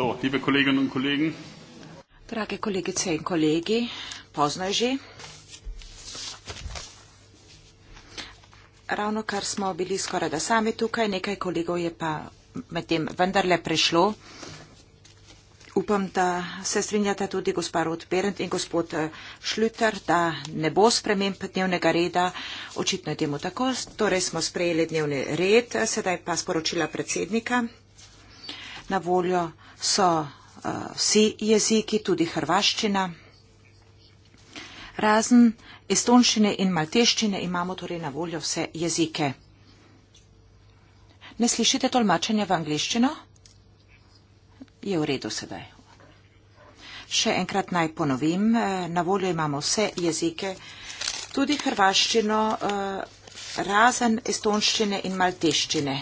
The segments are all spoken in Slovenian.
So, liebe Kolleginnen und Kollegen. Drage kolegice in kolegi, pozno je že. Ravno kar smo bili skoraj da sami tukaj, nekaj kolegov je pa med tem vendarle prišlo. Upam, da se strinjate tudi gospa Rod Berend in gospod eh, Šluter, da ne bo sprememb dnevnega reda. Očitno je temu tako. Torej smo sprejeli dnevni red, sedaj pa sporočila predsednika na voljo so uh, vsi jeziki, tudi hrvaščina. Razen estonščine in malteščine imamo torej na voljo vse jezike. Ne slišite tolmačenja v angliščino? Je v redu sedaj. Še enkrat naj ponovim, eh, na voljo imamo vse jezike, tudi hrvaščino, eh, razen estonščine in malteščine.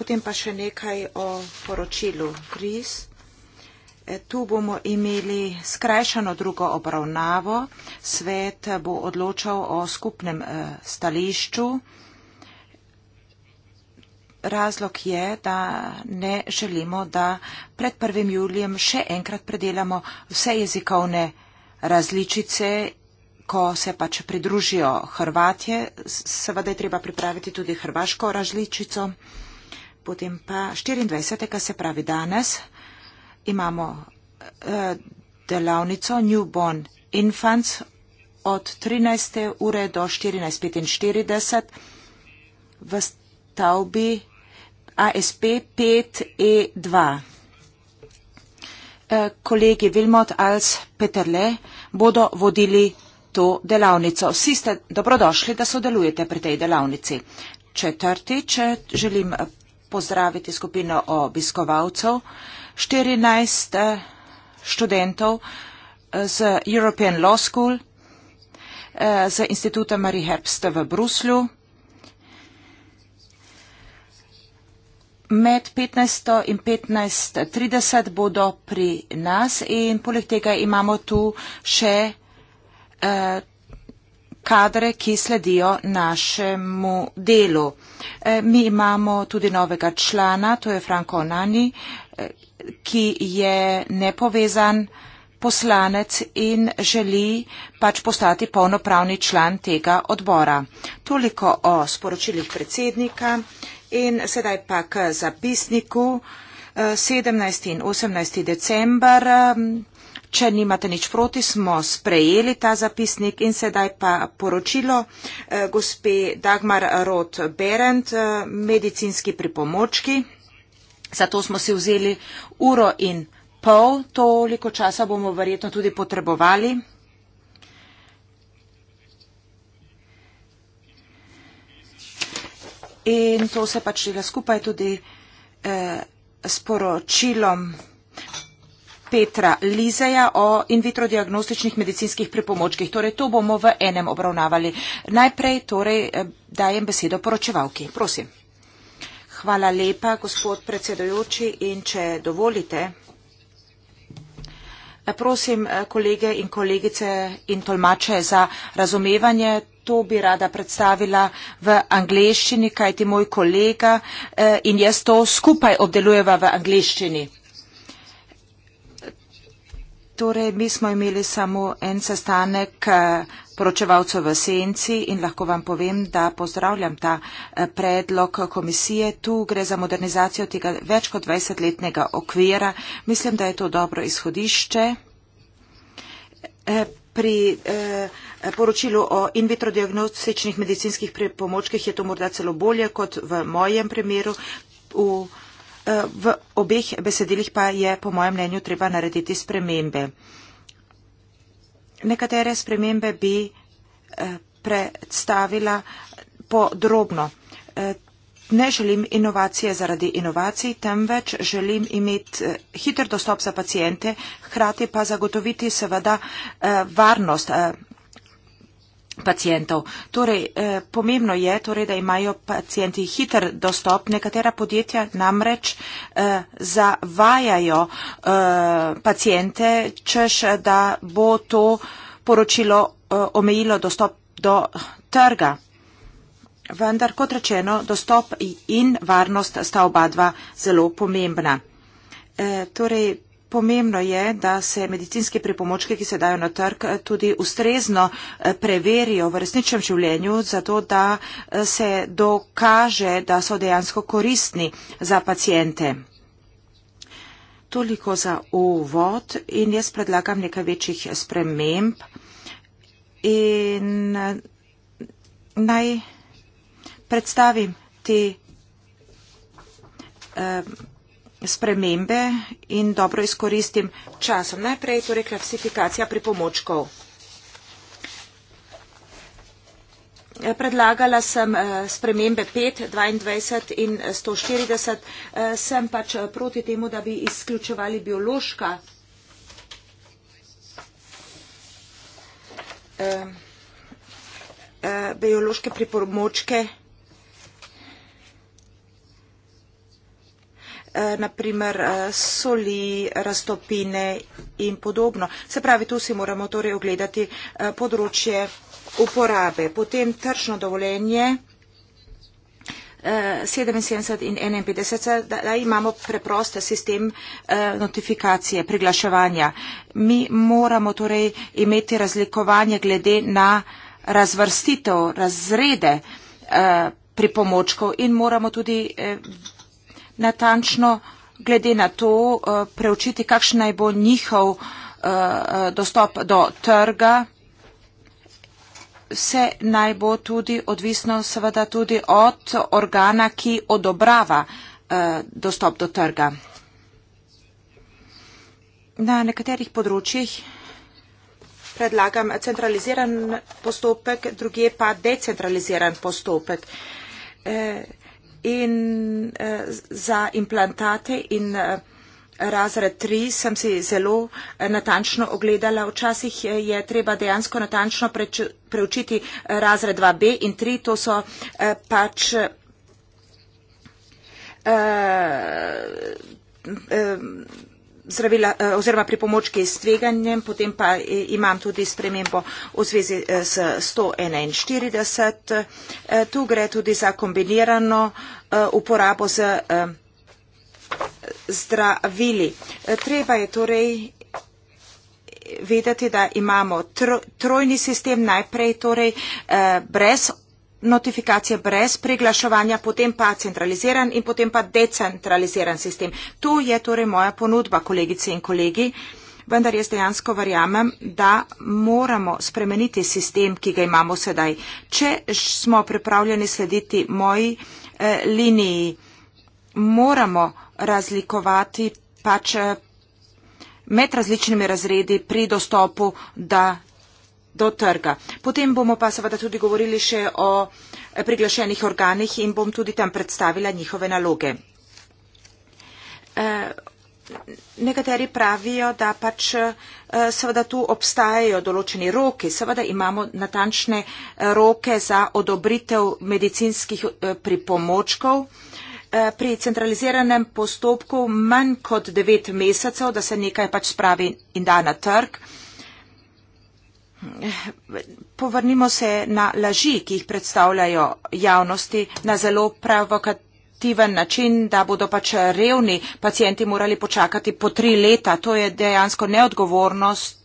Potem pa še nekaj o poročilu GRIS. E, tu bomo imeli skrajšano drugo obravnavo. Svet bo odločal o skupnem e, stališču. Razlog je, da ne želimo, da pred 1. julijem še enkrat predelamo vse jezikovne različice, ko se pač pridružijo Hrvatje. Seveda je treba pripraviti tudi hrvaško različico potem pa 24. se pravi danes imamo eh, delavnico Newborn Infants od 13. ure do 14.45 v stavbi ASP 5E2. E eh, kolegi Vilmot als Peterle bodo vodili to delavnico. Vsi ste dobrodošli, da sodelujete pri tej delavnici. Četrtič eh, želim pozdraviti skupino obiskovalcev, 14 eh, študentov eh, z European Law School, eh, z instituta Marie Herbst v Bruslju. Med 15. in 1530 bodo pri nas in poleg tega imamo tu še kadre, ki sledijo našemu delu. E, mi imamo tudi novega člana, to je Franko Nani, e, ki je nepovezan poslanec in želi pač postati polnopravni član tega odbora. Toliko o sporočilih predsednika in sedaj pa k zapisniku. 17. E, in 18. december Če nimate nič proti, smo sprejeli ta zapisnik in sedaj pa poročilo eh, gospe Dagmar Roth Berend, eh, medicinski pripomočki. Zato smo si vzeli uro in pol, toliko časa bomo verjetno tudi potrebovali. In to se pač tega skupaj tudi eh, s poročilom Petra Lizeja o in vitro diagnostičnih medicinskih pripomočkih. Torej, to bomo v enem obravnavali. Najprej torej, eh, dajem besedo poročevalki. Prosim. Hvala lepa, gospod predsedojoči in če dovolite. Eh, prosim eh, kolege in kolegice in tolmače za razumevanje. To bi rada predstavila v angleščini, kajti moj kolega in jaz to skupaj obdelujeva v angleščini. Torej, mi smo imeli samo en sestanek eh, poročevalcev v senci in lahko vam povem, da pozdravljam ta eh, predlog komisije. Tu gre za modernizacijo tega več kot 20-letnega okvira. Mislim, da je to dobro izhodišče. Eh, pri poročilu o in vitro diagnostičnih medicinskih pripomočkih je to morda celo bolje kot v mojem primeru. V v obeh besedilih pa je, po mojem mnenju, treba narediti spremembe. Nekatere spremembe bi eh, predstavila podrobno. Eh, ne želim inovacije zaradi inovacij, temveč želim imeti eh, hiter dostop za pacijente, hkrati pa zagotoviti seveda varnost pacijentov. Torej, eh, pomembno je, torej, da imajo pacijenti hiter dostop. Nekatera podjetja namreč eh, zavajajo eh, pacijente, češ da bo to poročilo eh, omejilo dostop do trga. Vendar, kot rečeno, dostop in varnost sta oba dva zelo pomembna. Eh, torej, Pomembno je, da se medicinske pripomočke, ki se dajo na trg, tudi ustrezno eh, preverijo v resničnem življenju, zato da eh, se dokaže, da so dejansko koristni za pacijente. Toliko za uvod in jaz predlagam nekaj večjih sprememb in eh, naj predstavim te. Um, spremembe in dobro izkoristim časom. Najprej je torej klasifikacija pripomočkov. Eh, predlagala sem eh, spremembe 5, 22 in 140. Eh, sem pač proti temu, da bi izključevali biološka biološke pripomočke Eh, na primer eh, soli, raztopine in podobno. Se pravi, tu si moramo torej ogledati eh, področje uporabe. Potem tržno dovoljenje 77 in 51, da, da imamo preprost sistem notifikacije, priglaševanja. Mi moramo torej imeti razlikovanje glede na razvrstitev, razrede pripomočkov in moramo tudi natančno glede na to eh, preučiti, kakšen naj bo njihov eh, eh, dostop do trga. Vse naj bo tudi odvisno seveda tudi od organa, ki odobrava dostop do trga. Na nekaterih področjih predlagam centraliziran postopek, druge pa decentraliziran postopek in uh, za implantate in uh, razred 3 sem si zelo uh, natančno ogledala. Včasih je, je treba dejansko natančno preč, preučiti uh, razred 2b in 3. To so uh, pač. Uh, uh, zdravila eh, oziroma pripomočki s tveganjem, potem pa eh, imam tudi spremembo v zvezi eh, s 141. Tu gre tudi za kombinirano uporabo z zdravili. Treba je torej vedeti, da imamo trojni sistem najprej torej brez odpravljanja notifikacije brez priglaševanja, potem pa centraliziran in potem pa decentraliziran sistem. To je torej moja ponudba, kolegice in kolegi, vendar jaz dejansko verjamem, da moramo spremeniti sistem, ki ga imamo sedaj. Če smo pripravljeni slediti moji eh, liniji, moramo razlikovati pač eh, med različnimi razredi pri dostopu, da do trga. Potem bomo pa seveda tudi govorili še o eh, priglašenih organih in bom tudi tam predstavila njihove naloge. Eh, nekateri pravijo, da pač eh, seveda tu obstajajo določeni roki, seveda imamo natančne roke za odobritev medicinskih pripomočkov. Pri centraliziranem postopku manj kot devet mesecev, da se nekaj pač spravi in da na trg. Povrnimo se na laži, ki jih predstavljajo javnosti na zelo provokativen način, da bodo pač revni pacijenti morali počakati po tri leta. To je dejansko neodgovornost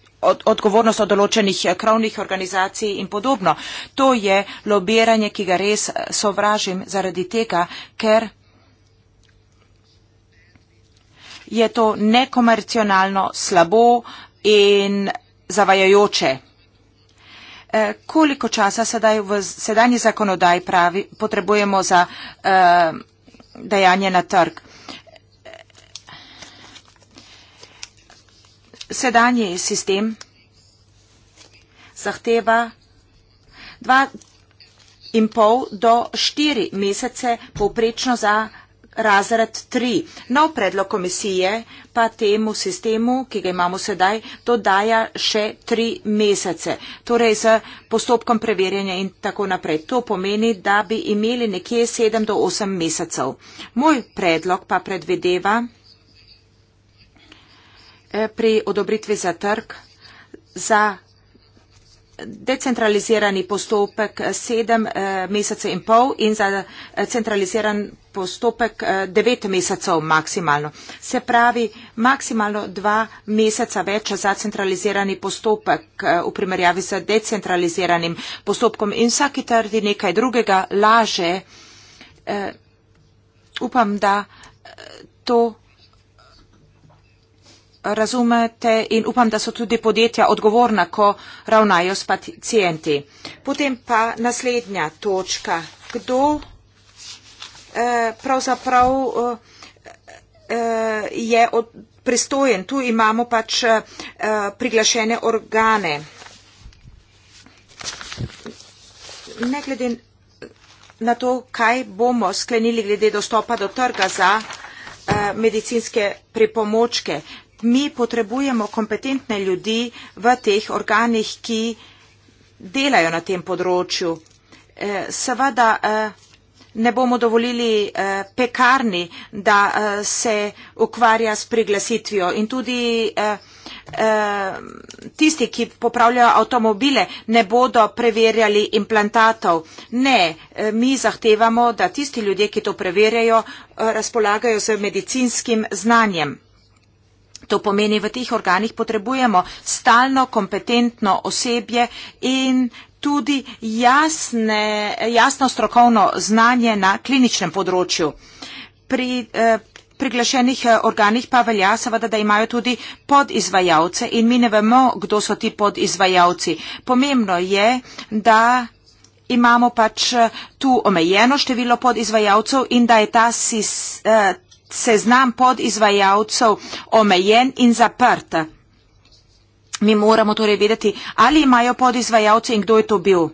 odgovornost od določenih krovnih organizacij in podobno. To je lobiranje, ki ga res sovražim zaradi tega, ker je to nekomercionalno slabo in zavajajoče. Eh, koliko časa sedaj v sedanji zakonodaj pravi, potrebujemo za eh, dejanje na trg. Sedanji sistem zahteva dva in pol do štiri mesece povprečno za dejanje razred 3. Nov predlog komisije pa temu sistemu, ki ga imamo sedaj, dodaja še 3 mesece. Torej z postopkom preverjanja in tako naprej. To pomeni, da bi imeli nekje 7 do 8 mesecev. Moj predlog pa predvideva eh, pri odobritvi za trg za decentralizirani postopek eh, sedem eh, mesecev in pol in za eh, centraliziran postopek devet mesecev maksimalno. Se pravi, maksimalno dva meseca več za centralizirani postopek v primerjavi z decentraliziranim postopkom in vsaki trdi nekaj drugega laže. Upam, da to razumete in upam, da so tudi podjetja odgovorna, ko ravnajo s pacijenti. Potem pa naslednja točka. Kdo eh, pravzaprav eh, je od, pristojen? Tu imamo pač eh, priglašene organe. Ne glede na to, kaj bomo sklenili glede dostopa do trga za eh, medicinske pripomočke mi potrebujemo kompetentne ljudi v teh organih, ki delajo na tem področju. Eh, seveda eh, ne bomo dovolili eh, pekarni, da se ukvarja s priglasitvijo in tudi tisti, ki popravljajo avtomobile, ne bodo preverjali implantatov. Ne, mi zahtevamo, da tisti ljudje, ki to preverjajo, razpolagajo z medicinskim znanjem. To pomeni, v teh organih potrebujemo stalno kompetentno osebje in tudi jasne, jasno strokovno znanje na kliničnem področju. Pri eh, priglašenih eh, organih pa velja seveda, da imajo tudi podizvajalce in mi ne vemo, kdo so ti podizvajalci. Pomembno je, da imamo pač eh, tu omejeno število podizvajalcev in da je ta sistem. Eh, seznam podizvajalcev omejen in zaprt. Mi moramo torej vedeti, ali imajo podizvajalce in kdo je to bil.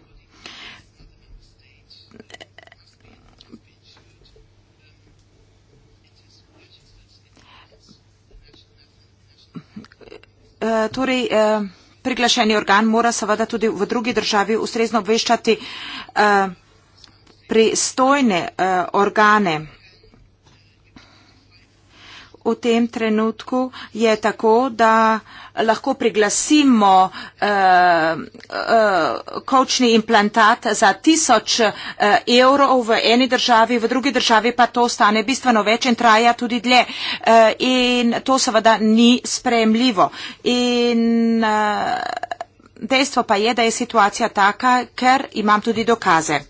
Uh, torej, uh, priglašeni organ mora seveda tudi v drugi državi ustrezno obveščati uh, pristojne uh, organe v tem trenutku je tako, da lahko priglasimo eh, eh, kočni implantat za tisoč eh, evrov v eni državi, v drugi državi pa to stane bistveno več in traja tudi dlje. In to seveda ni spremljivo. In dejstvo pa je, da je situacija taka, ker imam tudi dokaze.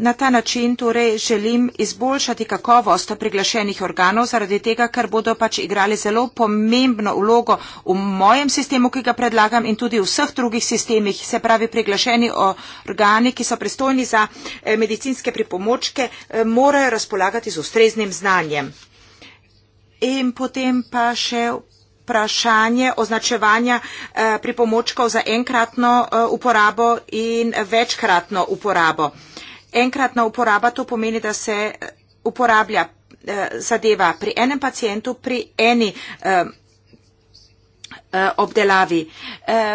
Na ta način torej želim izboljšati kakovost priglašenih organov, zaradi tega, ker bodo pač igrali zelo pomembno vlogo v mojem sistemu, ki ga predlagam in tudi v vseh drugih sistemih, se pravi priglašeni organi, ki so pristojni za eh, medicinske pripomočke, eh, morajo razpolagati z ustreznim znanjem. In potem pa še vprašanje označevanja eh, pripomočkov za enkratno uporabo in večkratno uporabo enkratna uporaba to pomeni, da se eh, uporablja eh, zadeva pri enem pacijentu, pri eni eh, obdelavi.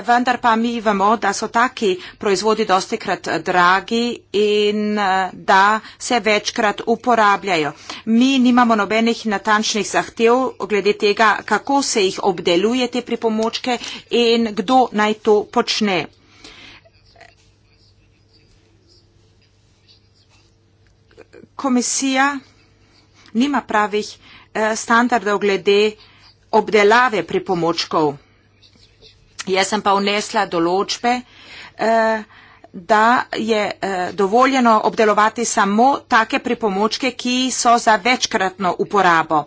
Vendar pa mi vemo, da so taki proizvodi dosti krat dragi in da se večkrat uporabljajo. Mi nimamo nobenih natančnih zahtev glede tega, kako se jih obdeluje te pripomočke in kdo naj to počne. komisija nima pravih eh, standardov glede obdelave pripomočkov. Jaz sem pa vnesla določbe, eh, da je eh, dovoljeno obdelovati samo take pripomočke, ki so za večkratno uporabo.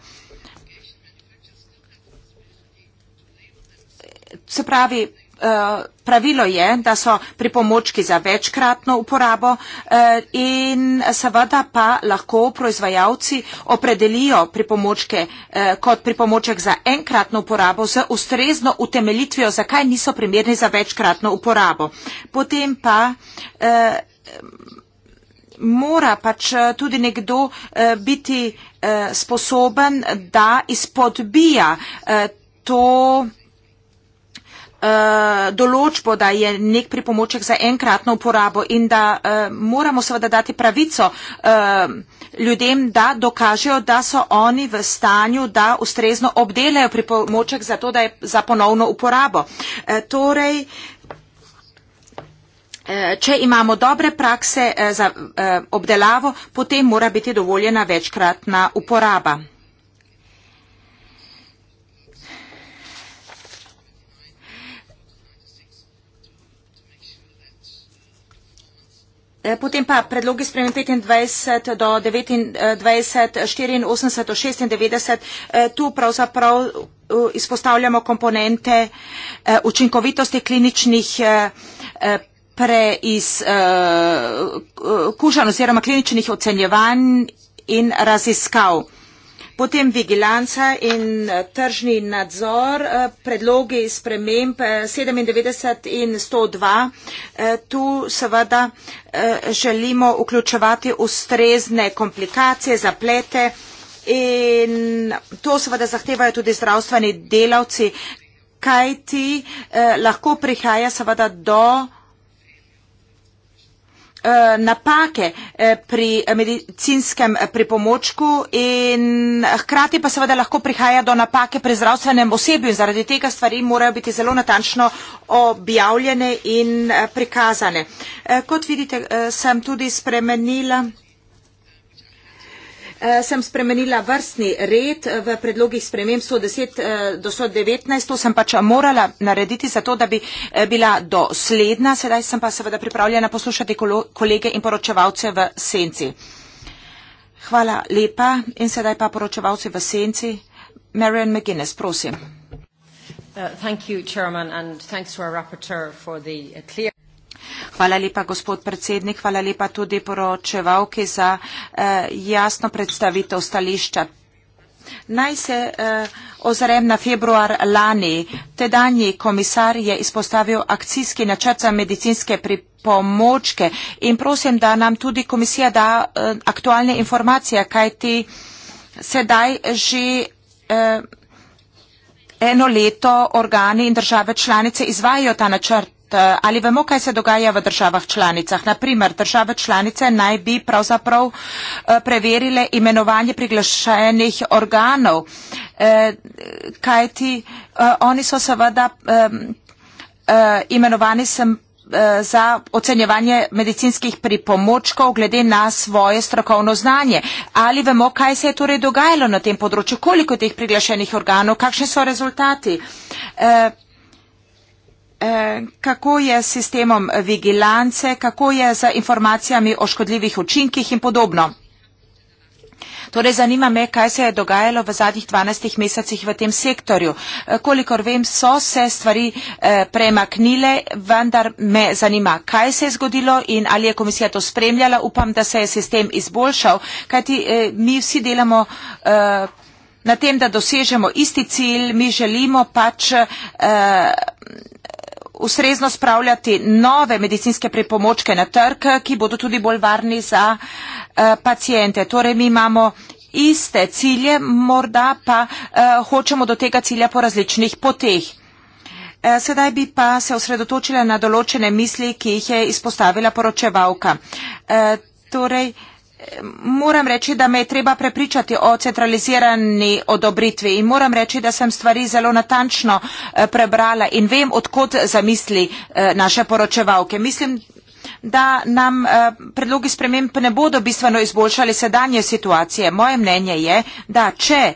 Se pravi, Eh, pravilo je, da so pripomočki za večkratno uporabo eh, in seveda pa lahko proizvajalci opredelijo pripomočke eh, kot pripomoček za enkratno uporabo z ustrezno utemelitvijo, zakaj niso primerni za večkratno uporabo. Potem pa mora pač tudi nekdo biti sposoben, da izpodbija to Eh, določbo, da je nek pripomoček za enkratno uporabo in da uh, moramo seveda dati pravico uh, ljudem, da dokažejo, da so oni v stanju, da ustrezno obdelajo pripomoček za to, da je za ponovno uporabo. Uh, torej, Če imamo dobre prakse za obdelavo, potem mora biti dovoljena večkratna uporaba. Eh, potem pa predlogi sprejem 25 do 29, 84 do 96. Eh, tu pravzaprav eh, izpostavljamo komponente učinkovitosti kliničnih preizkušanj oziroma kliničnih ocenjevanj in raziskav. Potem vigilanca in eh, tržni nadzor, eh, predlogi sprememb 97 eh, in 102. Tu seveda želimo vključevati ustrezne komplikacije, zaplete in to seveda zahtevajo tudi zdravstveni delavci, kaj ti lahko prihaja seveda do Eh, napake eh, pri medicinskem pripomočku in hkrati pa seveda lahko prihaja do napake pri zdravstvenem osebju in zaradi tega stvari morajo biti zelo natančno objavljene in eh, prikazane. Kot vidite, sem tudi spremenila Eh, sem spremenila vrstni red eh, v predlogih sprememb 110 eh, do 119. To sem pač morala narediti zato, da bi bila dosledna. Sedaj sem pa seveda pripravljena poslušati kolege in poročevalce v senci. Hvala lepa in sedaj pa poročevalci v senci. Marian McGuinness, prosim. Uh, thank you, Chairman, and thanks to our rapporteur for the uh, clear... Hvala lepa, gospod predsednik. Hvala lepa tudi poročevalki za eh, jasno predstavitev stališča. Naj se eh, ozrem na februar lani. Tedanji komisar je izpostavil akcijski načrt za medicinske pripomočke in prosim, da nam tudi komisija da eh, aktualne informacije, kaj ti sedaj že. Eh, Eno leto organi in države članice izvajajo ta načrt. E, ali vemo, kaj se dogaja v državah članicah. Naprimer, države članice naj bi pravzaprav e, preverile imenovanje priglašenih organov, e, kaj ti oni so seveda imenovani sem za ocenjevanje medicinskih pripomočkov glede na svoje strokovno znanje. Ali vemo, kaj se je torej dogajalo na tem področju, koliko teh priglašenih organov, kakšni so rezultati? Eh, kako je s sistemom vigilance, kako je z informacijami o škodljivih učinkih in podobno. Torej zanima me, kaj se je dogajalo v zadnjih 12 mesecih v tem sektorju. Eh, kolikor vem, so se stvari eh, premaknile, vendar me zanima, kaj se je zgodilo in ali je komisija to spremljala. Upam, da se je sistem izboljšal, kajti mi vsi delamo na tem, da dosežemo isti cilj, mi želimo pač ustrezno spravljati nove medicinske pripomočke na trg, ki bodo tudi bolj varni za uh, eh, pacijente. Torej, mi imamo iste cilje, morda pa uh, hočemo do tega cilja po različnih poteh. Eh, sedaj bi pa se osredotočila na določene misli, ki jih je izpostavila poročevalka. E, torej, moram reči, da me je treba prepričati o centralizirani odobritvi in moram reči, da sem stvari zelo natančno eh, prebrala in vem, odkot zamisli eh, naše poročevalke. Mislim, da nam eh, predlogi sprememb ne bodo bistveno izboljšali sedanje situacije. Moje mnenje je, da če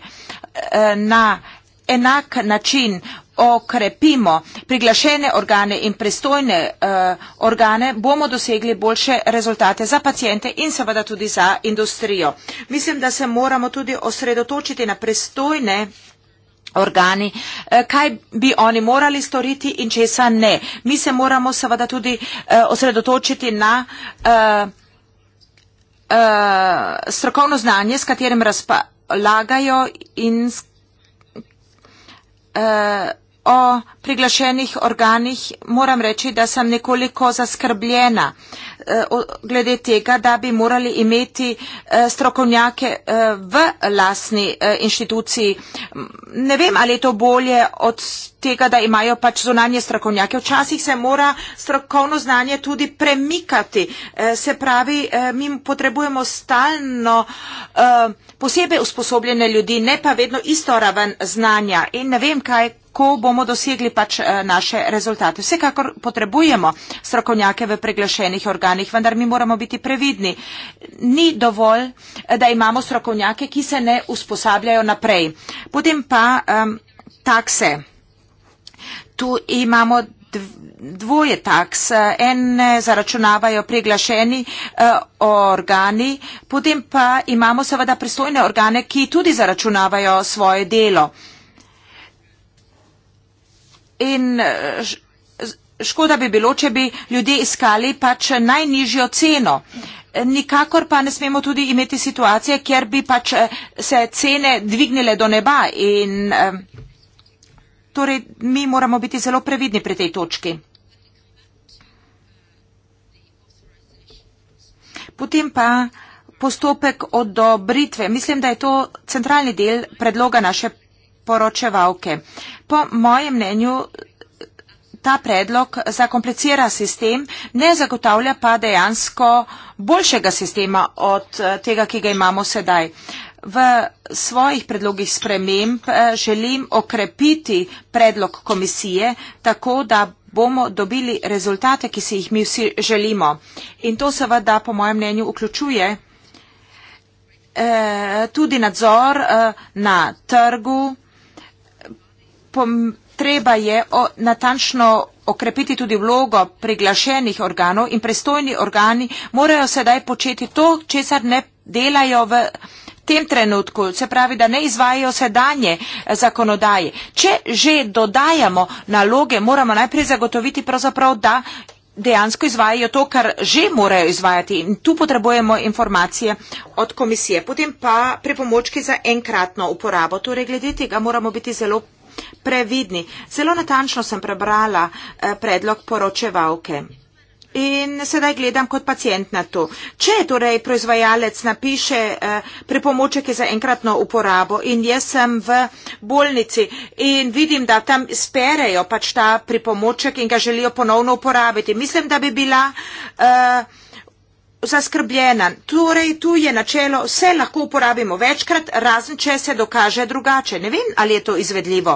na enak način okrepimo priglašene organe in pristojne uh, organe, bomo dosegli boljše rezultate za pacijente in seveda tudi za industrijo. Mislim, da se moramo tudi osredotočiti na pristojne organi, eh, kaj bi oni morali storiti in česa ne. Mi se moramo seveda tudi uh, osredotočiti na uh, uh, strokovno znanje, s katerim razpolagajo in s Eh, o priglašenih organih moram reči, da sem nekoliko zaskrbljena. Uh, Eh, glede tega, da bi morali imeti eh, strokovnjake eh, v lasni inštituciji. Ne vem, ali je to bolje od tega, da imajo pač zunanje strokovnjake. Včasih se mora strokovno znanje tudi premikati. Se pravi, mi potrebujemo stalno posebej usposobljene ljudi, ne pa vedno isto raven znanja. In ne vem, kaj ko bomo dosegli pač eh, naše rezultate. Vsekakor potrebujemo strokovnjake v preglašenih organih, vendar mi moramo biti previdni. Ni dovolj, eh, da imamo strokovnjake, ki se ne usposabljajo naprej. Potem pa um, takse. Tu imamo dvoje taks. Ene zaračunavajo preglašeni uh, organi, potem pa imamo seveda pristojne organe, ki tudi zaračunavajo svoje delo in eh, škoda bi bilo, če bi ljudje iskali pač najnižjo ceno. Nikakor pa ne smemo tudi imeti situacije, kjer bi pač eh, se cene dvignile do neba in eh, torej mi moramo biti zelo previdni pri tej točki. Potem pa postopek odobritve. Mislim, da je to centralni del predloga naše poročevalke. Po mojem mnenju ta predlog zakomplicira sistem, ne zagotavlja pa dejansko boljšega sistema od eh, tega, ki ga imamo sedaj. V svojih predlogih sprememb eh, želim okrepiti predlog komisije tako, da bomo dobili rezultate, ki si jih mi vsi želimo. In to seveda po mojem mnenju vključuje eh, tudi nadzor na trgu, treba je o, natančno okrepiti tudi vlogo priglašenih organov in pristojni organi morajo sedaj početi to, česar ne delajo v tem trenutku, se pravi, da ne izvajajo sedanje eh, zakonodaje. Če že dodajamo naloge, moramo najprej zagotoviti pravzaprav, da dejansko izvajajo to, kar že morajo izvajati in tu potrebujemo informacije od komisije. Potem pa pripomočki za enkratno uporabo, torej glede tega moramo biti zelo previdni. Zelo natančno sem prebrala eh, predlog poročevalke. In sedaj gledam kot pacijent na to. Če torej proizvajalec napiše eh, pripomoček za enkratno uporabo in jaz sem v bolnici in vidim, da tam sperejo pač ta pripomoček in ga želijo ponovno uporabiti, mislim, da bi bila. Eh, zaskrbljena. Torej, tu je načelo, vse lahko uporabimo večkrat, razen če se dokaže drugače. Ne vem, ali je to izvedljivo.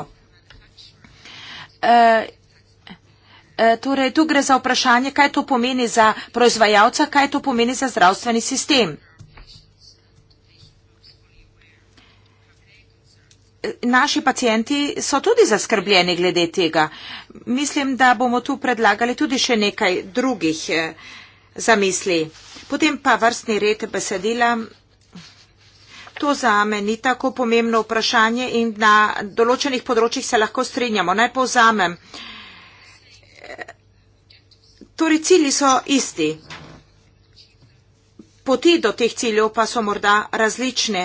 Uh, Torej, tu gre za vprašanje, kaj to pomeni za proizvajalca, kaj to pomeni za zdravstveni sistem. Eh, naši pacijenti so tudi zaskrbljeni glede tega. Mislim, da bomo tu predlagali tudi še nekaj drugih zamisli. Potem pa vrstni red besedila. To za me ni tako pomembno vprašanje in na določenih področjih se lahko strinjamo. Naj povzamem. Torej, cilji so isti. Poti do teh ciljev pa so morda različne.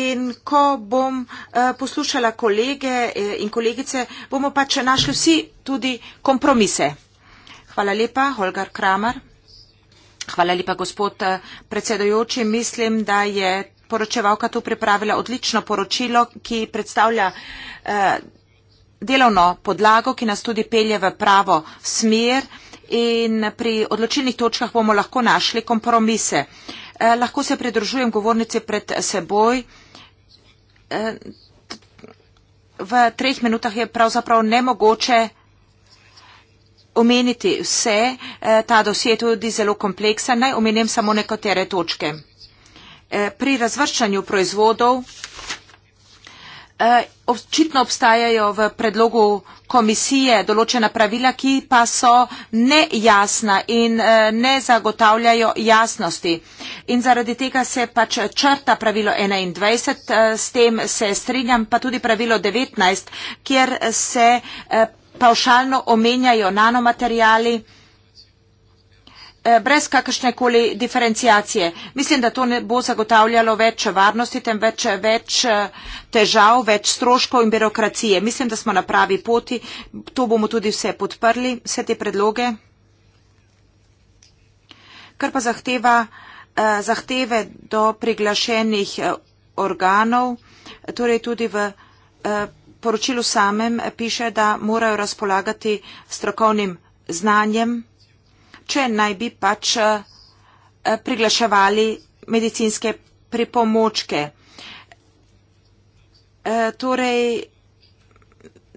In ko bom eh, poslušala kolege eh, in kolegice, bomo pač našli vsi tudi kompromise. Hvala lepa, Holger Kramer. Hvala lepa, gospod eh, predsedojoči. Mislim, da je poročevalka tu pripravila odlično poročilo, ki predstavlja eh, delovno podlago, ki nas tudi pelje v pravo smer in pri odločilnih točkah bomo lahko našli kompromise. Eh, lahko se pridružujem govornici pred seboj. Eh, v treh minutah je pravzaprav nemogoče omeniti vse, eh, ta dosje je tudi zelo kompleksen, naj omenim samo nekatere točke. Eh, pri razvrščanju proizvodov eh, očitno obstajajo v predlogu komisije določena pravila, ki pa so nejasna in ne zagotavljajo jasnosti. In zaradi tega se pač črta pravilo 21, s tem se strinjam, pa tudi pravilo 19, kjer se pavšalno omenjajo nanomaterijali eh, brez kakršne koli diferencijacije. Mislim, da to ne bo zagotavljalo več varnosti, temveč več eh, težav, več stroškov in birokracije. Mislim, da smo na pravi poti. To bomo tudi vse podprli, vse te predloge. Kar pa zahteva eh, zahteve do priglašenih organov, torej tudi v poročilu samem piše, da morajo razpolagati strokovnim znanjem, če naj bi pač eh, priglaševali medicinske pripomočke. Eh, torej,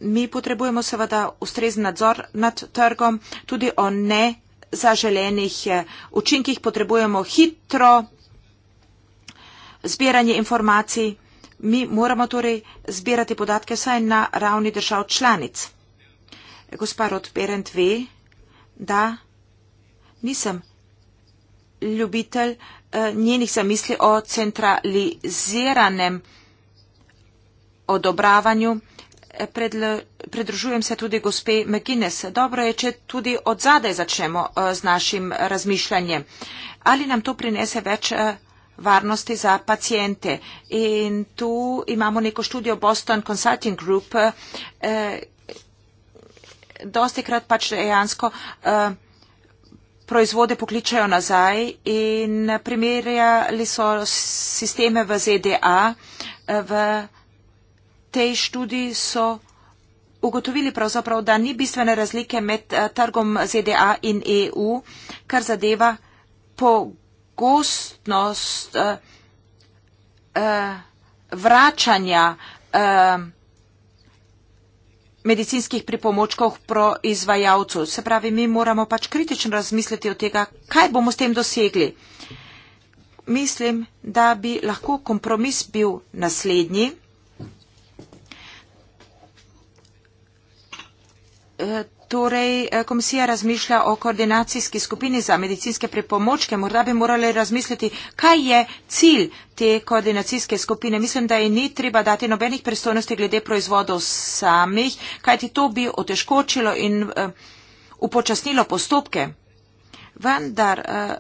mi potrebujemo seveda ustrezen nadzor nad trgom, tudi o ne zaželenih eh, učinkih potrebujemo hitro zbiranje informacij. Mi moramo torej zbirati podatke saj na ravni držav članic. Gospa Rotberend ve, da nisem ljubitelj eh, njenih zamisli o centraliziranem odobravanju. Eh, Predružujem se tudi gospe McGuinness. Dobro je, če tudi od zadaj začnemo eh, z našim razmišljanjem. Ali nam to prinese več varnosti za pacijente. In tu imamo neko študijo Boston Consulting Group. Eh, dosti krat pač dejansko eh, proizvode pokličajo nazaj in primerjali so sisteme v ZDA. Eh, v tej študiji so ugotovili pravzaprav, da ni bistvene razlike med eh, trgom ZDA in EU, kar zadeva pogodbo velikostnost eh, eh, vračanja eh, medicinskih pripomočkov pro izvajalcu. Se pravi, mi moramo pač kritično razmisliti o tega, kaj bomo s tem dosegli. Mislim, da bi lahko kompromis bil naslednji. E, Torej, eh, komisija razmišlja o koordinacijski skupini za medicinske pripomočke. Morda bi morali razmisliti, kaj je cilj te koordinacijske skupine. Mislim, da je ni treba dati nobenih pristojnosti glede proizvodov samih, kajti to bi otežkočilo in uh, upočasnilo postopke. Vendar, uh,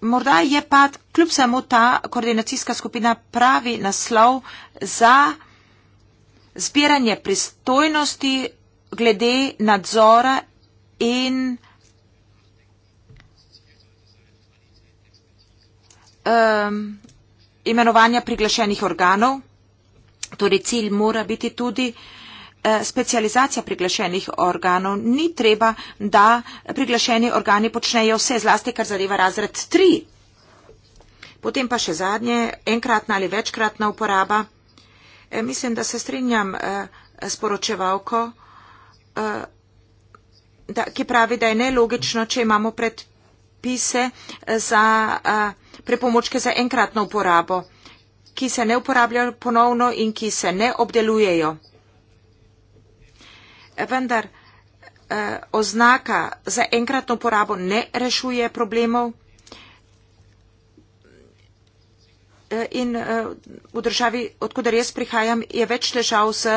morda je pa kljub samo ta koordinacijska skupina pravi naslov za zbiranje pristojnosti glede nadzora in um, imenovanja priglašenih organov. Torej cilj mora biti tudi eh, specializacija priglašenih organov. Ni treba, da priglašeni organi počnejo vse zlasti, kar zadeva razred 3. Potem pa še zadnje, enkratna ali večkratna uporaba. E, mislim, da se strinjam e, s poročevalko. E, Eh, da, ki pravi, da je nelogično, če imamo predpise eh, za eh, prepomočke za enkratno uporabo, ki se ne uporabljajo ponovno in ki se ne obdelujejo. Vendar oznaka za enkratno uporabo ne rešuje problemov. in eh, v državi, odkudar jaz prihajam, je več težav z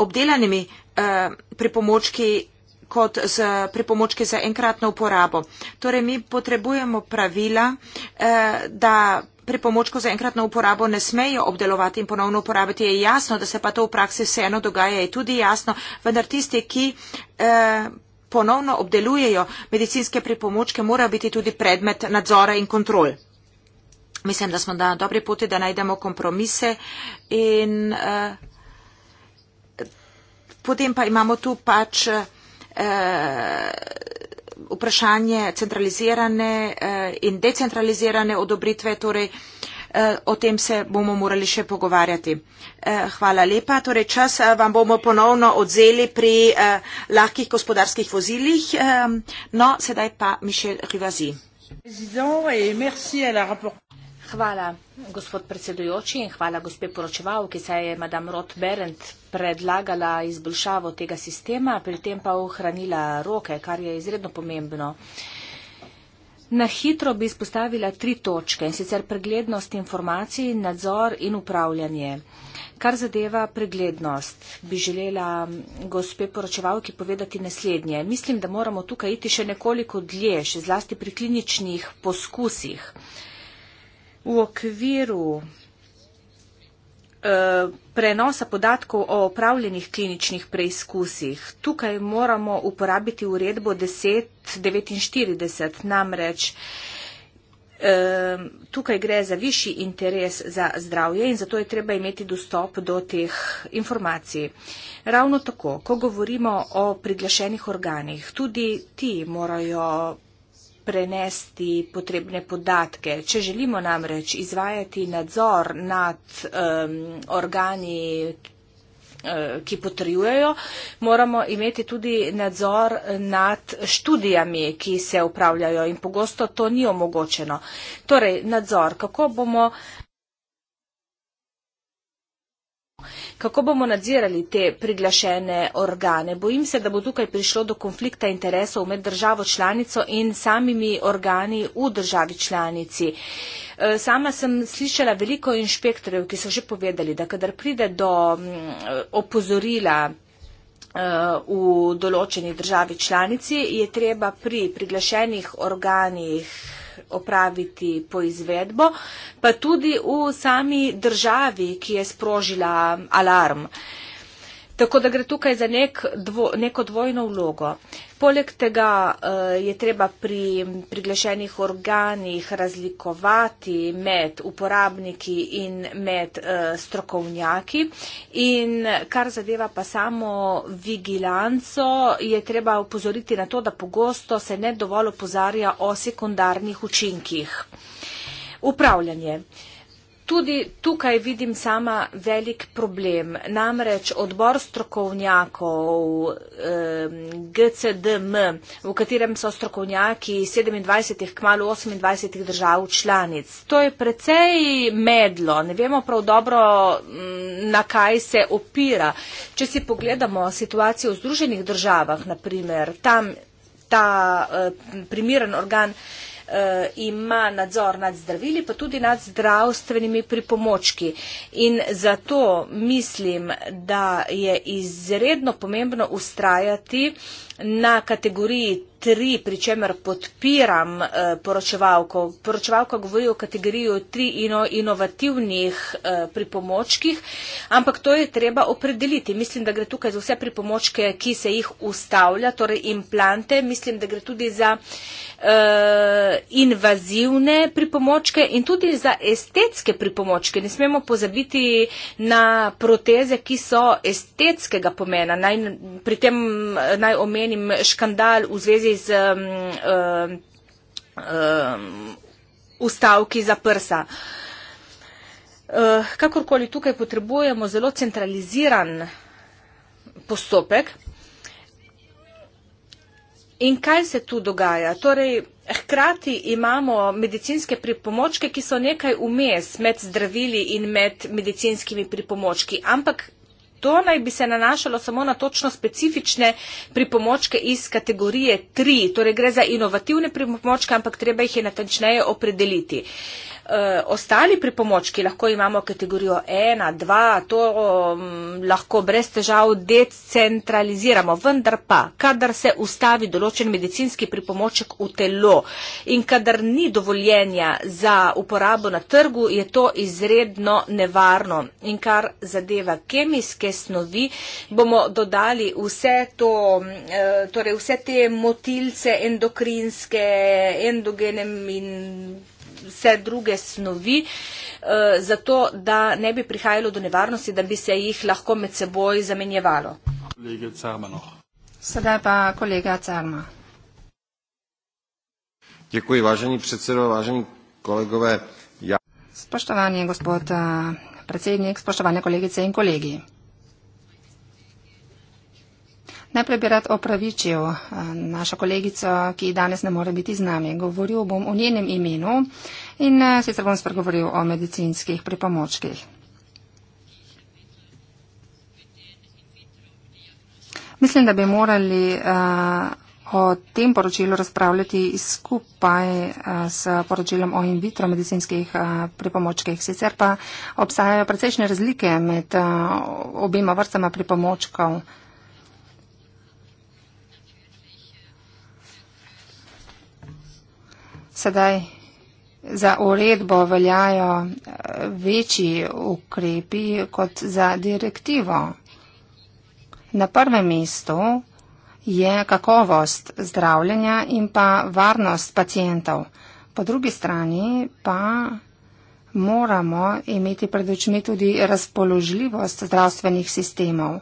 obdelanimi eh, pripomočki kot z pripomočki za enkratno uporabo. Torej, mi potrebujemo pravila, eh, da pripomočko za enkratno uporabo ne smejo obdelovati in ponovno uporabiti. Je jasno, da se pa to v praksi vseeno dogaja, je tudi jasno, vendar tisti, ki ponovno obdelujejo medicinske pripomočke, mora biti tudi predmet nadzora in kontrol. Mislim, da smo na dobri poti, da najdemo kompromise in eh, potem pa imamo tu pač eh, vprašanje centralizirane eh, in decentralizirane odobritve, torej eh, o tem se bomo morali še pogovarjati. Eh, hvala lepa. Torej čas eh, vam bomo ponovno odzeli pri eh, lahkih gospodarskih vozilih. Eh, no, sedaj pa Mišel Rivazi. Hvala, gospod predsedujoči in hvala, gospe poročeval, ki se je madam Roth Berendt predlagala izboljšavo tega sistema, pri tem pa ohranila roke, kar je izredno pomembno. Na hitro bi izpostavila tri točke in sicer preglednost informacij, nadzor in upravljanje. Kar zadeva preglednost, bi želela mm, gospe poročevalki povedati naslednje. Mislim, da moramo tukaj iti še nekoliko dlje, še zlasti pri kliničnih poskusih. Uh, v okviru eh, prenosa podatkov o opravljenih kliničnih preizkusih. Tukaj moramo uporabiti uredbo 1049, namreč eh, tukaj gre za višji interes za zdravje in zato je treba imeti dostop do teh informacij. Ravno tako, ko govorimo o priglašenih organih, tudi ti morajo prenesti potrebne podatke. Če želimo namreč izvajati nadzor nad um, organi, eh, ki potrjujejo, moramo imeti tudi nadzor nad študijami, ki se upravljajo in pogosto to ni omogočeno. Torej, nadzor, kako bomo Kako bomo nadzirali te priglašene organe? Bojim se, da bo tukaj prišlo do konflikta interesov med državo članico in samimi organi v državi članici. E, sama sem slišala veliko inšpektorjev, ki so že povedali, da kadar pride do opozorila e, v določeni državi članici, je treba pri priglašenih organih opraviti po izvedbo, pa tudi v sami državi, ki je sprožila alarm. Tako da gre tukaj za nek dvo, neko dvojno vlogo. Poleg tega eh, je treba pri priglašenih organih razlikovati med uporabniki in med eh, strokovnjaki. In kar zadeva pa samo vigilanco, je treba upozoriti na to, da pogosto se ne dovolj opozarja o sekundarnih učinkih. Upravljanje. Tudi tukaj vidim sama velik problem. Namreč odbor strokovnjakov GCDM, v katerem so strokovnjaki 27, kmalo 28 držav članic. To je precej medlo, ne vemo prav dobro, mm, na kaj se opira. Če si pogledamo situacijo v Združenih državah, naprimer, tam ta eh, primiren organ Eh, ima nadzor nad zdravili, pa tudi nad zdravstvenimi pripomočki. In zato mislim, da je izredno pomembno ustrajati na kategoriji tri, pri čemer podpiram eh, poročevalko. Poročevalka govori o kategoriji tri ino, inovativnih eh, pripomočkih, ampak to je treba opredeliti. Mislim, da gre tukaj za vse pripomočke, ki se jih ustavlja, torej implante. Mislim, da gre tudi za eh, invazivne pripomočke in tudi za estetske pripomočke. Ne smemo pozabiti na proteze, ki so estetskega pomena. Naj, pri tem eh, naj omenim škandal v zvezi z um, um, um, ustavki za prsa. Uh, kakorkoli tukaj potrebujemo zelo centraliziran postopek. In kaj se tu dogaja? Torej, hkrati imamo medicinske pripomočke, ki so nekaj umes med zdravili in med medicinskimi pripomočki, ampak To naj bi se nanašalo samo na točno specifične pripomočke iz kategorije 3. Torej gre za inovativne pripomočke, ampak treba jih je natančneje opredeliti. Eh, ostali pripomočki, lahko imamo kategorijo 1, 2, to mm, lahko brez težav decentraliziramo, vendar pa, kadar se ustavi določen medicinski pripomoček v telo in kadar ni dovoljenja za uporabo na trgu, je to izredno nevarno. In kar zadeva kemijske snovi, bomo dodali vse, to, mm, eh, torej vse te motilce endokrinske, endogene in vse druge snovi, eh, zato da ne bi prihajalo do nevarnosti, da bi se jih lahko med seboj zamenjevalo. Sedaj pa kolega Carma. Děkuji, vážení predsedo, vážení kolegove. Ja... Spoštovani gospod eh, predsednik, spoštovane kolegice in kolegi. Najprej bi rad opravičil eh, našo kolegico, ki danes ne more biti z nami. Govoril bom o njenem imenu in eh, sicer bom spregovoril o medicinskih pripomočkih. Mislim, da bi morali eh, o tem poročilu razpravljati skupaj s poročilom o in vitro medicinskih pripomočkih. Sicer pa obstajajo precejšnje razlike med obima vrstama pripomočkov. sedaj za uredbo veljajo eh, večji ukrepi kot za direktivo. Na prvem mestu je kakovost zdravljenja in pa varnost pacijentov. Po drugi strani pa moramo imeti pred očmi tudi razpoložljivost zdravstvenih sistemov.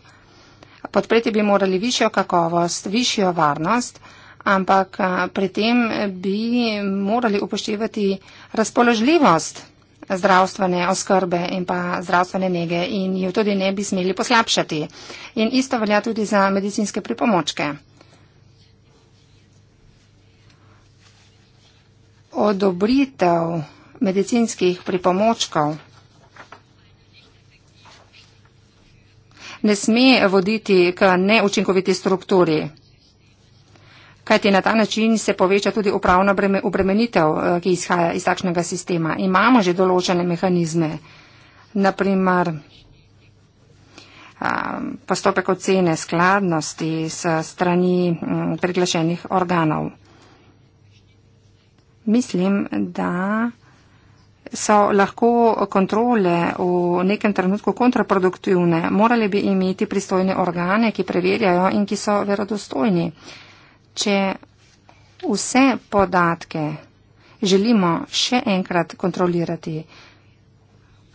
Podpreti bi morali višjo kakovost, višjo varnost ampak pri tem bi morali upoštevati razpoložljivost zdravstvene oskrbe in pa zdravstvene nege in jo tudi ne bi smeli poslabšati. In isto velja tudi za medicinske pripomočke. Odobritev medicinskih pripomočkov ne sme voditi k neučinkoviti strukturi. Kajti na ta način se poveča tudi upravna obremenitev, eh, ki izhaja iz takšnega sistema. Imamo že določene mehanizme, naprimer ehm, postopek ocene skladnosti s strani mm, priglašenih organov. Mislim, da so lahko kontrole v nekem trenutku kontraproduktivne. Morali bi imeti pristojne organe, ki preverjajo in ki so verodostojni če vse podatke želimo še enkrat kontrolirati,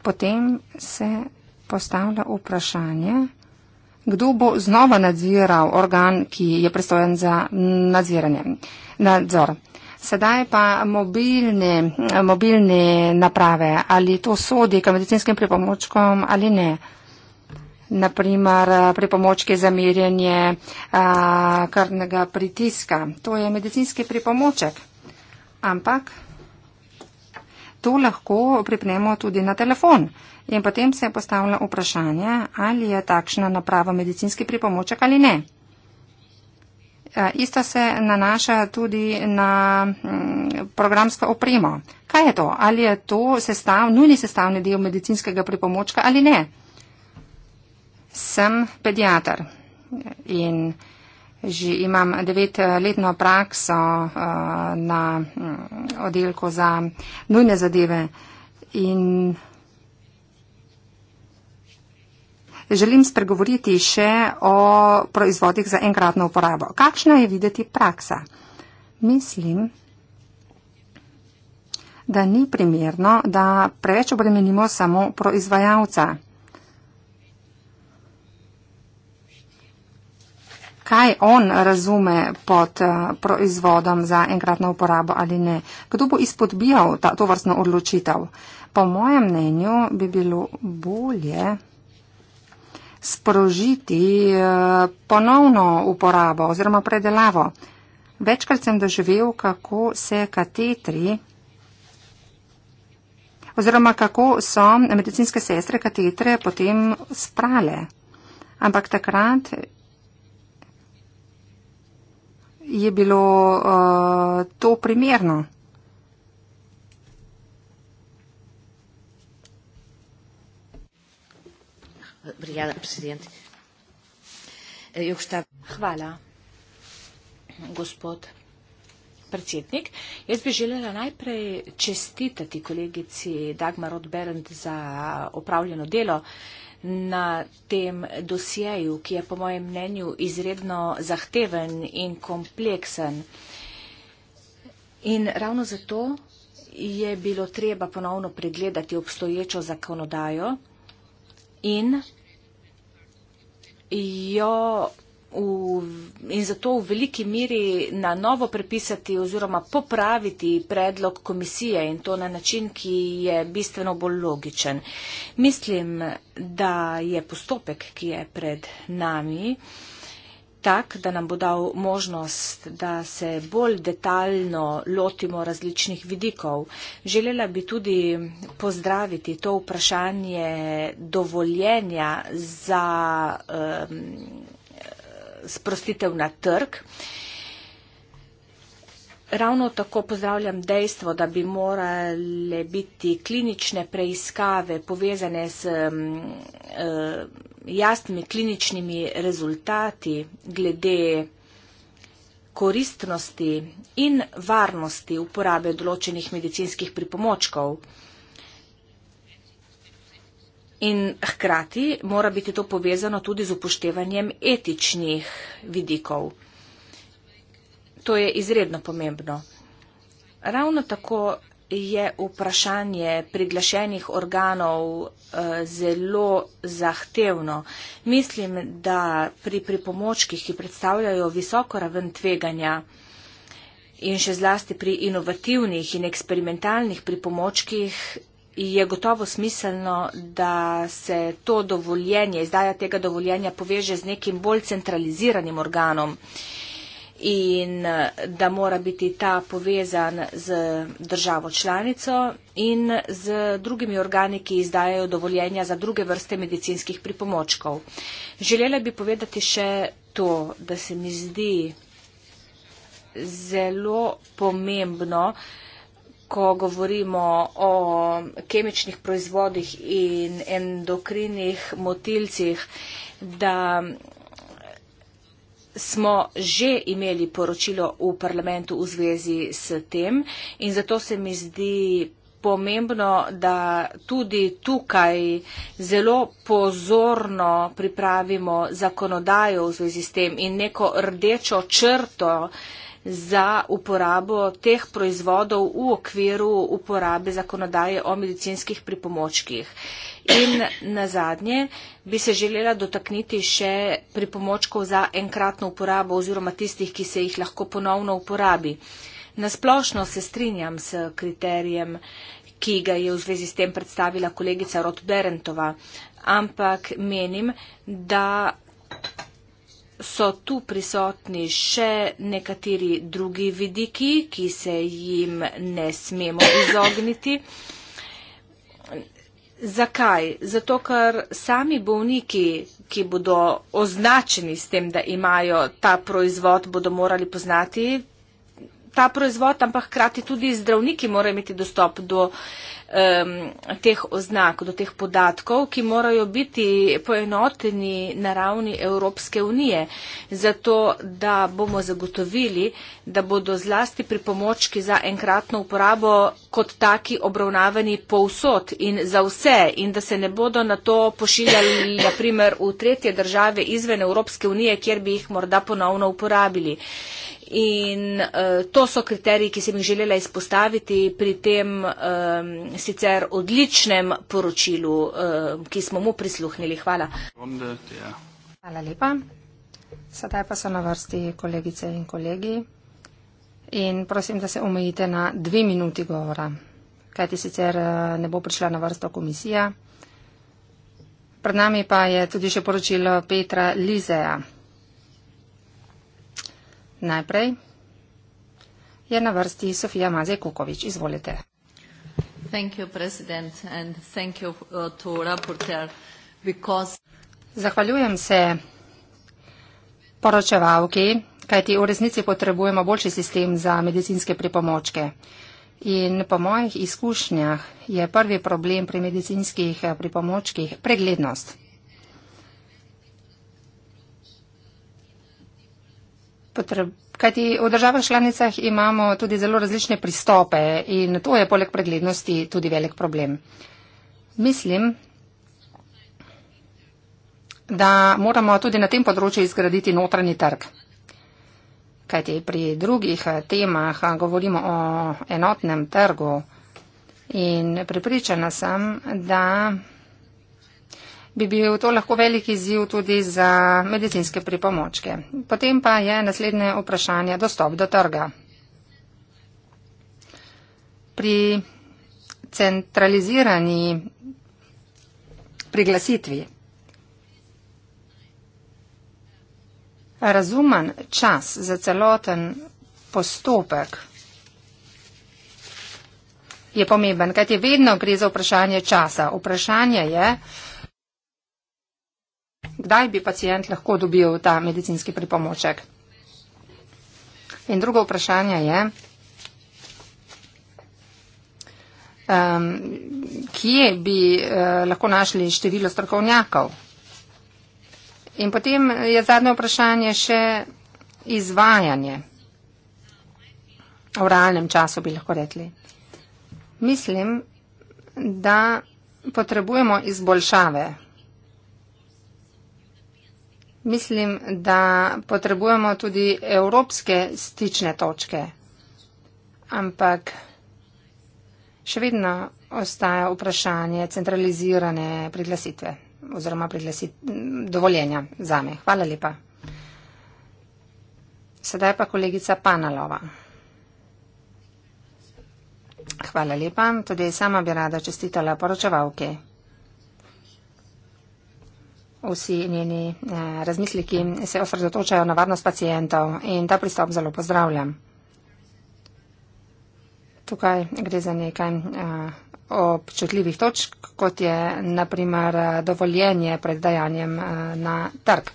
potem se postavlja vprašanje, kdo bo znova nadziral organ, ki je pristojen za nadziranje, nadzor. Sedaj pa mobilne, mobilne naprave, ali to sodi k medicinskim pripomočkom ali ne naprimer eh, pripomočke za merjenje eh, krvnega pritiska. To je medicinski pripomoček. Ampak to lahko pripnemo tudi na telefon. In potem se je postavljalo vprašanje, ali je takšna naprava medicinski pripomoček ali ne. Eh, isto se nanaša tudi na mm, programsko opremo. Kaj je to? Ali je to sestav, nujni sestavni del medicinskega pripomočka ali ne? Sem pediatar in že imam devetletno prakso eh, na mm, oddelku za nujne zadeve in želim spregovoriti še o proizvodih za enkratno uporabo. Kakšna je videti praksa? Mislim, da ni primerno, da preveč obremenimo samo proizvajalca. kaj on razume pod eh, proizvodom za enkratno uporabo ali ne. Kdo bo izpodbijal ta, to vrstno odločitev? Po mojem mnenju bi bilo bolje sprožiti eh, ponovno uporabo oziroma predelavo. Večkrat sem doživel, kako se katetri oziroma kako so medicinske sestre katetre potem sprale. Ampak takrat je bilo uh, to primerno. Obrigada, predsednik. Eh, Hvala, gospod predsednik. Jaz bi želela najprej čestitati kolegici Dagmar Odberend za opravljeno delo. Uh, na tem dosjeju, ki je po mojem mnenju izredno zahteven in kompleksen. In ravno zato je bilo treba ponovno pregledati obstoječo zakonodajo in jo v, in zato v veliki miri na novo prepisati oziroma popraviti predlog komisije in to na način, ki je bistveno bolj logičen. Mislim, da je postopek, ki je pred nami, tak, da nam bo dal možnost, da se bolj detaljno lotimo različnih vidikov. Želela bi tudi pozdraviti to vprašanje dovoljenja za. Um, sprostitev na trg. Ravno tako pozdravljam dejstvo, da bi morale biti klinične preiskave povezane s mm, eh, jasnimi kliničnimi rezultati glede koristnosti in varnosti uporabe določenih medicinskih pripomočkov. In hkrati mora biti to povezano tudi z upoštevanjem etičnih vidikov. To je izredno pomembno. Ravno tako je vprašanje priglašenih organov eh, zelo zahtevno. Mislim, da pri pripomočkih, ki predstavljajo visoko raven tveganja in še zlasti pri inovativnih in eksperimentalnih pripomočkih, je gotovo smiselno, da se to dovoljenje, izdaja tega dovoljenja poveže z nekim bolj centraliziranim organom in da mora biti ta povezan z državo članico in z drugimi organi, ki izdajajo dovoljenja za druge vrste medicinskih pripomočkov. Želela bi povedati še to, da se mi zdi zelo pomembno, ko govorimo o kemičnih proizvodih in endokrinih motilcih, da smo že imeli poročilo v parlamentu v zvezi s tem in zato se mi zdi pomembno, da tudi tukaj zelo pozorno pripravimo zakonodajo v zvezi s tem in neko rdečo črto eh, za uporabo teh proizvodov v okviru uporabe zakonodaje o medicinskih pripomočkih. In na zadnje bi se želela dotakniti še pripomočkov za enkratno uporabo oziroma tistih, ki se jih lahko ponovno uporabi. Nasplošno se strinjam s kriterijem, ki ga je v zvezi s tem predstavila kolegica Rot Berentova, ampak menim, da so tu prisotni še nekateri drugi vidiki, ki se jim ne smemo izogniti. Zakaj? Zato, ker sami bovniki, ki bodo označeni s tem, da imajo ta proizvod, bodo morali poznati ta proizvod, ampak hkrati tudi zdravniki morajo imeti dostop do eh, um, teh oznak, do teh podatkov, ki morajo biti poenoteni na ravni Evropske unije, zato da bomo zagotovili, da bodo zlasti pripomočki za enkratno uporabo kot taki obravnavani povsod in za vse in da se ne bodo na to pošiljali naprimer v tretje države izven Evropske unije, kjer bi jih morda ponovno uporabili. In uh, to so kriteriji, ki sem jih želela izpostaviti pri tem um, sicer odličnem poročilu, um, ki smo mu prisluhnili. Hvala. Ja. Hvala lepa. Sedaj pa so na vrsti kolegice in kolegi. In prosim, da se omejite na dve minuti govora, kajti sicer eh, ne bo prišla na vrsto komisija. Pred nami pa je tudi še poročilo Petra Lizeja. Najprej je na vrsti Sofija Mazej Kukovič. Izvolite. Thank you, President, and thank you uh, to rapporteur, because... Zahvaljujem se poročevalki, kajti v resnici potrebujemo boljši sistem za medicinske pripomočke. In po mojih izkušnjah je prvi problem pri medicinskih eh, pripomočkih preglednost. potreb, kajti v državah članicah imamo tudi zelo različne pristope in to je poleg preglednosti tudi velik problem. Mislim, da moramo tudi na tem področju izgraditi notranji trg. Kajti pri drugih eh, temah eh, govorimo o enotnem trgu in pripričana sem, da bi bil to lahko veliki ziv tudi za medicinske pripomočke. Potem pa je naslednje vprašanje dostop do trga. Pri centralizirani priglasitvi. Razumen čas za celoten postopek je pomemben, kajti vedno gre za vprašanje časa. Vprašanje je, kdaj bi pacijent lahko dobil ta medicinski pripomoček. In drugo vprašanje je, um, kje bi uh, lahko našli število strokovnjakov. In potem je zadnje vprašanje še izvajanje. V realnem času bi lahko rekli. Mislim, da potrebujemo izboljšave mislim, da potrebujemo tudi evropske stične točke. Ampak še vedno ostaja vprašanje centralizirane priglasitve oziroma priglasit dovoljenja za me. Hvala lepa. Sedaj pa kolegica Panalova. Hvala lepa. Tudi sama bi rada čestitala poročevalke vsi njeni eh, razmisliki se osredotočajo na varnost pacijentov in ta pristop zelo pozdravljam. Tukaj gre za nekaj eh, občutljivih točk, kot je naprimer dovoljenje pred dajanjem eh, na trg.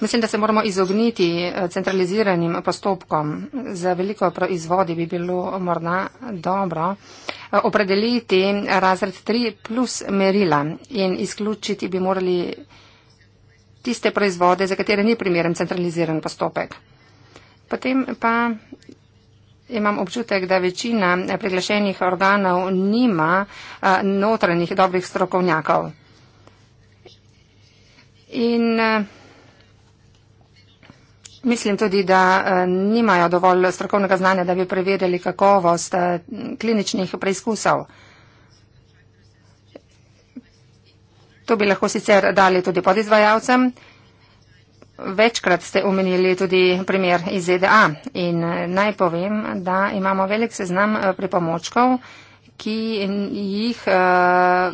Mislim, da se moramo izogniti eh, centraliziranim postopkom. Za veliko proizvodi bi bilo morda dobro eh, opredeliti razred 3 plus merila in izključiti bi morali tiste proizvode, za katere ni primeren centraliziran postopek. Potem pa imam občutek, da večina priglašenih organov nima eh, notranjih dobrih strokovnjakov. In uh, Mislim tudi, da eh, nimajo dovolj strokovnega znanja, da bi prevedeli kakovost eh, kliničnih preizkusov. To bi lahko sicer dali tudi podizvajalcem. Večkrat ste omenili tudi primer iz ZDA in eh, naj povem, da imamo velik seznam pripomočkov, ki ki jih eh,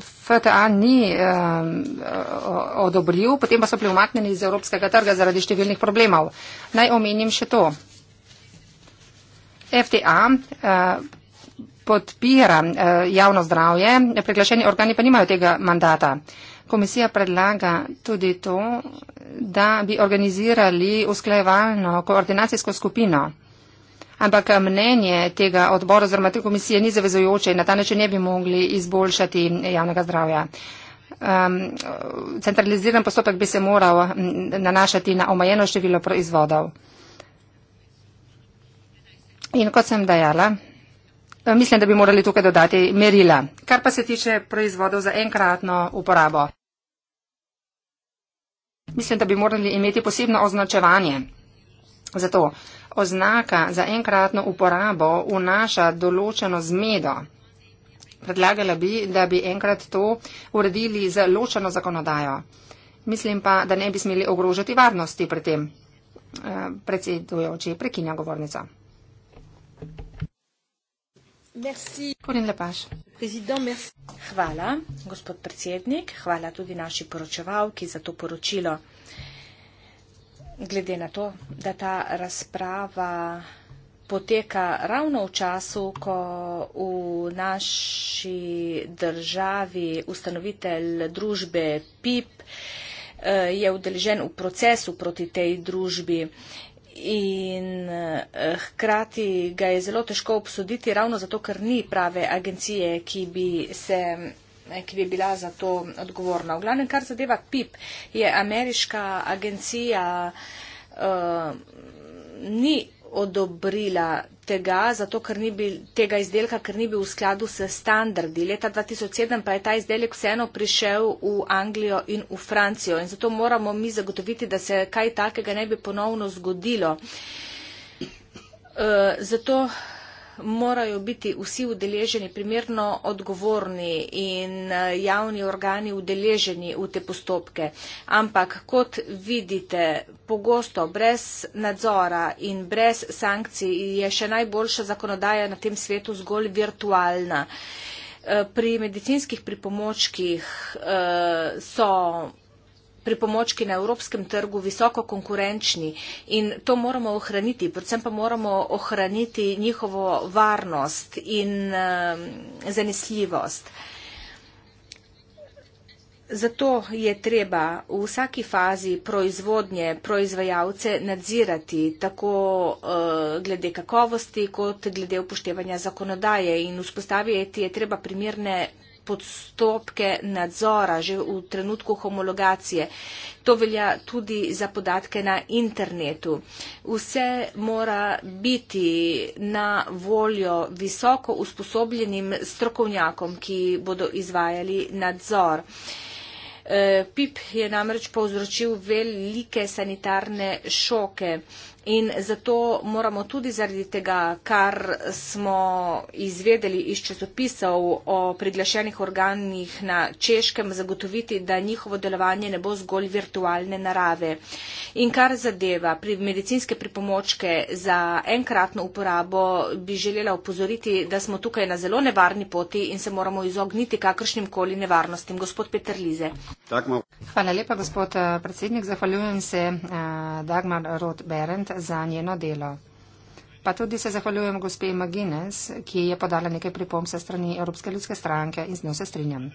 FTA ni eh, odobril, potem pa so bili umaknjeni iz evropskega trga zaradi številnih problemov. Naj omenim še to. FTA eh, podpira javno zdravje, preglašeni organi pa nimajo tega mandata. Komisija predlaga tudi to, da bi organizirali usklajevalno koordinacijsko skupino. Ampak mnenje tega odbora oziroma te komisije ni zavezojoče in na ta način ne bi mogli izboljšati javnega zdravja. Um, centraliziran postopek bi se moral nanašati na omajeno število proizvodov. In kot sem dejala, eh, mislim, da bi morali tukaj dodati merila. Kar pa se tiče proizvodov za enkratno uporabo. Mislim, da bi morali imeti posebno označevanje. Zato oznaka za enkratno uporabo vnaša določeno zmedo. Predlagala bi, da bi enkrat to uredili z ločeno zakonodajo. Mislim pa, da ne bi smeli ogrožati varnosti pri tem. Eh, predsedujoči prekinja govornica. Hvala, gospod predsednik. Hvala tudi naši poročevalki za to poročilo glede na to, da ta razprava poteka ravno v času, ko v naši državi ustanovitelj družbe PIP eh, je udeležen v procesu proti tej družbi in eh, hkrati ga je zelo težko obsoditi ravno zato, ker ni prave agencije, ki bi se ki bi bila za to odgovorna. V glavnem, kar zadeva PIP, je ameriška agencija uh, ni odobrila tega, zato, bil, tega izdelka, ker ni bil v skladu s standardi. Leta 2007 pa je ta izdelek vseeno prišel v Anglijo in v Francijo in zato moramo mi zagotoviti, da se kaj takega ne bi ponovno zgodilo. Uh, zato uh, morajo biti vsi udeleženi primerno odgovorni in eh, javni organi udeleženi v te postopke. Ampak, kot vidite, pogosto brez nadzora in brez sankcij je še najboljša zakonodaja na tem svetu zgolj virtualna. Eh, pri medicinskih pripomočkih eh, so pripomočki na evropskem trgu visoko konkurenčni in to moramo ohraniti, predvsem pa moramo ohraniti njihovo varnost in zanesljivost. Zato je treba v vsaki fazi proizvodnje proizvajalce nadzirati tako eh, glede kakovosti kot glede upoštevanja zakonodaje in vzpostaviti je treba primerne podstopke nadzora že v trenutku homologacije. To velja tudi za podatke na internetu. Vse mora biti na voljo visoko usposobljenim strokovnjakom, ki bodo izvajali nadzor. Eh, PIP je namreč povzročil velike sanitarne šoke. In zato moramo tudi zaradi tega, kar smo izvedeli iz časopisov o priglašenih organih na Češkem, zagotoviti, da njihovo delovanje ne bo zgolj virtualne narave. In kar zadeva pri medicinske pripomočke za enkratno uporabo, bi želela upozoriti, da smo tukaj na zelo nevarni poti in se moramo izogniti kakršnim koli nevarnostim. Gospod Peter Lize. Tak, Hvala lepa, gospod eh, predsednik. Zahvaljujem se eh, Dagmar Roth Berendt za njeno delo. Pa tudi se zahvaljujem gospe Magines, ki je podala nekaj pripomb se strani Evropske ljudske stranke in z njo se strinjam.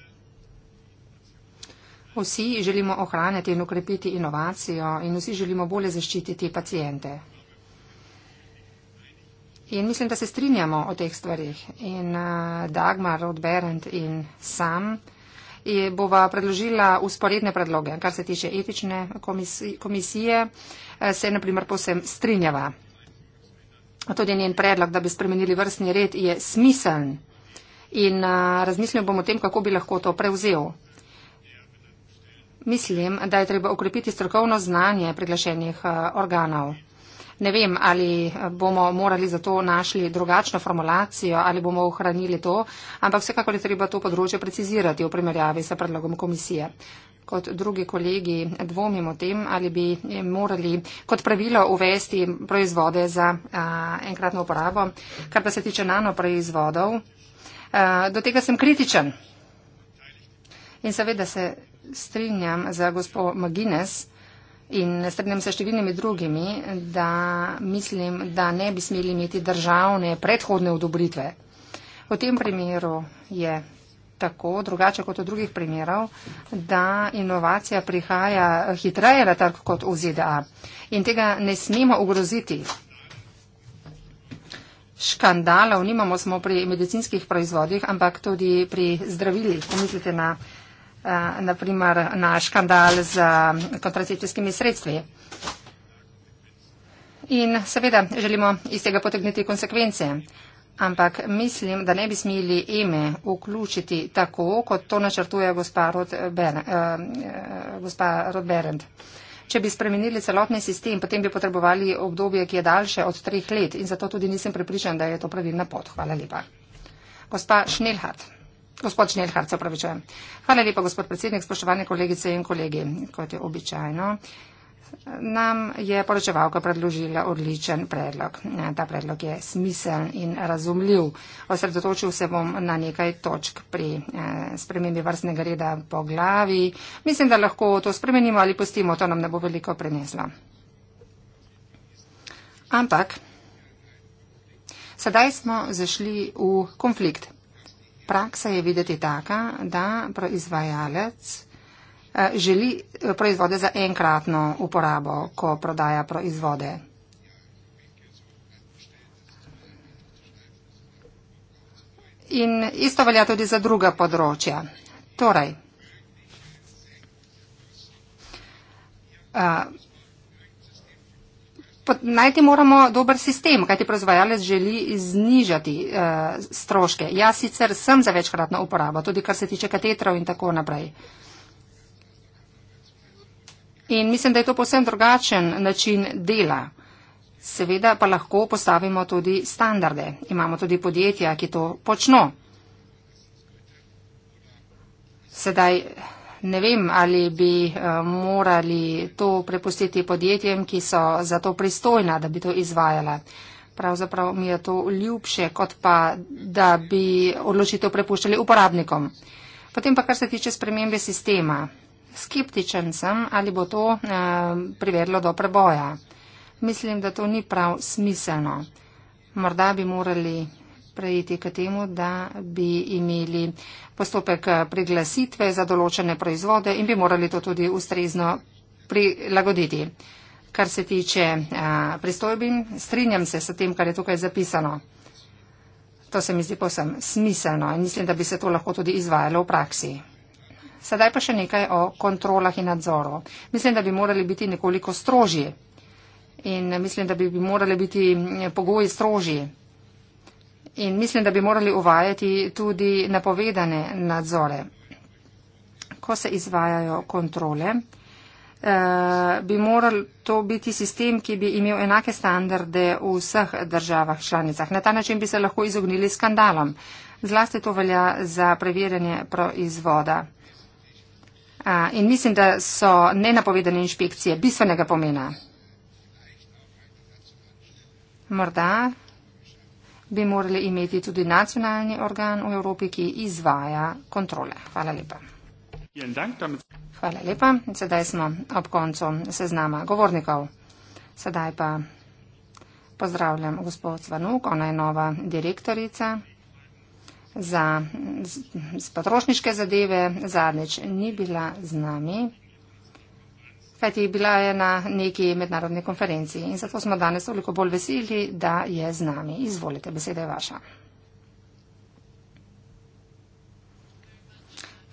Vsi želimo ohraniti in ukrepiti inovacijo in vsi želimo bolje zaščititi pacijente. In mislim, da se strinjamo o teh stvarih. In eh, Dagmar Roth Berendt in sam in bova predložila usporedne predloge, kar se tiče etične komisije, eh, se naprimer posem strinjava. Tudi njen predlog, da bi spremenili vrstni red, je smiseln in eh, razmislil bom o tem, kako bi lahko to prevzel. Mislim, da je treba ukrepiti strokovno znanje priglašenih eh, organov. Ne vem, ali bomo morali za to našli drugačno formulacijo, ali bomo ohranili to, ampak vsekakor je treba to področje precizirati v primerjavi s predlogom komisije. Kot drugi kolegi dvomimo o tem, ali bi morali kot pravilo uvesti proizvode za a, enkratno uporabo. Kar pa se tiče nanoproizvodov, a, do tega sem kritičen. In seveda se strinjam za gospod Magines. In strengam se številnimi drugimi, da mislim, da ne bi smeli imeti državne predhodne odobritve. V tem primeru je tako, drugače kot v drugih primerov, da inovacija prihaja hitreje na trg kot v ZDA. In tega ne smemo ogroziti. Škandalov nimamo samo pri medicinskih proizvodih, ampak tudi pri zdravilih. Pomislite na. Eh, naprimer na škandal z eh, kontracepcijskimi sredstvi. In seveda želimo iz tega potegniti konsekvence, ampak mislim, da ne bi smeli eme vključiti tako, kot to načrtuje eh, gospa Rod Berend. Če bi spremenili celotni sistem, potem bi potrebovali obdobje, ki je daljše od treh let in zato tudi nisem pripričan, da je to pravilna pot. Hvala lepa. Gospa Šnelhardt. Gospod Šnelhar, se pravičujem. Hvala lepa, gospod predsednik, spoštovane kolegice in kolegi, kot je običajno. Nam je poročevalka predložila odličen predlog. Ta predlog je smiseln in razumljiv. Osredotočil se bom na nekaj točk pri eh, spremembi vrstnega reda po glavi. Mislim, da lahko to spremenimo ali pustimo, to nam ne bo veliko preneslo. Ampak, sedaj smo zašli v konflikt praksa je videti taka, da proizvajalec eh, želi eh, proizvode za enkratno uporabo, ko prodaja proizvode. In isto velja tudi za druga področja. Torej, eh, najti moramo dober sistem, kajti proizvajalec želi znižati uh, stroške. Jaz sicer sem za večkratno uporabo, tudi kar se tiče katetrov in tako naprej. In mislim, da je to posebno drugačen način dela. Seveda pa lahko postavimo tudi standarde. Imamo tudi podjetja, ki to počno. Sedaj ne vem, ali bi eh, morali to prepustiti podjetjem, ki so za to pristojna, da bi to izvajala. Pravzaprav mi je to ljubše, kot pa, da bi odločitev prepuščali uporabnikom. Potem pa, kar se tiče spremembe sistema. Skeptičen sem, ali bo to eh, privedlo do preboja. Mislim, da to ni prav smiselno. Morda bi morali preiti k temu, da bi imeli postopek priglasitve za določene proizvode in bi morali to tudi ustrezno prilagoditi. Kar se tiče pristojbin, strinjam se s tem, kar je tukaj zapisano. To se mi zdi posem smiselno in mislim, da bi se to lahko tudi izvajalo v praksi. Sedaj pa še nekaj o kontrolah in nadzoru. Mislim, da bi morali biti nekoliko strožji in mislim, da bi morali biti pogoji strožji. In mislim, da bi morali uvajati tudi napovedane nadzore. Ko se izvajajo kontrole, eh, bi moral to biti sistem, ki bi imel enake standarde v vseh državah članicah. Na ta način bi se lahko izognili skandalom. Zlasti to velja za preverjanje proizvoda. In mislim, da so nenapovedane inšpekcije bistvenega pomena. Morda bi morali imeti tudi nacionalni organ v Evropi, ki izvaja kontrole. Hvala lepa. Hvala lepa. Sedaj smo ob koncu seznama govornikov. Sedaj pa pozdravljam gospod Svanuk, ona je nova direktorica za potrošniške zadeve. Zadnjič ni bila z nami kajti bila je na neki mednarodni konferenci in zato smo danes toliko bolj veseli, da je z nami. Izvolite, beseda je vaša.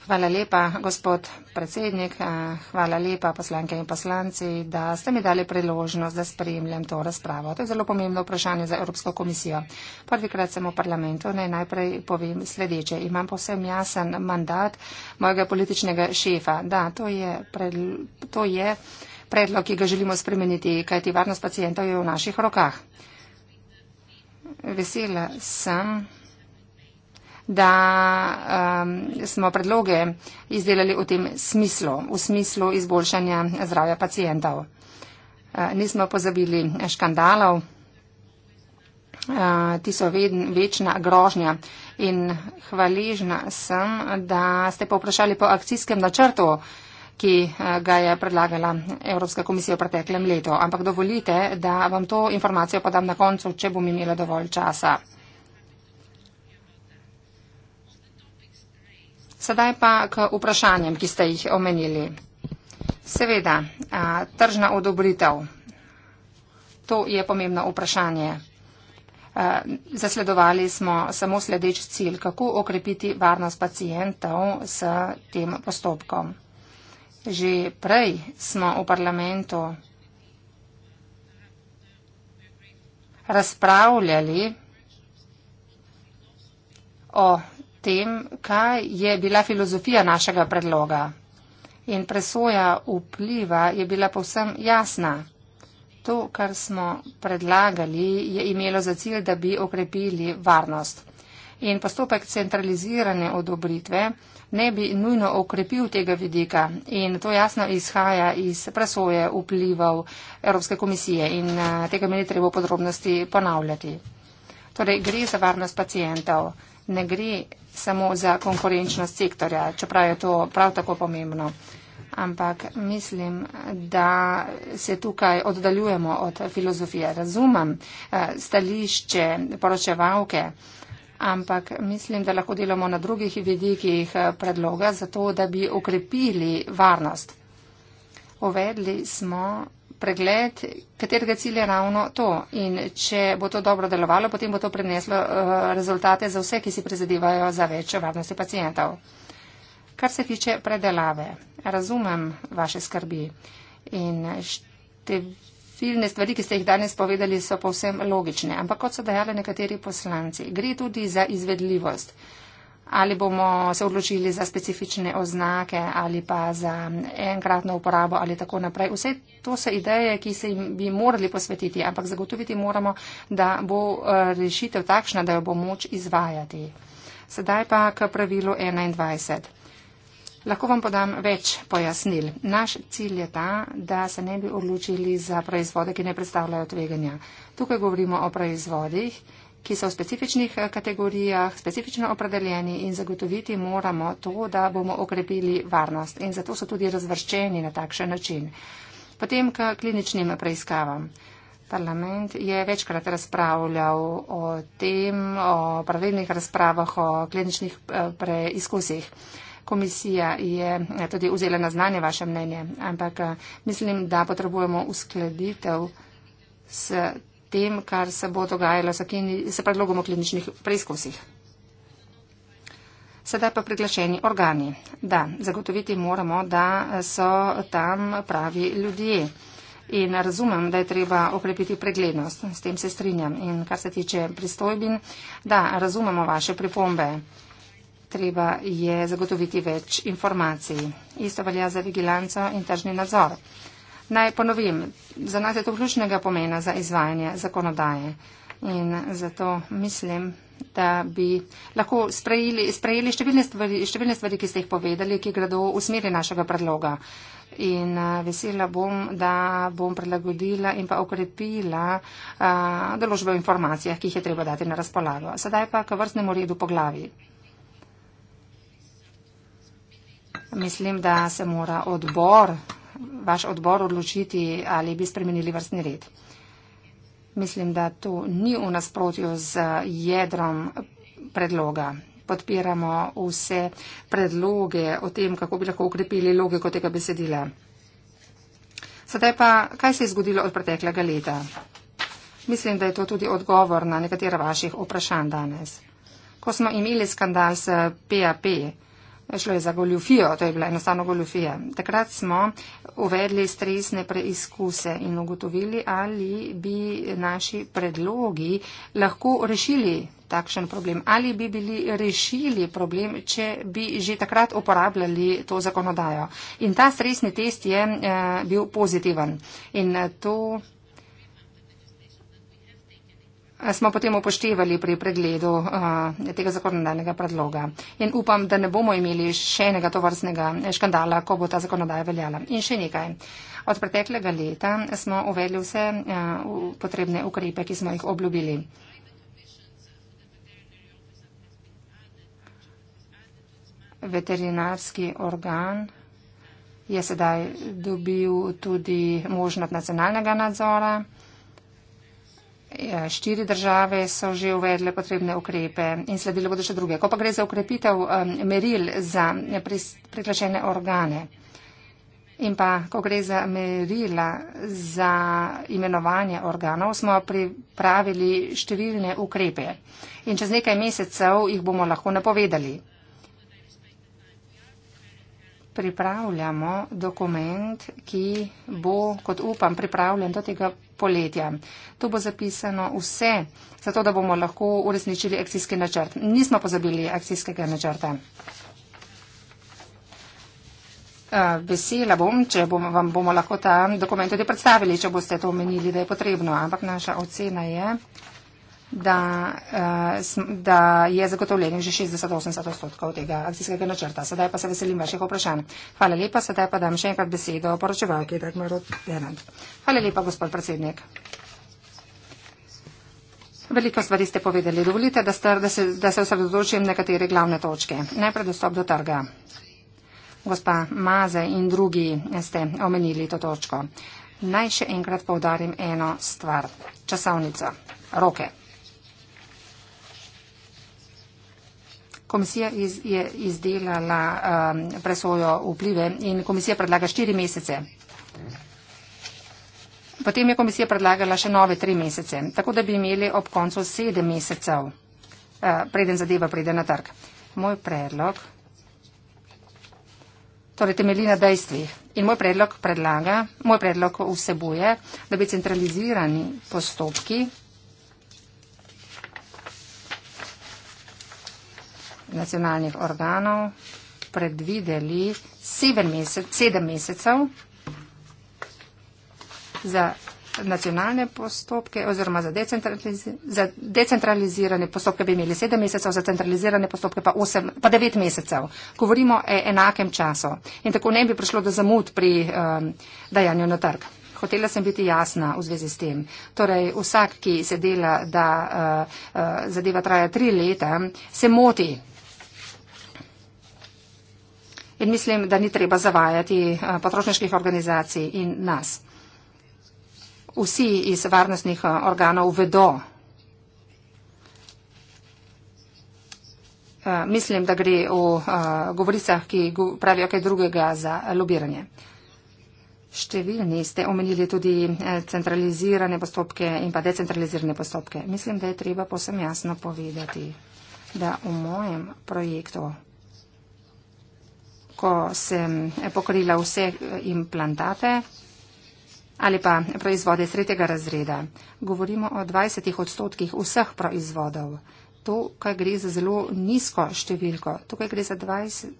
Hvala lepa, gospod predsednik. Eh, hvala lepa, poslanke in poslanci, da ste mi dali priložnost, da spremljam to razpravo. To je zelo pomembno vprašanje za Evropsko komisijo. Prvikrat sem v parlamentu. Naj najprej povem sledeče. Imam posebno jasen mandat mojega političnega šefa. Da, to je. Predl to je predlog, ki ga želimo spremeniti, kajti varnost pacijentov je v naših rokah. Vesela sem, da um, smo predloge izdelali v tem smislu, v smislu izboljšanja zdravja pacijentov. Uh, nismo pozabili škandalov. Uh, ti so ved, večna grožnja in hvaležna sem, da ste povprašali po akcijskem načrtu, ki uh, ga je predlagala Evropska komisija v preteklem letu. Ampak dovolite, da vam to informacijo podam na koncu, če bom imela dovolj časa. Sedaj pa k vprašanjem, ki ste jih omenili. Seveda, a, tržna odobritev. To je pomembno vprašanje. Zasledovali smo samo sledeč cilj, kako okrepiti varnost pacijentov s tem postopkom. Že prej smo v parlamentu razpravljali o tem, kaj je bila filozofija našega predloga. In presoja vpliva je bila povsem jasna. To, kar smo predlagali, je imelo za cilj, da bi okrepili varnost. In postopek centralizirane odobritve ne bi nujno okrepil tega vidika. In to jasno izhaja iz presoje vplivov Evropske komisije. In eh, tega mi ne treba v podrobnosti ponavljati. Torej, gre za varnost pacijentov ne gre samo za konkurenčnost sektorja, čeprav je to prav tako pomembno. Ampak mislim, da se tukaj oddaljujemo od filozofije. Razumem eh, stališče poročevalke, ampak mislim, da lahko delamo na drugih vidikih eh, predloga, zato da bi ukrepili varnost. Uvedli smo pregled, katerega cilja je ravno to. In če bo to dobro delovalo, potem bo to prineslo uh, rezultate za vse, ki si prizadevajo za več varnosti pacijentov. Kar se tiče predelave, razumem vaše skrbi in številne stvari, ki ste jih danes povedali, so povsem logične. Ampak kot so dejali nekateri poslanci, gre tudi za izvedljivost ali bomo se odločili za specifične oznake ali pa za enkratno uporabo ali tako naprej. Vse to so ideje, ki se jim bi morali posvetiti, ampak zagotoviti moramo, da bo eh, rešitev takšna, da jo bo moč izvajati. Sedaj pa k pravilu 21. Lahko vam podam več pojasnil. Naš cilj je ta, da se ne bi odločili za proizvode, ki ne predstavljajo tveganja. Tukaj govorimo o proizvodih, ki so v specifičnih eh, kategorijah, specifično opredeljeni in zagotoviti moramo to, da bomo okrepili varnost. In zato so tudi razvrščeni na takšen način. Potem k kliničnim preiskavam. Parlament je večkrat razpravljal o tem, o pravilnih razpravah o kliničnih eh, preizkusih. Komisija je eh, tudi vzela na znanje vaše mnenje, ampak mislim, da potrebujemo uskladitev s tem, kar se bo dogajalo s, klini, s predlogom o kliničnih preizkusih. Sedaj pa priglašeni organi. Da, zagotoviti moramo, da so tam pravi ljudje. In razumem, da je treba okrepiti preglednost, s tem se strinjam. In kar se tiče pristojbin, da, razumemo vaše pripombe. Treba je zagotoviti več informacij. Isto velja za vigilanco in tržni nadzor. Naj ponovim, za nas je to ključnega pomena za izvajanje zakonodaje in zato mislim, da bi lahko sprejeli, sprejeli številne, stvari, številne stvari, ki ste jih povedali, ki gredo v smeri našega predloga. In eh, vesela bom, da bom prilagodila in pa okrepila eh, določbe o informacijah, ki jih je treba dati na razpolago. Sedaj pa k vrstnemu redu po glavi. Mislim, da se mora odbor vaš odbor odločiti, ali bi spremenili vrstni red. Mislim, da to ni v nasprotju z jedrom predloga. Podpiramo vse predloge o tem, kako bi lahko ukrepili logiko tega besedila. Sedaj pa, kaj se je zgodilo od preteklega leta? Mislim, da je to tudi odgovor na nekatera vaših vprašanj danes. Ko smo imeli skandal s PAP, Šlo je za goljufijo, to je bila enostavno goljufija. Takrat smo uvedli stresne preizkuse in ugotovili, ali bi naši predlogi lahko rešili takšen problem, ali bi bili rešili problem, če bi že takrat uporabljali to zakonodajo. In ta stresni test je eh, bil pozitiven. In eh, to smo potem upoštevali pri pregledu uh, tega zakonodajnega predloga. In upam, da ne bomo imeli še enega tovrstnega škandala, ko bo ta zakonodaja veljala. In še nekaj. Od preteklega leta smo uvedli vse uh, potrebne ukrepe, ki smo jih obljubili. Veterinarski organ je sedaj dobil tudi možnost nacionalnega nadzora. Ja, štiri države so že uvedle potrebne ukrepe in sledile bodo še druge. Ko pa gre za ukrepitev um, meril za priklašene organe in pa ko gre za merila za imenovanje organov, smo pripravili številne ukrepe in čez nekaj mesecev jih bomo lahko napovedali pripravljamo dokument, ki bo, kot upam, pripravljen do tega poletja. Tu bo zapisano vse, zato da bomo lahko uresničili akcijski načrt. Nismo pozabili akcijskega načrta. Vesela bom, če bom, vam bomo lahko ta dokument tudi predstavili, če boste to omenili, da je potrebno, ampak naša ocena je, da, eh, da je zagotovljenih že 60-80 odstotkov tega akcijskega načrta. Sedaj pa se veselim vaših vprašanj. Hvala lepa, sedaj pa dam še enkrat besedo poročevalki Dagmar Denant. Hvala lepa, gospod predsednik. Veliko stvari ste povedali. Dovolite, da, star, da, se, da se osredotočim nekatere glavne točke. Najprej dostop do trga. Gospa Maze in drugi ste omenili to točko. Naj še enkrat povdarim eno stvar. Časovnica. Roke. Komisija iz, je izdelala um, presojo vplive in komisija predlaga štiri mesece. Potem je komisija predlagala še nove tri mesece, tako da bi imeli ob koncu sedem mesecev, uh, preden zadeva pride na trg. Moj predlog torej temelji na dejstvih in moj predlog, predlaga, moj predlog vsebuje, da bi centralizirani postopki nacionalnih organov predvideli mesec, sedem mesecev za nacionalne postopke oziroma za, decentraliz za decentralizirane postopke bi imeli sedem mesecev, za centralizirane postopke pa, osem, pa devet mesecev. Govorimo o enakem času in tako ne bi prišlo do zamud pri um, dajanju na trg. Hotela sem biti jasna v zvezi s tem. Torej, vsak, ki se dela, da uh, uh, zadeva traja tri leta, se moti in mislim, da ni treba zavajati eh, potrošniških organizacij in nas. Vsi iz varnostnih eh, organov vedo. Eh, mislim, da gre v govoricah, ki pravijo kaj drugega za lobiranje. Številni ste omenili tudi centralizirane postopke in pa decentralizirane postopke. Mislim, da je treba posem jasno povedati, da v mojem projektu ko sem pokrila vse implantate ali pa proizvode tretjega razreda. Govorimo o 20 odstotkih vseh proizvodov. Tukaj gre za zelo nizko številko. Tukaj gre za 20.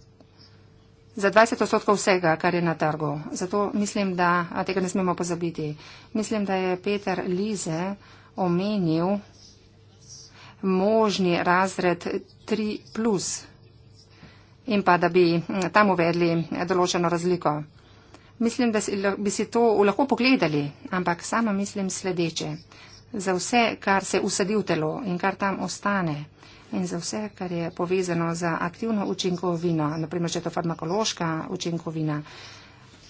Za 20 odstotkov vsega, kar je na trgu. Zato mislim, da tega ne smemo pozabiti. Mislim, da je Peter Lize omenil možni razred 3 in pa da bi mm, tam uvedli eh, določeno razliko. Mislim, da bi si to lahko pogledali, ampak sama mislim sledeče. Za vse, kar se usedi v telo in kar tam ostane in za vse, kar je povezano z aktivno učinkovino, naprimer, če je to farmakološka učinkovina,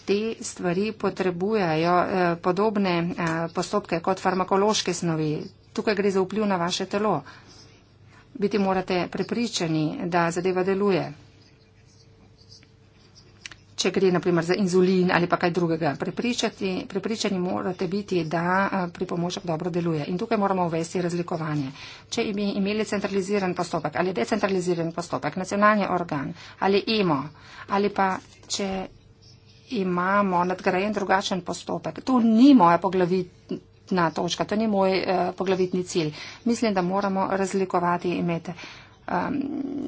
te stvari potrebujajo eh, podobne eh, postopke kot farmakološke snovi. Tukaj gre za vpliv na vaše telo. Biti morate prepričani, da zadeva deluje če gre naprimer za inzulin ali pa kaj drugega, prepričati, prepričani morate biti, da eh, pripomoček dobro deluje. In tukaj moramo uvesti razlikovanje. Če bi imeli centraliziran postopek ali decentraliziran postopek, nacionalni organ ali EMO ali pa če imamo nadgrajen drugačen postopek, to ni moja poglavit. Na točka. To ni moj uh, poglavitni cilj. Mislim, da moramo razlikovati med um,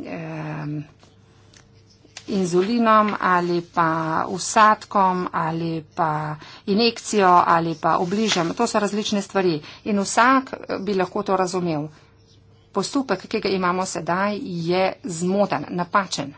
um, inzulinom ali pa usadkom ali pa injekcijo ali pa obližem. To so različne stvari in vsak eh, bi lahko to razumel. Postopek, ki ga imamo sedaj, je zmoden, napačen.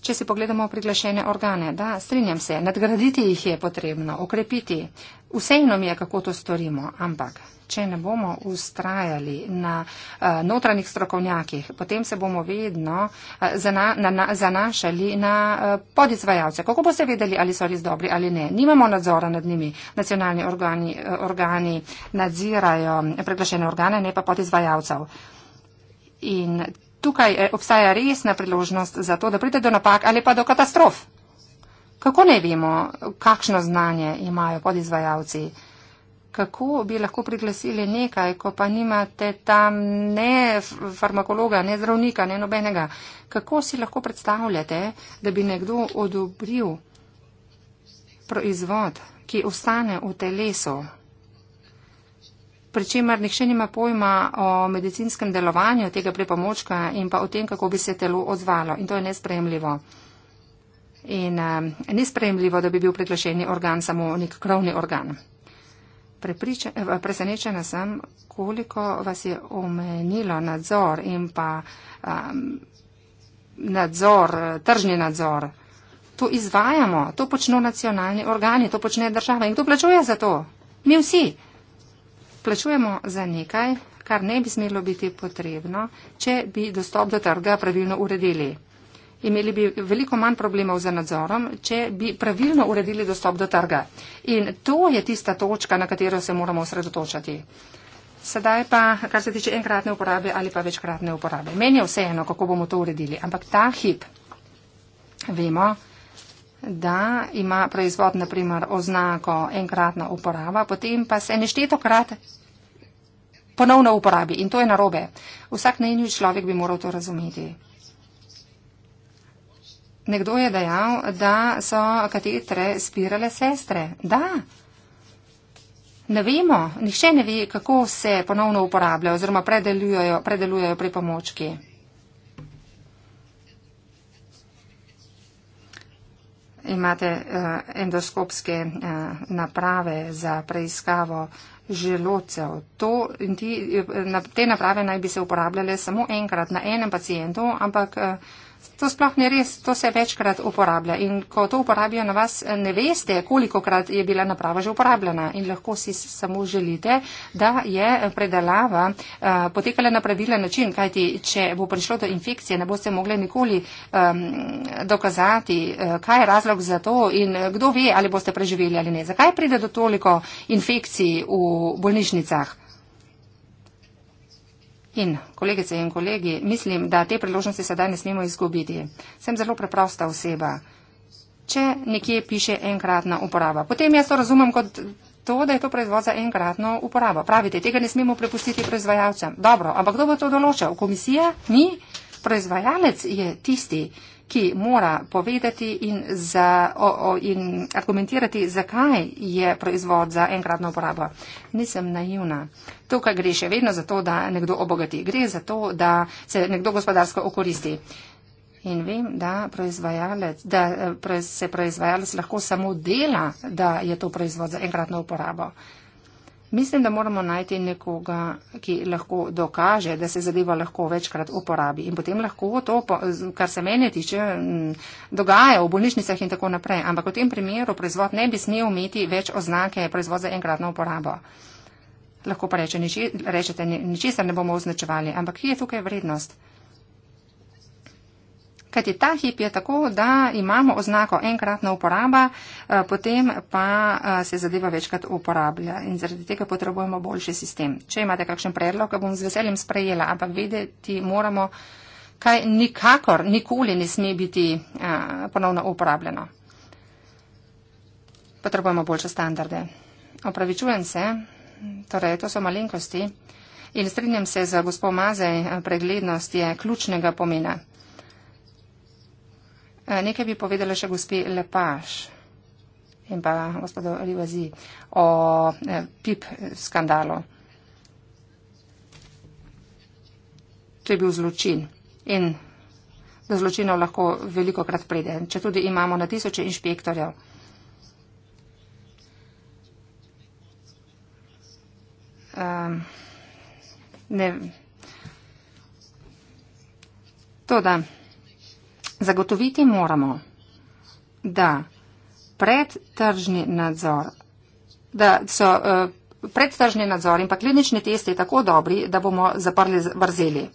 Če si pogledamo priglašene organe, da, strinjam se, nadgraditi jih je potrebno, okrepiti. Vseeno mi je, kako to storimo, ampak če ne bomo ustrajali na uh, notranjih strokovnjakih, potem se bomo vedno uh, zana, na, na, zanašali na uh, podizvajalce. Kako boste vedeli, ali so res dobri ali ne? Nimamo nadzora nad njimi. Nacionalni organi, uh, organi nadzirajo preglašene organe, ne pa podizvajalcev. In tukaj eh, obstaja resna priložnost za to, da pride do napak ali pa do katastrof. Kako ne vemo, kakšno znanje imajo podizvajalci? kako bi lahko priglasili nekaj, ko pa nimate tam ne farmakologa, ne zdravnika, ne nobenega. Kako si lahko predstavljate, da bi nekdo odobril proizvod, ki ostane v telesu, pričemer nihče nima pojma o medicinskem delovanju tega pripomočka in pa o tem, kako bi se telo odzvalo. In to je nespremljivo. In um, eh, nespremljivo, da bi bil priglašeni organ samo nek krovni organ. Eh, presenečena sem, koliko vas je omenilo nadzor in pa um, nadzor, tržni nadzor. To izvajamo, to počnejo nacionalni organi, to počne država in kdo plačuje za to? Mi vsi plačujemo za nekaj, kar ne bi smelo biti potrebno, če bi dostop do trga pravilno uredili imeli bi veliko manj problemov za nadzorom, če bi pravilno uredili dostop do trga. In to je tista točka, na katero se moramo osredotočati. Sedaj pa, kar se tiče enkratne uporabe ali pa večkratne uporabe. Meni je vseeno, kako bomo to uredili, ampak ta hip vemo, da ima proizvod, naprimer, oznako enkratna uporaba, potem pa se neštetokrat ponovno uporabi in to je narobe. Vsak najnižji človek bi moral to razumeti. Nekdo je dejal, da so katetre spirale sestre. Da. Ne vemo, nihče ne ve, kako se ponovno uporabljajo oziroma predelujejo, predelujejo pri pomočki. Imate uh, endoskopske uh, naprave za preiskavo želocev. To, ti, eh, te naprave naj bi se uporabljale samo enkrat na enem pacijentu, ampak. Uh, To sploh ni res, to se večkrat uporablja in ko to uporabijo na vas, ne veste, koliko krat je bila naprava že uporabljena in lahko si samo želite, da je predelava uh, potekala na pravilen način, kajti če bo prišlo do infekcije, ne boste mogli nikoli um, dokazati, uh, kaj je razlog za to in eh, kdo ve, ali boste preživeli ali ne. Zakaj pride do toliko infekcij v bolnišnicah? In kolegice in kolegi, mislim, da te priložnosti sedaj ne smemo izgubiti. Sem zelo preprosta oseba. Če nekje piše enkratna uporaba, potem jaz to razumem kot to, da je to proizvod za enkratno uporabo. Pravite, tega ne smemo prepustiti proizvajalcem. Dobro, ampak kdo bo to določal? Komisija? Ni. Proizvajalec je tisti, ki mora povedati in, za, o, o, in argumentirati, zakaj je proizvod za enkratno uporabo. Nisem naivna. Tukaj gre še vedno za to, da nekdo obogati. Gre za to, da se nekdo gospodarsko okoristi. In vem, da, da eh, se proizvajalec lahko samo dela, da je to proizvod za enkratno uporabo. Mislim, da moramo najti nekoga, ki lahko dokaže, da se zadeva lahko večkrat uporabi in potem lahko to, kar se meni tiče, mm, dogaja v bolnišnicah in tako naprej. Ampak v tem primeru proizvod ne bi smel imeti več oznake proizvod za enkratno uporabo. Lahko pa reče, niči, rečete, ničesar ne bomo označevali, ampak kje je tukaj vrednost? Kajti ta hip je tako, da imamo oznako enkratna uporaba, eh, potem pa eh, se zadeva večkrat uporablja in zaradi tega potrebujemo boljši sistem. Če imate kakšen predlog, bom z veseljem sprejela, ampak vedeti moramo, kaj nikakor, nikoli ne sme biti eh, ponovno uporabljeno. Potrebujemo boljše standarde. Opravičujem se, torej to so malenkosti in strinjam se z gospod Mazej, preglednost je ključnega pomena. Eh, nekaj bi povedala še gospe Lepaš in pa gospodo Rivazi o eh, PIP skandalu. To je bil zločin in do zločinov lahko veliko krat pride, če tudi imamo na tisoče inšpektorjev. Um, ne, to da. Zagotoviti moramo, da predtržni nadzor, da so uh, predtržni nadzor in pa klinični testi tako dobri, da bomo zaprli vrzeli.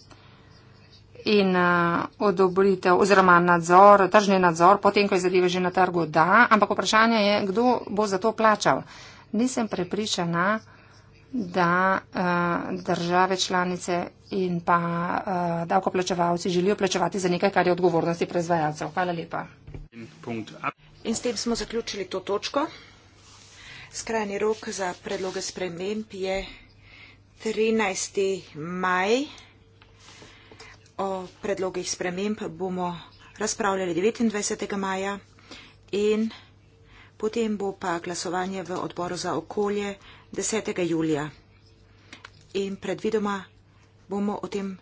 In uh, odobritev oziroma nadzor, tržni nadzor, potem, ko je zadeve že na trgu, da, ampak vprašanje je, kdo bo za to plačal. Nisem prepričana, da uh, države članice in pa uh, davkoplačevalci želijo plačevati za nekaj, kar je odgovornosti proizvajalcev. Hvala lepa. In s tem smo zaključili to točko. Skrajni rok za predloge sprememb je 13. maj. O predlogih sprememb bomo razpravljali 29. maja in potem bo pa glasovanje v odboru za okolje. 10. julija. In predvidoma bomo o tem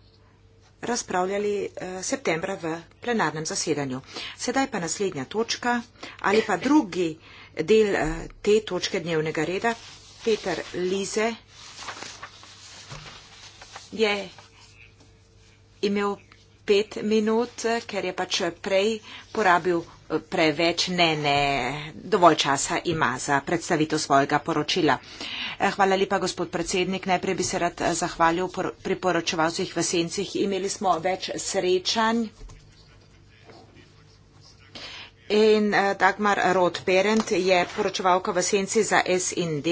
razpravljali eh, septembra v plenarnem zasedanju. Sedaj pa naslednja točka ali pa drugi del eh, te točke dnevnega reda. Peter Lize je imel pet minut, eh, ker je pač prej porabil preveč, ne, ne, dovolj časa ima za predstavitev svojega poročila. Eh, hvala lepa, gospod predsednik. Najprej bi se rad eh, zahvalil pri poročevalcih v Sencih. Imeli smo več srečanj. In eh, Dagmar Roth-Berend je poročevalka v Senci za SND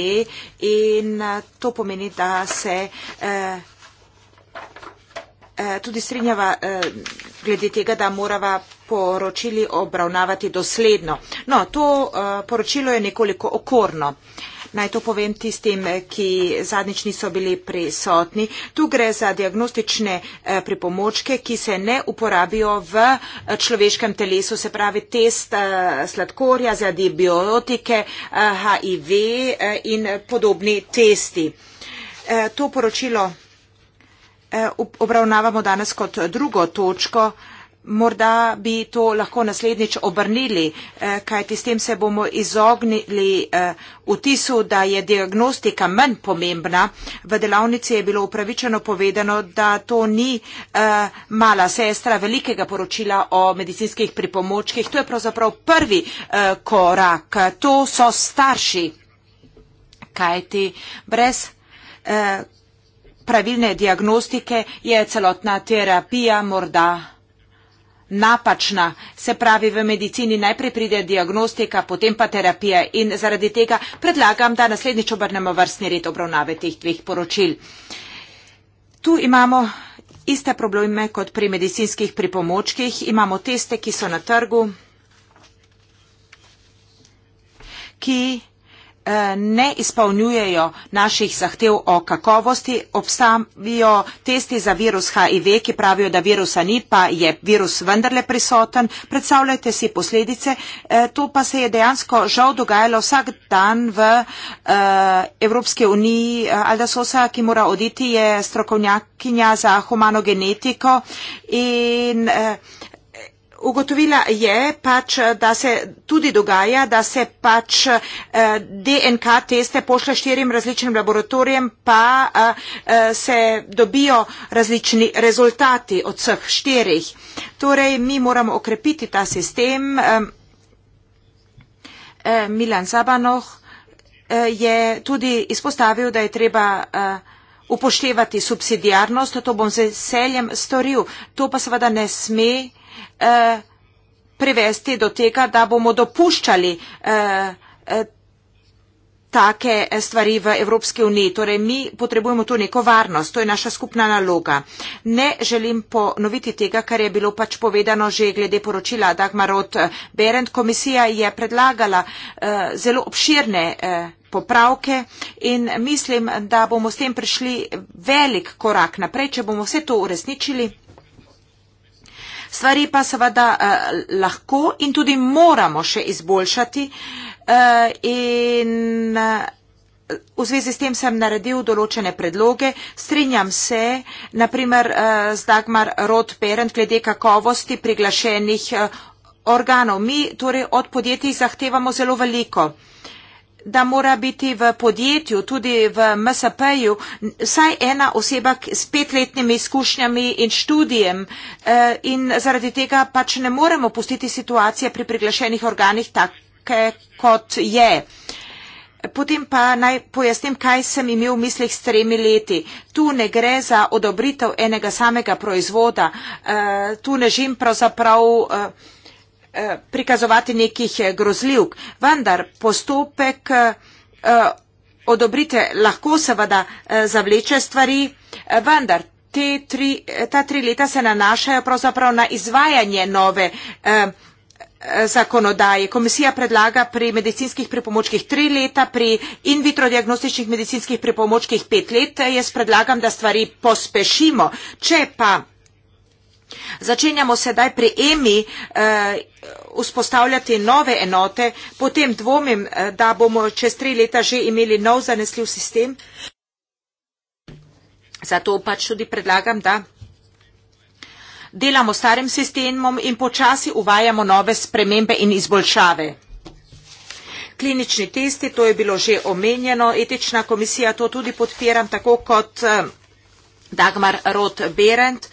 in to pomeni, da se tudi strinjava glede tega, da morava poročili obravnavati dosledno. No, to eh, poročilo je nekoliko okorno. Naj to povem tistim, ki zadnjič niso bili prisotni. Tu gre za diagnostične eh, pripomočke, ki se ne uporabijo v eh, človeškem telesu, se pravi test sladkorja za antibiotike, HIV in podobni testi. To poročilo obravnavamo danes kot drugo točko morda bi to lahko naslednjič obrnili, eh, kajti s tem se bomo izognili eh, vtisu, da je diagnostika manj pomembna. V delavnici je bilo upravičeno povedano, da to ni eh, mala sestra velikega poročila o medicinskih pripomočkih. To je pravzaprav prvi eh, korak. To so starši, kajti brez. Eh, pravilne diagnostike je celotna terapija morda napačna. Se pravi, v medicini najprej pride diagnostika, potem pa terapija in zaradi tega predlagam, da naslednjič obrnemo vrstni red obravnave teh dveh poročil. Tu imamo iste probleme kot pri medicinskih pripomočkih. Imamo teste, ki so na trgu, ki ne izpolnjujejo naših zahtev o kakovosti. Obstavijo testi za virus HIV, ki pravijo, da virusa ni, pa je virus vendarle prisoten. Predstavljajte si posledice. E, to pa se je dejansko žal dogajalo vsak dan v e, Evropske uniji. Alda Sosa, ki mora oditi, je strokovnjakinja za humano genetiko in e, ugotovila je pač, da se tudi dogaja, da se pač eh, DNK teste pošle štirim različnim laboratorijem, pa eh, eh, se dobijo različni rezultati od vseh štirih. Torej, mi moramo okrepiti ta sistem. Milan Sabanoh je tudi izpostavil, da je treba upoštevati subsidijarnost, to bom z veseljem storil. To pa seveda ne sme eh, prevesti do tega, da bomo dopuščali eh, eh take eh, stvari v Evropski uniji. Torej, mi potrebujemo tu neko varnost, to je naša skupna naloga. Ne želim ponoviti tega, kar je bilo pač povedano že glede poročila Dagmarot Berend. Komisija je predlagala eh, zelo obširne. Eh, popravke in mislim, da bomo s tem prišli velik korak naprej, če bomo vse to uresničili. Stvari pa seveda eh, lahko in tudi moramo še izboljšati. Eh, in eh, v zvezi s tem sem naredil določene predloge. Strinjam se, naprimer, eh, z Dagmar Rod Perent, glede kakovosti priglašenih eh, organov. Mi torej od podjetij zahtevamo zelo veliko. Eh, da mora biti v podjetju, tudi v MSP-ju, saj ena oseba s petletnimi izkušnjami in študijem eh, in zaradi tega pač ne moremo pustiti situacije pri priglašenih organih take, kot je. Potem pa naj pojasnim, kaj sem imel v mislih s tremi leti. Tu ne gre za odobritev enega samega proizvoda, eh, tu ne žim pravzaprav eh, Eh, prikazovati nekih eh, grozljivk, vendar postopek eh, odobrite lahko seveda zavleče stvari, vendar te tri, ta tri leta se nanašajo pravzaprav na izvajanje nove zakonodaje. Komisija predlaga pri medicinskih pripomočkih tri leta, pri in vitro diagnostičnih medicinskih pripomočkih pet let. Jaz predlagam, da stvari pospešimo. Če pa Začenjamo sedaj pri EMI eh, vzpostavljati nove enote, potem dvomim, eh, da bomo čez tri leta že imeli nov zanesljiv sistem. Zato pač tudi predlagam, da delamo starim sistemom in počasi uvajamo nove spremembe in izboljšave. Klinični testi, to je bilo že omenjeno, etična komisija to tudi podpiram, tako kot eh, Dagmar Roth-Berendt.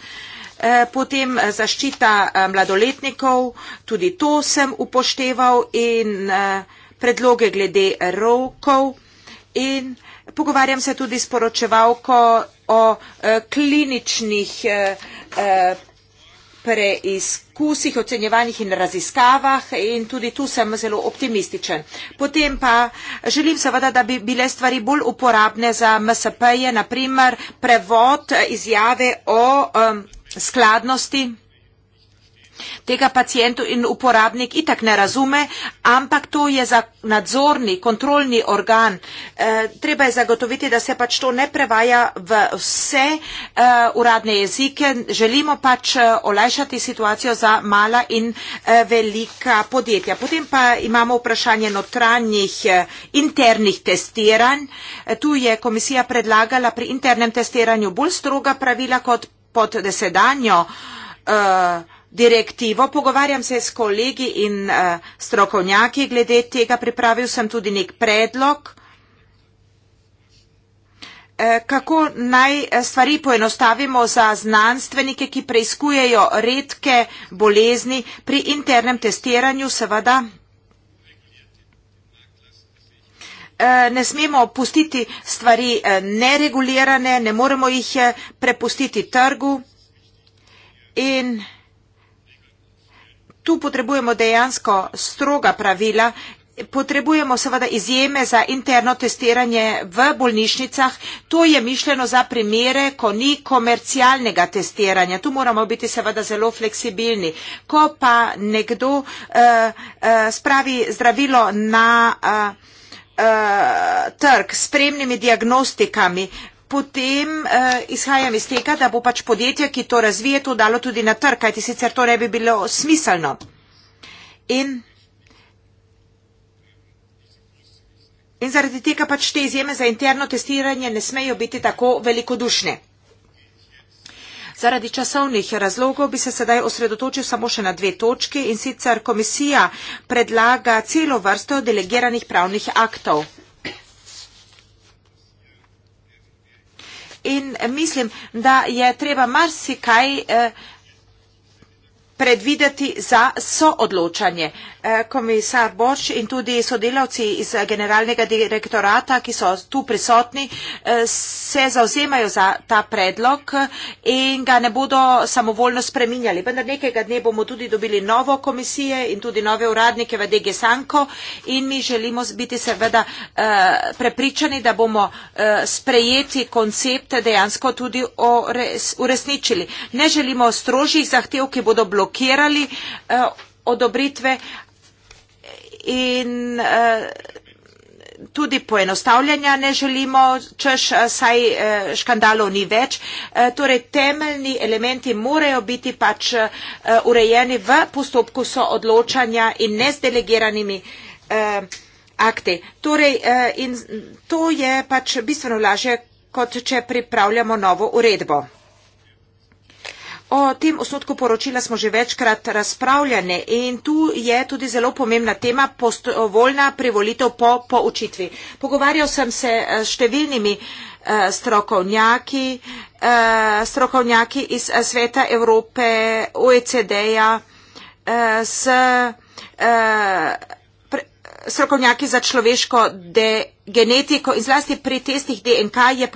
Eh, potem eh, zaščita eh, mladoletnikov, tudi to sem upošteval in predloge glede rokov in pogovarjam se tudi s poročevalko o kliničnih preizkusih, ocenjevanjih in raziskavah in tudi tu sem zelo optimističen. Potem pa želim seveda, da bi bile stvari bolj uporabne za MSP-je, naprimer prevod izjave o um, skladnosti. Tega pacijentu in uporabnik itak ne razume, ampak to je za nadzorni, kontrolni organ. E, treba je zagotoviti, da se pač to ne prevaja v vse e, uradne jezike. Želimo pač eh, olajšati situacijo za mala in e, velika podjetja. Potem pa imamo vprašanje notranjih e, internih testiranj. E, tu je komisija predlagala pri internem testiranju bolj stroga pravila kot pod desedanjo eh, direktivo. Pogovarjam se s kolegi in eh, strokovnjaki glede tega. Pripravil sem tudi nek predlog, eh, kako naj stvari poenostavimo za znanstvenike, ki preizkujejo redke bolezni pri internem testiranju, seveda. Eh, ne smemo pustiti stvari eh, neregulirane, ne moremo jih eh, prepustiti trgu in tu potrebujemo dejansko stroga pravila, potrebujemo seveda izjeme za interno testiranje v bolnišnicah, to je mišljeno za primere, ko ni komercialnega testiranja, tu moramo biti seveda zelo fleksibilni. Ko pa nekdo uh, uh, spravi zdravilo na uh, uh, trg s spremnimi diagnostikami, potem uh, izhajam iz tega, da bo pač podjetje, ki to razvije, to dalo tudi na trg, kajti sicer to ne bi bilo smiselno. In, in zaradi tega pač te izjeme za interno testiranje ne smejo biti tako velikodušne. Zaradi časovnih razlogov bi se sedaj osredotočil samo še na dve točki in sicer komisija predlaga celo vrsto delegiranih pravnih aktov. In mislim, da je treba marsikaj eh, predvideti za soodločanje. Eh, komisar Boč in tudi sodelavci iz generalnega direktorata, ki so tu prisotni, eh, se zauzemajo za ta predlog in ga ne bodo samovoljno spreminjali. Vendar nekega dne bomo tudi dobili novo komisije in tudi nove uradnike v DG Sanko in mi želimo biti seveda eh, prepričani, da bomo sprejeti koncept dejansko tudi uresničili. Ne želimo strožjih zahtev, ki bodo blokirali blokirali eh, odobritve in eh, tudi poenostavljanja ne želimo, češ eh, saj eh, škandalov ni več. Eh, torej, temeljni elementi morajo biti pač eh, urejeni v postopku so odločanja in ne s delegiranimi. Eh, akte. Torej, eh, in to je pač bistveno lažje, kot če pripravljamo novo uredbo. O tem osnutku poročila smo že večkrat razpravljali in tu je tudi zelo pomembna tema prostovoljna privolitev po poučitvi. Pogovarjal sem se eh, s številnimi eh, strokovnjaki, eh, strokovnjaki iz Sveta Evrope, OECD-ja, s strokovnjaki za človeško genetiko in zlasti pri testih DNK je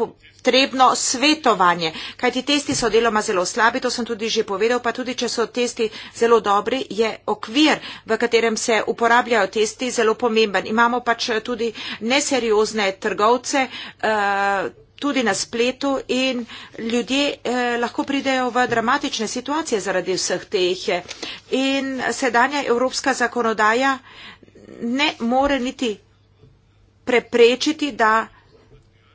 potrebno svetovanje. Kajti testi so deloma zelo slabi, to sem tudi že povedal, pa tudi če so testi zelo dobri, je okvir, v katerem se uporabljajo testi, zelo pomemben. Imamo pač tudi neseriozne trgovce. Uh, tudi na spletu in ljudje eh, lahko pridejo v dramatične situacije zaradi vseh teh. In sedanja evropska zakonodaja ne more niti preprečiti, da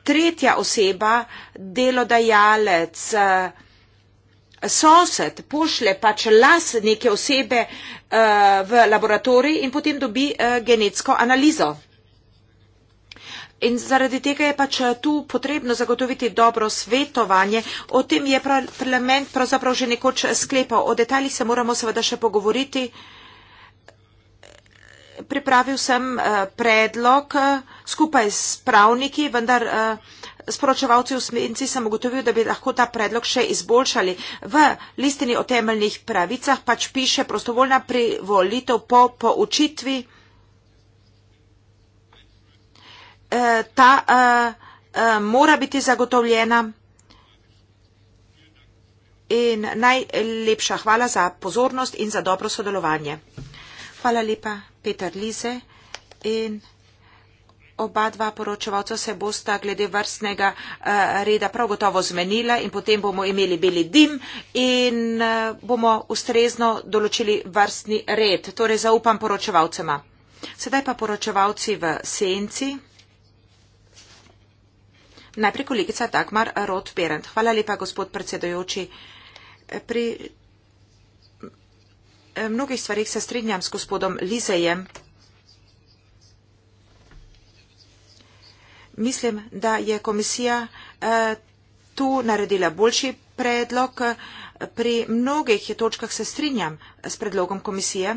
tretja oseba, delodajalec, eh, sosed, pošle pač las neke osebe eh, v laboratorij in potem dobi eh, genetsko analizo. In zaradi tega je pač tu potrebno zagotoviti dobro svetovanje. O tem je parlament pravzaprav že nekoč sklepal. O detaljih se moramo seveda še pogovoriti pripravil sem eh, predlog eh, skupaj s pravniki, vendar eh, sporočevalci v smenci sem ugotovil, da bi lahko ta predlog še izboljšali. V listini o temeljnih pravicah pač piše prostovoljna privolitev po poučitvi. Ta mora biti zagotovljena. In najlepša hvala za pozornost in za dobro sodelovanje. Hvala lepa. Peter Lise in oba dva poročevalca se bosta glede vrstnega eh, reda prav gotovo zmenila in potem bomo imeli beli dim in eh, bomo ustrezno določili vrstni red. Torej zaupam poročevalcema. Sedaj pa poročevalci v senci. Najprej kolegica Dagmar Roth-Berend. Hvala lepa, gospod predsedojoči. Pri mnogih stvarih se strinjam s gospodom Lizejem. Mislim, da je komisija eh, tu naredila boljši predlog. Pri mnogih točkah se strinjam s predlogom komisije.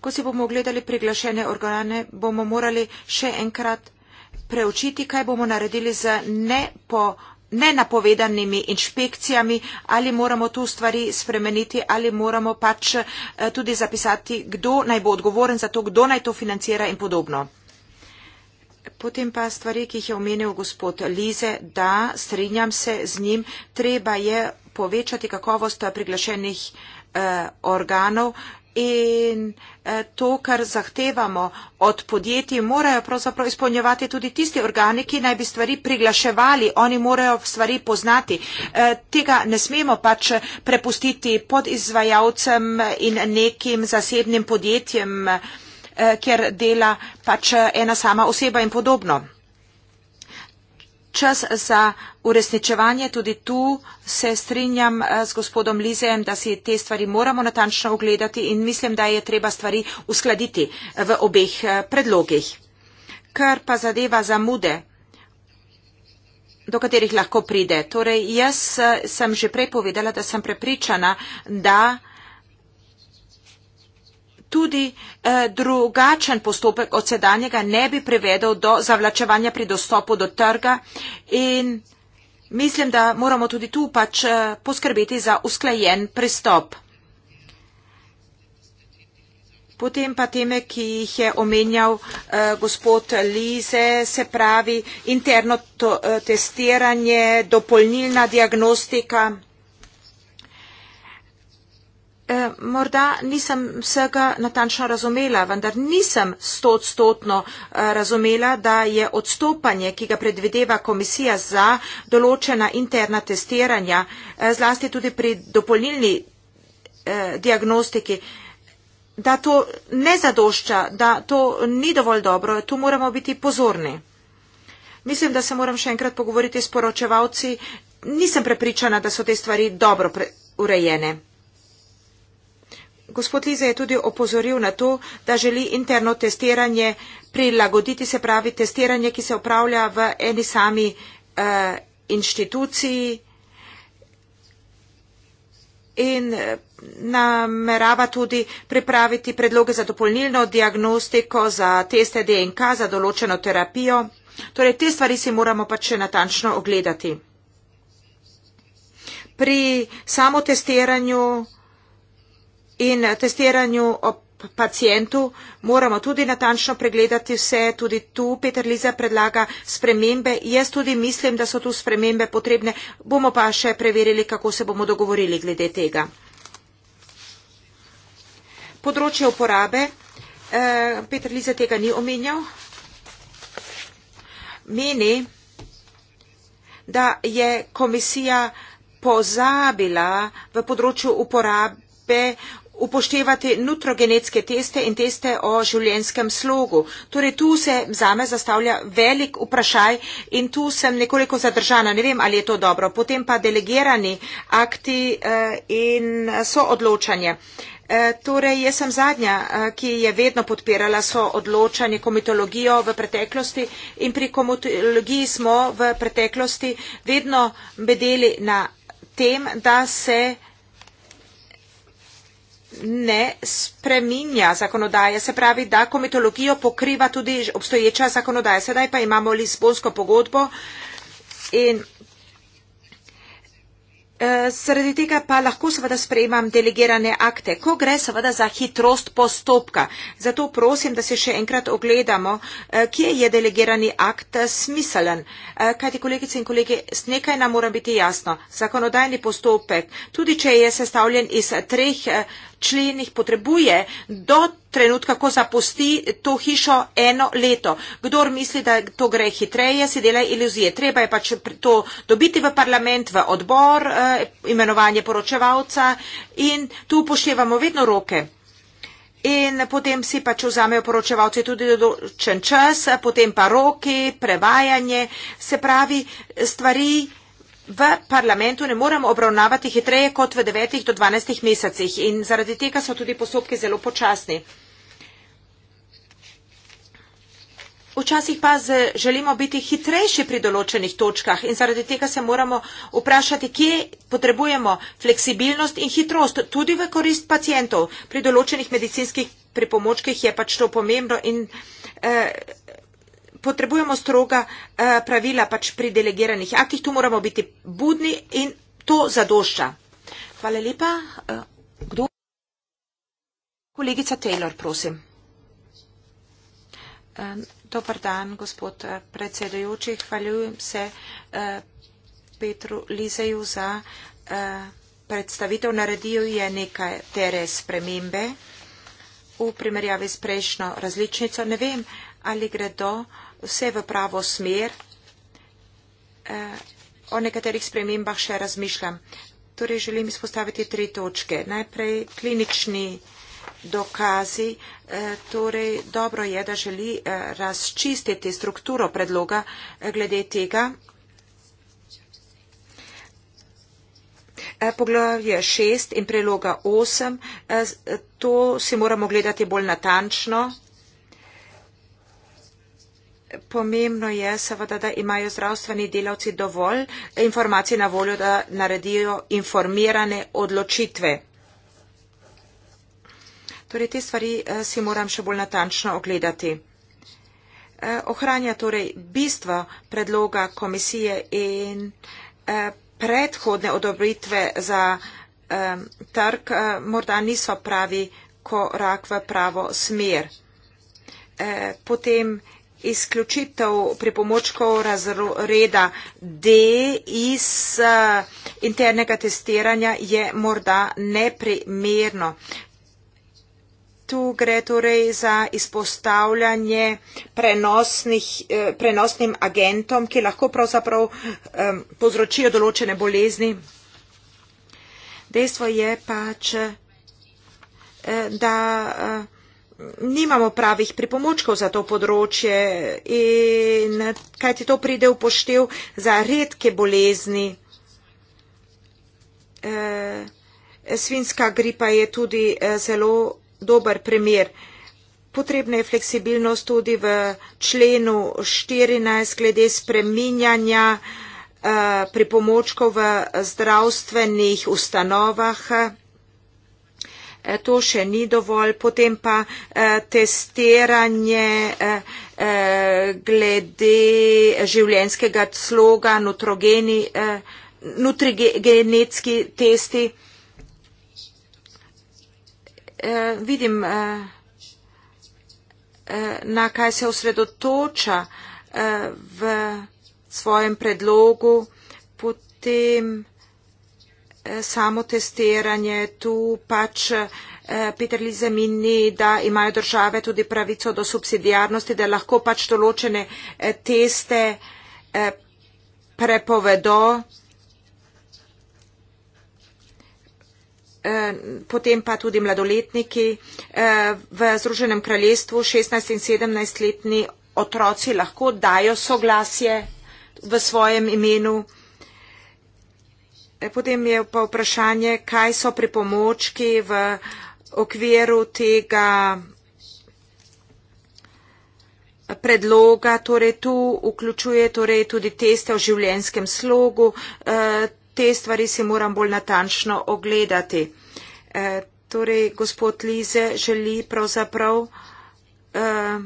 Ko si bomo ogledali priglašene organe, bomo morali še enkrat preučiti, kaj bomo naredili z nepo nenapovedanimi inšpekcijami, ali moramo tu stvari spremeniti, ali moramo pač eh, tudi zapisati, kdo naj bo odgovoren za to, kdo naj to financira in podobno. Potem pa stvari, ki jih je omenil gospod Lize, da strinjam se z njim, treba je povečati kakovost priglašenih eh, organov, eh, in eh, to, kar zahtevamo od podjetij, morajo pravzaprav izpolnjevati tudi tisti organi, ki naj bi stvari priglaševali. Oni morajo stvari poznati. Eh, tega ne smemo pač prepustiti pod izvajalcem in nekim zasebnim podjetjem, eh, kjer dela pač ena sama oseba in podobno čas za uresničevanje. Tudi tu se strinjam eh, z gospodom Lizejem, da si te stvari moramo natančno ogledati in mislim, da je treba stvari uskladiti eh, v obeh eh, predlogih. Kar pa zadeva zamude, do katerih lahko pride. Torej, jaz sem že prej povedala, da sem prepričana, da tudi eh, drugačen postopek od sedanjega ne bi privedel do zavlačevanja pri dostopu do trga in mislim, da moramo tudi tu pač eh, poskrbeti za usklajen pristop. Potem pa teme, ki jih je omenjal eh, gospod Lize, se pravi interno to, eh, testiranje, dopolnilna diagnostika. Eh, morda nisem vsega natančno razumela, vendar nisem stotstotno eh, razumela, da je odstopanje, ki ga predvideva komisija za določena interna testiranja, eh, zlasti tudi pri dopolnilni diagnostiki, da to ne zadošča, da to ni dovolj dobro, tu moramo biti pozorni. Mislim, da se moram še enkrat pogovoriti s poročevalci. Nisem prepričana, da so te stvari dobro urejene. Gospod Liza je tudi opozoril na to, da želi interno testiranje prilagoditi, se pravi testiranje, ki se upravlja v eni sami uh, inštituciji in eh, namerava tudi pripraviti predloge za dopolnilno diagnostiko, za teste DNK, za določeno terapijo. Torej, te stvari si moramo pač še natančno ogledati. Pri samotestiranju in eh, testiranju ob pacijentu moramo tudi natančno pregledati vse, tudi tu Peter Liza predlaga spremembe. Jaz tudi mislim, da so tu spremembe potrebne, bomo pa še preverili, kako se bomo dogovorili glede tega. Področje uporabe, eh, Peter Liza tega ni omenjal, meni, da je komisija pozabila v področju uporabe upoštevati nutrogenetske teste in teste o življenskem slogu. Torej tu se zame zastavlja velik vprašaj in tu sem nekoliko zadržana, ne vem, ali je to dobro. Potem pa delegirani akti eh, in soodločanje. Eh, torej, jaz sem zadnja, eh, ki je vedno podpirala so odločanje komitologijo v preteklosti in pri komitologiji smo v preteklosti vedno bedeli na tem, da se ne spreminja zakonodaje, se pravi, da komitologijo pokriva tudi obstoječa zakonodaja. Sedaj pa imamo Lisbonsko pogodbo in Sredi eh, tega pa lahko seveda sprejemam delegirane akte, ko gre seveda za hitrost postopka. Zato prosim, da se še enkrat ogledamo, eh, kje je delegirani akt eh, smiselen. Kajti, kolegice in kolege, nekaj nam mora biti jasno. Zakonodajni postopek, tudi če je sestavljen iz treh členih potrebuje do trenutka, ko zapusti to hišo eno leto. Kdor misli, da to gre hitreje, si dela iluzije. Treba je pač to dobiti v parlament, v odbor, eh, imenovanje poročevalca in tu upoštevamo vedno roke. In potem si pač vzamejo poročevalci tudi določen čas, potem pa roki, prevajanje, se pravi stvari v parlamentu ne moremo obravnavati hitreje kot v devetih do dvanajstih mesecih in zaradi tega so tudi postopki zelo počasni. Včasih pa želimo biti hitrejši pri določenih točkah in zaradi tega se moramo vprašati, kje potrebujemo fleksibilnost in hitrost, tudi v korist pacijentov. Pri določenih medicinskih pripomočkih je pač to pomembno in eh, potrebujemo stroga eh, pravila pač pri delegiranih aktih, tu moramo biti budni in to zadošča. Hvala lepa. Eh, kdo? Kolegica Taylor, prosim. Dobar dan, gospod eh, predsedajoči. Hvaljujem se Petru Lizeju za predstavitev. Naredil je nekaj tere spremembe v primerjavi s prejšnjo različnico. Ne vem, ali gre do vse v pravo smer. Eh, o nekaterih spremembah še razmišljam. Torej želim izpostaviti tri točke. Najprej klinični dokazi. Eh, torej dobro je, da želi eh, razčistiti strukturo predloga glede tega. Poglavje 6 in preloga 8, to si moramo gledati bolj natančno. Pomembno je seveda, da imajo zdravstveni delavci dovolj informacij na voljo, da naredijo informirane odločitve. Torej, te stvari eh, si moram še bolj natančno ogledati. Eh, ohranja torej bistvo predloga komisije in eh, predhodne odobritve za trg morda niso pravi korak v pravo smer. Potem izključitev pripomočkov razreda D iz eh, internega testiranja je morda neprimerno. Tu gre torej za izpostavljanje eh, prenosnim agentom, ki lahko pravzaprav eh, povzročijo določene bolezni. Dejstvo je pač, da nimamo pravih pripomočkov za to področje in kaj ti to pride v poštev za redke bolezni. E, svinska gripa je tudi e, zelo dober primer. Potrebna je fleksibilnost tudi v členu 14 glede spreminjanja e, pripomočkov v zdravstvenih ustanovah. Eh, to še ni dovolj, potem pa eh, testiranje eh, glede življenskega sloga, nutrogeni, nutrigenetski testi. Vidim, na kaj se osredotoča v svojem predlogu, potem samotestiranje, tu pač eh, Peter Lize mini, da imajo države tudi pravico do subsidijarnosti, da lahko pač določene eh, teste eh, prepovedo. potem pa tudi mladoletniki. V Združenem kraljestvu 16 in 17 letni otroci lahko dajo soglasje v svojem imenu. Potem je pa vprašanje, kaj so pripomočki v okviru tega predloga. Torej, tu vključuje torej, tudi teste o življenskem slogu. E, te stvari si moram bolj natančno ogledati. E, torej, gospod Lize želi pravzaprav e,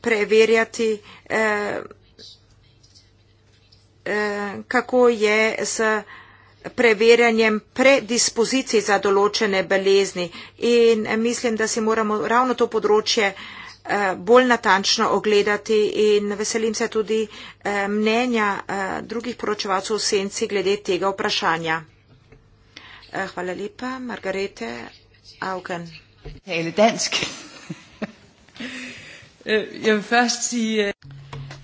preverjati Eh, kako je s preverjanjem predispozicij za določene belezni. In eh, mislim, da si moramo ravno to področje eh, bolj natančno ogledati in veselim se tudi mnenja drugih poročevalcev v senci glede tega vprašanja. Hvala lepa. Margarete Augen. Hele dansk.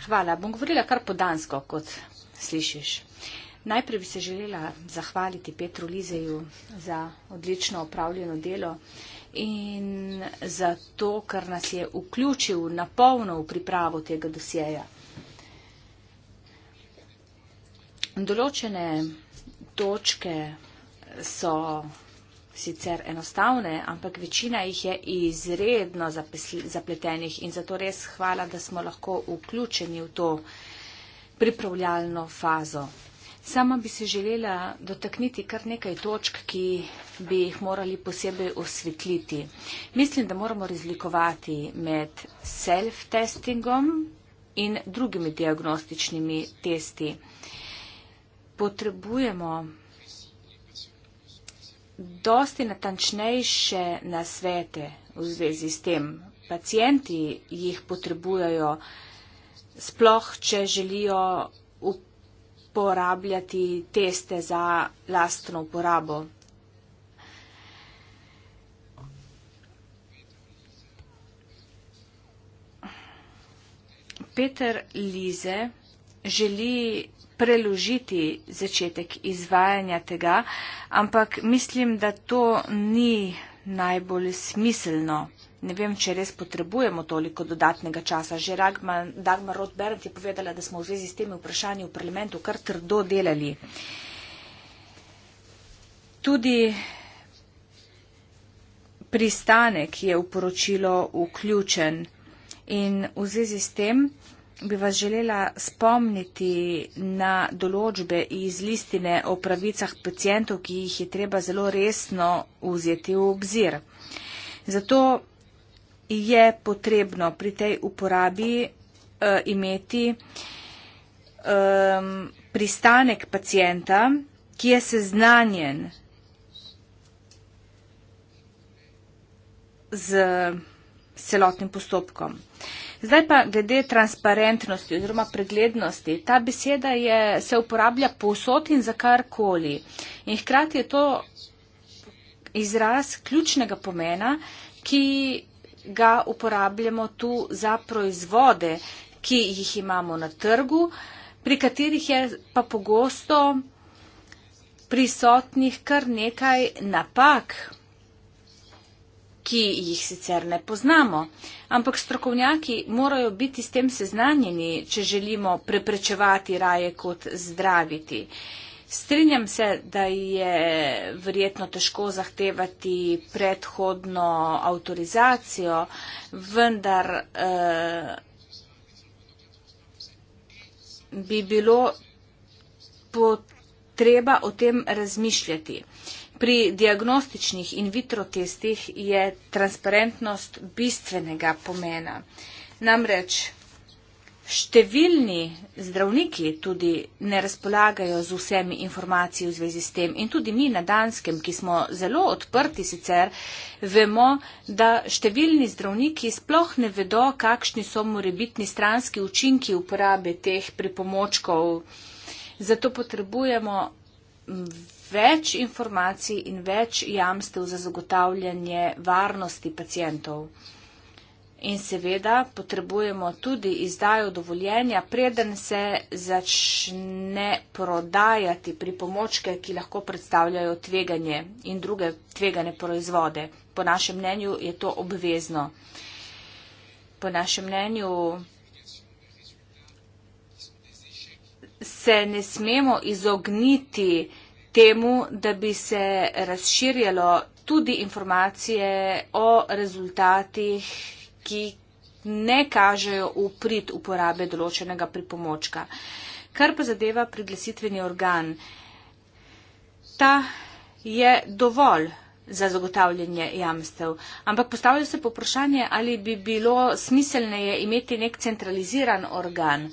Hvala. Bom govorila kar po dansko, kot slišiš. Najprej bi se želela zahvaliti Petru Lizeju za odlično opravljeno delo in za to, kar nas je vključil na polno v pripravo tega dosjeja. Določene točke so sicer enostavne, ampak večina jih je izredno zapletenih in zato res hvala, da smo lahko vključeni v to dosjeje pripravljalno fazo. Sama bi se želela dotakniti kar nekaj točk, ki bi jih morali posebej osvetliti. Mislim, da moramo razlikovati med self-testingom in drugimi diagnostičnimi testi. Potrebujemo dosti natančnejše nasvete v zvezi s tem. Pacijenti jih potrebujajo sploh, če želijo uporabljati teste za lastno uporabo. Peter Lize želi preložiti začetek izvajanja tega, ampak mislim, da to ni najbolj smiselno. Ne vem, če res potrebujemo toliko dodatnega časa. Že Ragman, Dagmar Rothbernd je povedala, da smo v zvezi s temi vprašanji v parlamentu kar trdo delali. Tudi pristanek je v poročilo vključen in v zvezi s tem bi vas želela spomniti na določbe iz listine o pravicah pacijentov, ki jih je treba zelo resno vzeti v obzir. Zato je potrebno pri tej uporabi uh, imeti um, pristanek pacijenta, ki je seznanjen z celotnim postopkom. Zdaj pa glede transparentnosti oziroma preglednosti. Ta beseda je, se uporablja povsod in za karkoli. In hkrati je to izraz ključnega pomena, ki ga uporabljamo tu za proizvode, ki jih imamo na trgu, pri katerih je pa pogosto prisotnih kar nekaj napak, ki jih sicer ne poznamo. Ampak strokovnjaki morajo biti s tem seznanjeni, če želimo preprečevati raje kot zdraviti. Strinjam se, da je verjetno težko zahtevati predhodno avtorizacijo, vendar eh, bi bilo potreba o tem razmišljati. Pri diagnostičnih in vitrotestih je transparentnost bistvenega pomena. Namreč, Številni zdravniki tudi ne razpolagajo z vsemi informacijami v zvezi s tem in tudi mi na Danskem, ki smo zelo odprti sicer, vemo, da številni zdravniki sploh ne vedo, kakšni so morebitni stranski učinki uporabe teh pripomočkov. Zato potrebujemo več informacij in več jamstev za zagotavljanje varnosti pacijentov. In seveda potrebujemo tudi izdajo dovoljenja, preden se začne prodajati pripomočke, ki lahko predstavljajo tveganje in druge tvegane proizvode. Po našem mnenju je to obvezno. Po našem mnenju se ne smemo izogniti temu, da bi se razširjalo tudi informacije o rezultatih ki ne kažejo v prid uporabe določenega pripomočka. Kar pa zadeva priglasitveni organ, ta je dovolj za zagotavljanje jamstev. Ampak postavlja se poprašanje, ali bi bilo smiselneje imeti nek centraliziran organ.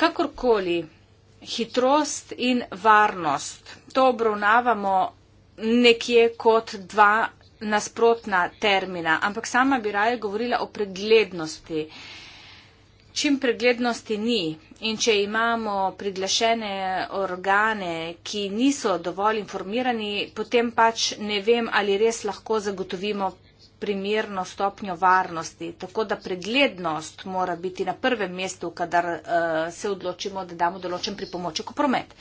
Kakorkoli, hitrost in varnost, to obravnavamo nekje kot dva nasprotna termina, ampak sama bi raje govorila o preglednosti. Čim preglednosti ni in če imamo priglašene organe, ki niso dovolj informirani, potem pač ne vem, ali res lahko zagotovimo primerno stopnjo varnosti. Tako da preglednost mora biti na prvem mestu, kadar uh, se odločimo, da damo določen pripomoček v promet.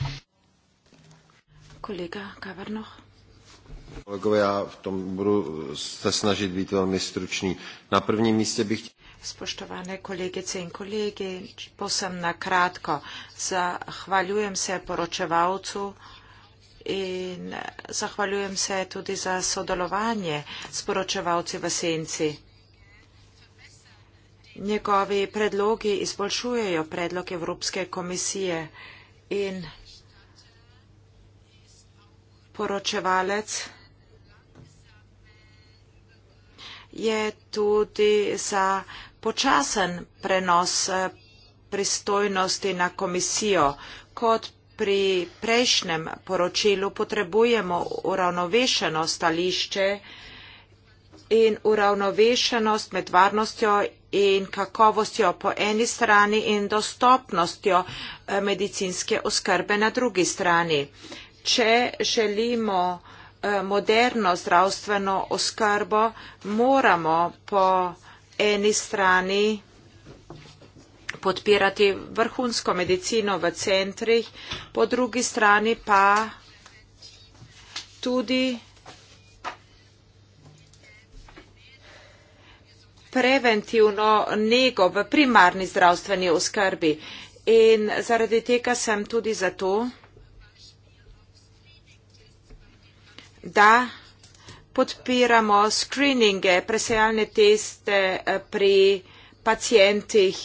Kolega Kavrnoh. Kolego, já v tom budu se snažit být velmi stručný. Na prvním místě bych chtěl... Spoštovane kolegice in kolegi, posem na kratko. Zahvaljujem se poročevalcu in zahvaljujem se tudi za sodelovanje s poročevalci v senci. Njegovi predlogi izboljšujejo predlog Evropske komisije in poročevalec predlog je tudi za počasen prenos eh, pristojnosti na komisijo. Kot pri prejšnjem poročilu potrebujemo uravnovešeno stališče in uravnovešenost med varnostjo in kakovostjo po eni strani in dostopnostjo eh, medicinske oskrbe na drugi strani. Če želimo Eh, moderno zdravstveno oskrbo, moramo po eni strani podpirati vrhunsko medicino v centrih, po drugi strani pa tudi preventivno nego v primarni zdravstveni oskrbi. In zaradi tega sem tudi zato, da podpiramo screeninge, presejalne teste eh, pri pacijentih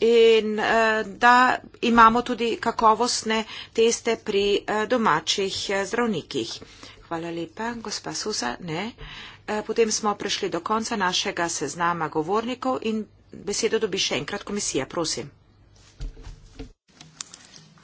in eh, da imamo tudi kakovostne teste pri eh, domačih zdravnikih. Hvala lepa, gospa Susa. Ne. Potem smo prišli do konca našega seznama govornikov in besedo dobi še enkrat komisija. Prosim.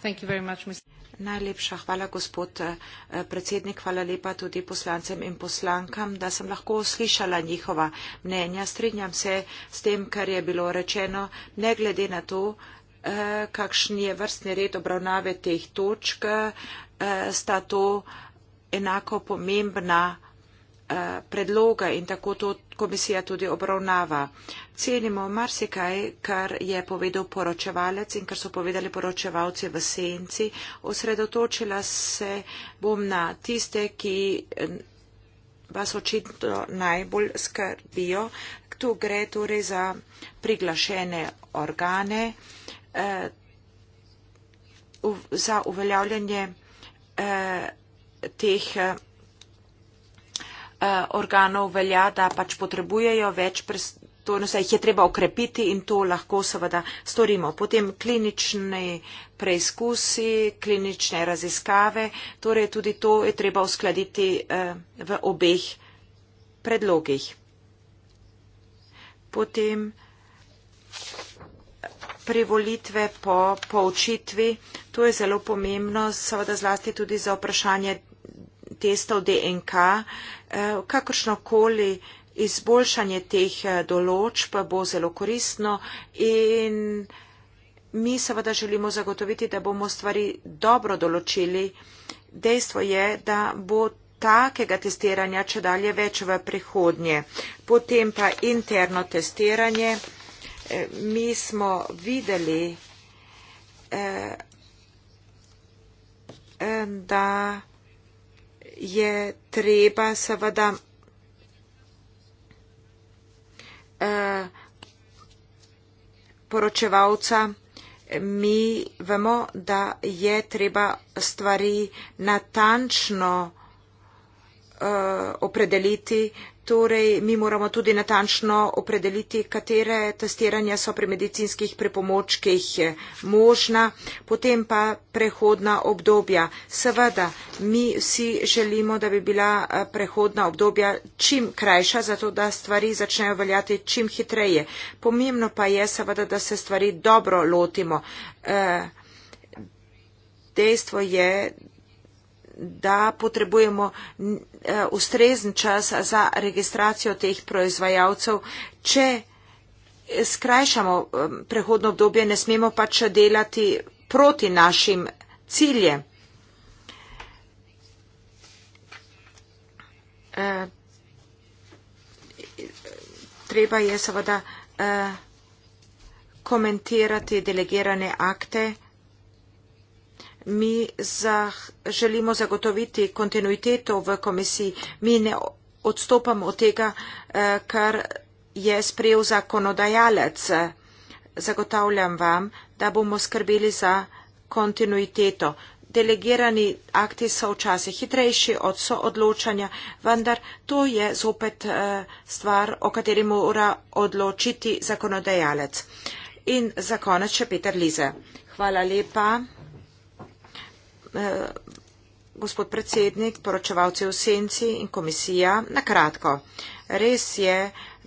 Thank you very much, Mr. Najlepša hvala, gospod eh, predsednik. Hvala lepa tudi poslancem in poslankam, da sem lahko slišala njihova mnenja. Strinjam se s tem, kar je bilo rečeno, ne glede na to, eh, kakšni je vrstni red obravnave teh točk, eh, sta to enako pomembna predloga in tako to komisija tudi obravnava. Cenimo marsikaj, kar je povedal poročevalec in kar so povedali poročevalci v senci. Osredotočila se bom na tiste, ki eh, vas očitno najbolj skrbijo. Tu gre torej za priglašene organe, eh, za uveljavljanje eh, teh Eh, organov velja, da pač potrebujejo več pristojnosti, saj jih je treba okrepiti in to lahko seveda storimo. Potem klinični preizkusi, klinične raziskave, torej tudi to je treba uskladiti eh, v obeh predlogih. Potem privolitve po poučitvi, to je zelo pomembno, seveda zlasti tudi za vprašanje testov DNK. Uh, Eh, kakršnokoli izboljšanje teh eh, določb bo zelo koristno in mi seveda želimo zagotoviti, da bomo stvari dobro določili. Dejstvo je, da bo takega testiranja če dalje več v prihodnje. Potem pa interno testiranje. Eh, mi smo videli, da je treba seveda eh, poročevalca, mi vemo, da je treba stvari natančno eh, opredeliti, Torej, mi moramo tudi natančno opredeliti, katere testiranja so pri medicinskih pripomočkih eh, možna, potem pa prehodna obdobja. Seveda, mi vsi želimo, da bi bila eh, prehodna obdobja čim krajša, zato da stvari začnejo veljati čim hitreje. Pomembno pa je seveda, da se stvari dobro lotimo. Eh, dejstvo je, da potrebujemo eh, ustrezen čas za registracijo teh proizvajalcev. Če skrajšamo prehodno obdobje, ne smemo pač delati proti našim ciljem. Eh, treba je seveda eh, komentirati delegirane akte mi želimo zagotoviti kontinuiteto v komisiji. Mi ne odstopamo od tega, eh, kar je sprejel zakonodajalec. Zagotavljam vam, da bomo skrbeli za kontinuiteto. Delegirani akti so včasih hitrejši od soodločanja, vendar to je zopet eh, stvar, o kateri mora odločiti zakonodajalec. In za konec še Peter Lize. Hvala lepa. Eh, gospod predsednik, poročevalci v senci in komisija, na kratko. Res je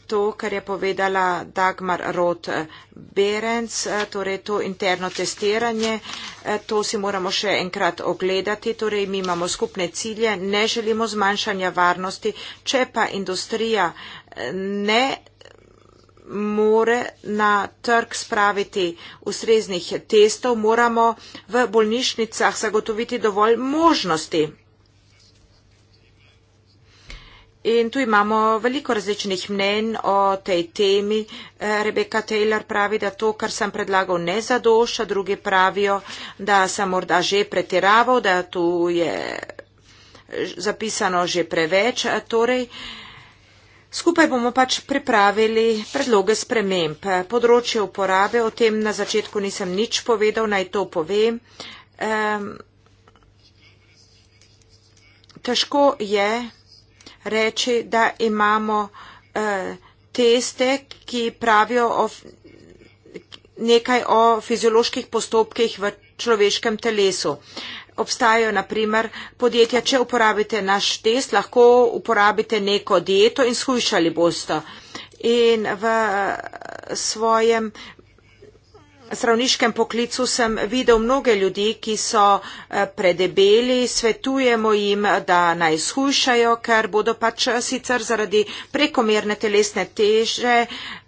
to, kar je povedala Dagmar Roth Berens, eh, torej to interno testiranje, eh, to si moramo še enkrat ogledati, torej mi imamo skupne cilje, ne želimo zmanjšanja varnosti, če pa industrija ne more na trg spraviti ustreznih testov, moramo v bolnišnicah zagotoviti dovolj možnosti. In tu imamo veliko različnih mnenj o tej temi. Rebeka Taylor pravi, da to, kar sem predlagal, ne zadošča, drugi pravijo, da sem morda že pretiraval, da tu je zapisano že preveč. Torej, eh, Skupaj bomo pač pripravili predloge sprememb. Področje uporabe, o tem na začetku nisem nič povedal, naj to povem. Um, težko je reči, da imamo uh, teste, ki pravijo o nekaj o fizioloških postopkih v človeškem telesu obstajajo naprimer podjetja, če uporabite naš test, lahko uporabite neko dieto in shujšali boste. In v eh, svojem zdravniškem poklicu sem videl mnoge ljudi, ki so eh, predebeli, svetujemo jim, da naj shujšajo, ker bodo pač eh, sicer zaradi prekomerne telesne teže.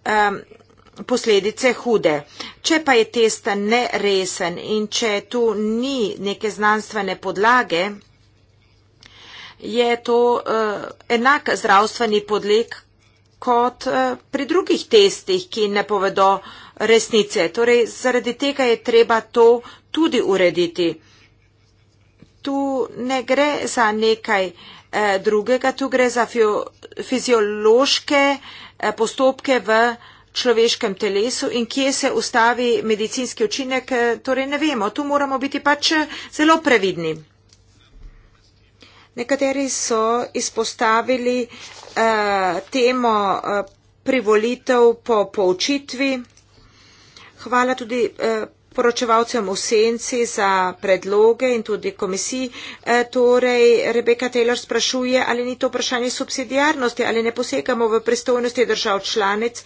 Um, posledice hude. Če pa je test neresen in če tu ni neke znanstvene podlage, je to uh, enak zdravstveni podlek kot uh, pri drugih testih, ki ne povedo resnice. Torej, zaradi tega je treba to tudi urediti. Tu ne gre za nekaj eh, drugega, tu gre za fio, fiziološke eh, postopke v eh, človeškem telesu in kje se ustavi medicinski učinek, eh, torej ne vemo. Tu moramo biti pač eh, zelo previdni. Nekateri so izpostavili uh, temo uh, privolitev po poučitvi. Hvala tudi uh, poročevalcem v senci za predloge in tudi komisiji. E, torej, Rebeka Taylor sprašuje, ali ni to vprašanje subsidijarnosti, ali ne posegamo v pristojnosti držav članic.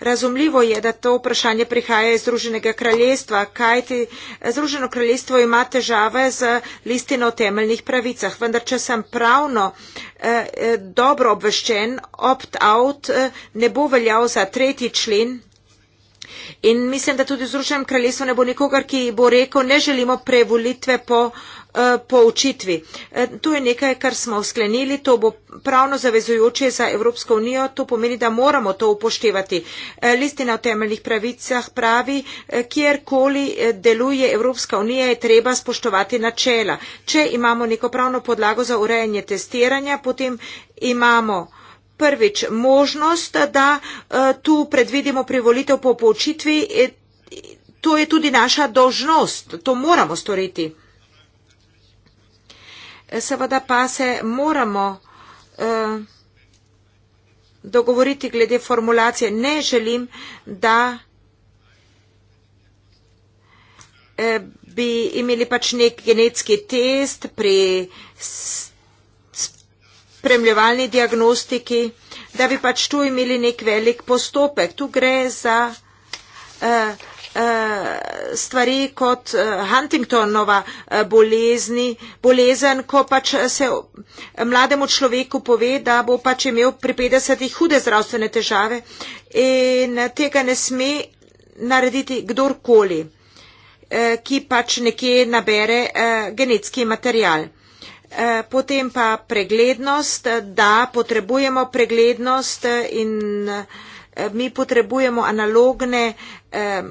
Razumljivo je, da to vprašanje prihaja iz Združenega kraljestva, kajti e, Združeno kraljestvo ima težave z listino o temeljnih pravicah. Vendar, če sem pravno e, e dobro obveščen, opt-out e, ne bo veljal za tretji člen In mislim, da tudi v Združenem kraljestvu ne bo nikogar, ki bo rekel, ne želimo prevolitve po eh, poučitvi. Eh, to je nekaj, kar smo sklenili, to bo pravno zavezujoče za Evropsko unijo, to pomeni, da moramo to upoštevati. Eh, listina o temeljnih pravicah pravi, kjerkoli deluje Evropska unija, je treba spoštovati načela. Če imamo neko pravno podlago za urejanje testiranja, potem imamo uh, prvič možnost, da eh, tu predvidimo privolitev po poučitvi, eh, to je tudi naša dožnost, to moramo storiti. Eh, seveda pa se moramo dogovoriti glede formulacije. Ne želim, da bi imeli pač nek genetski test pri spremljevalni diagnostiki, da bi pač tu imeli nek velik postopek. Tu gre za uh, uh, stvari kot uh, Huntingtonova uh, bolezni, bolezen, ko pač se mlademu človeku pove, da bo pač imel pri 50 hude zdravstvene težave in tega ne sme narediti kdorkoli ki pač nekje nabere uh, genetski material. Eh, potem pa preglednost, da potrebujemo preglednost in eh, mi potrebujemo analogne eh,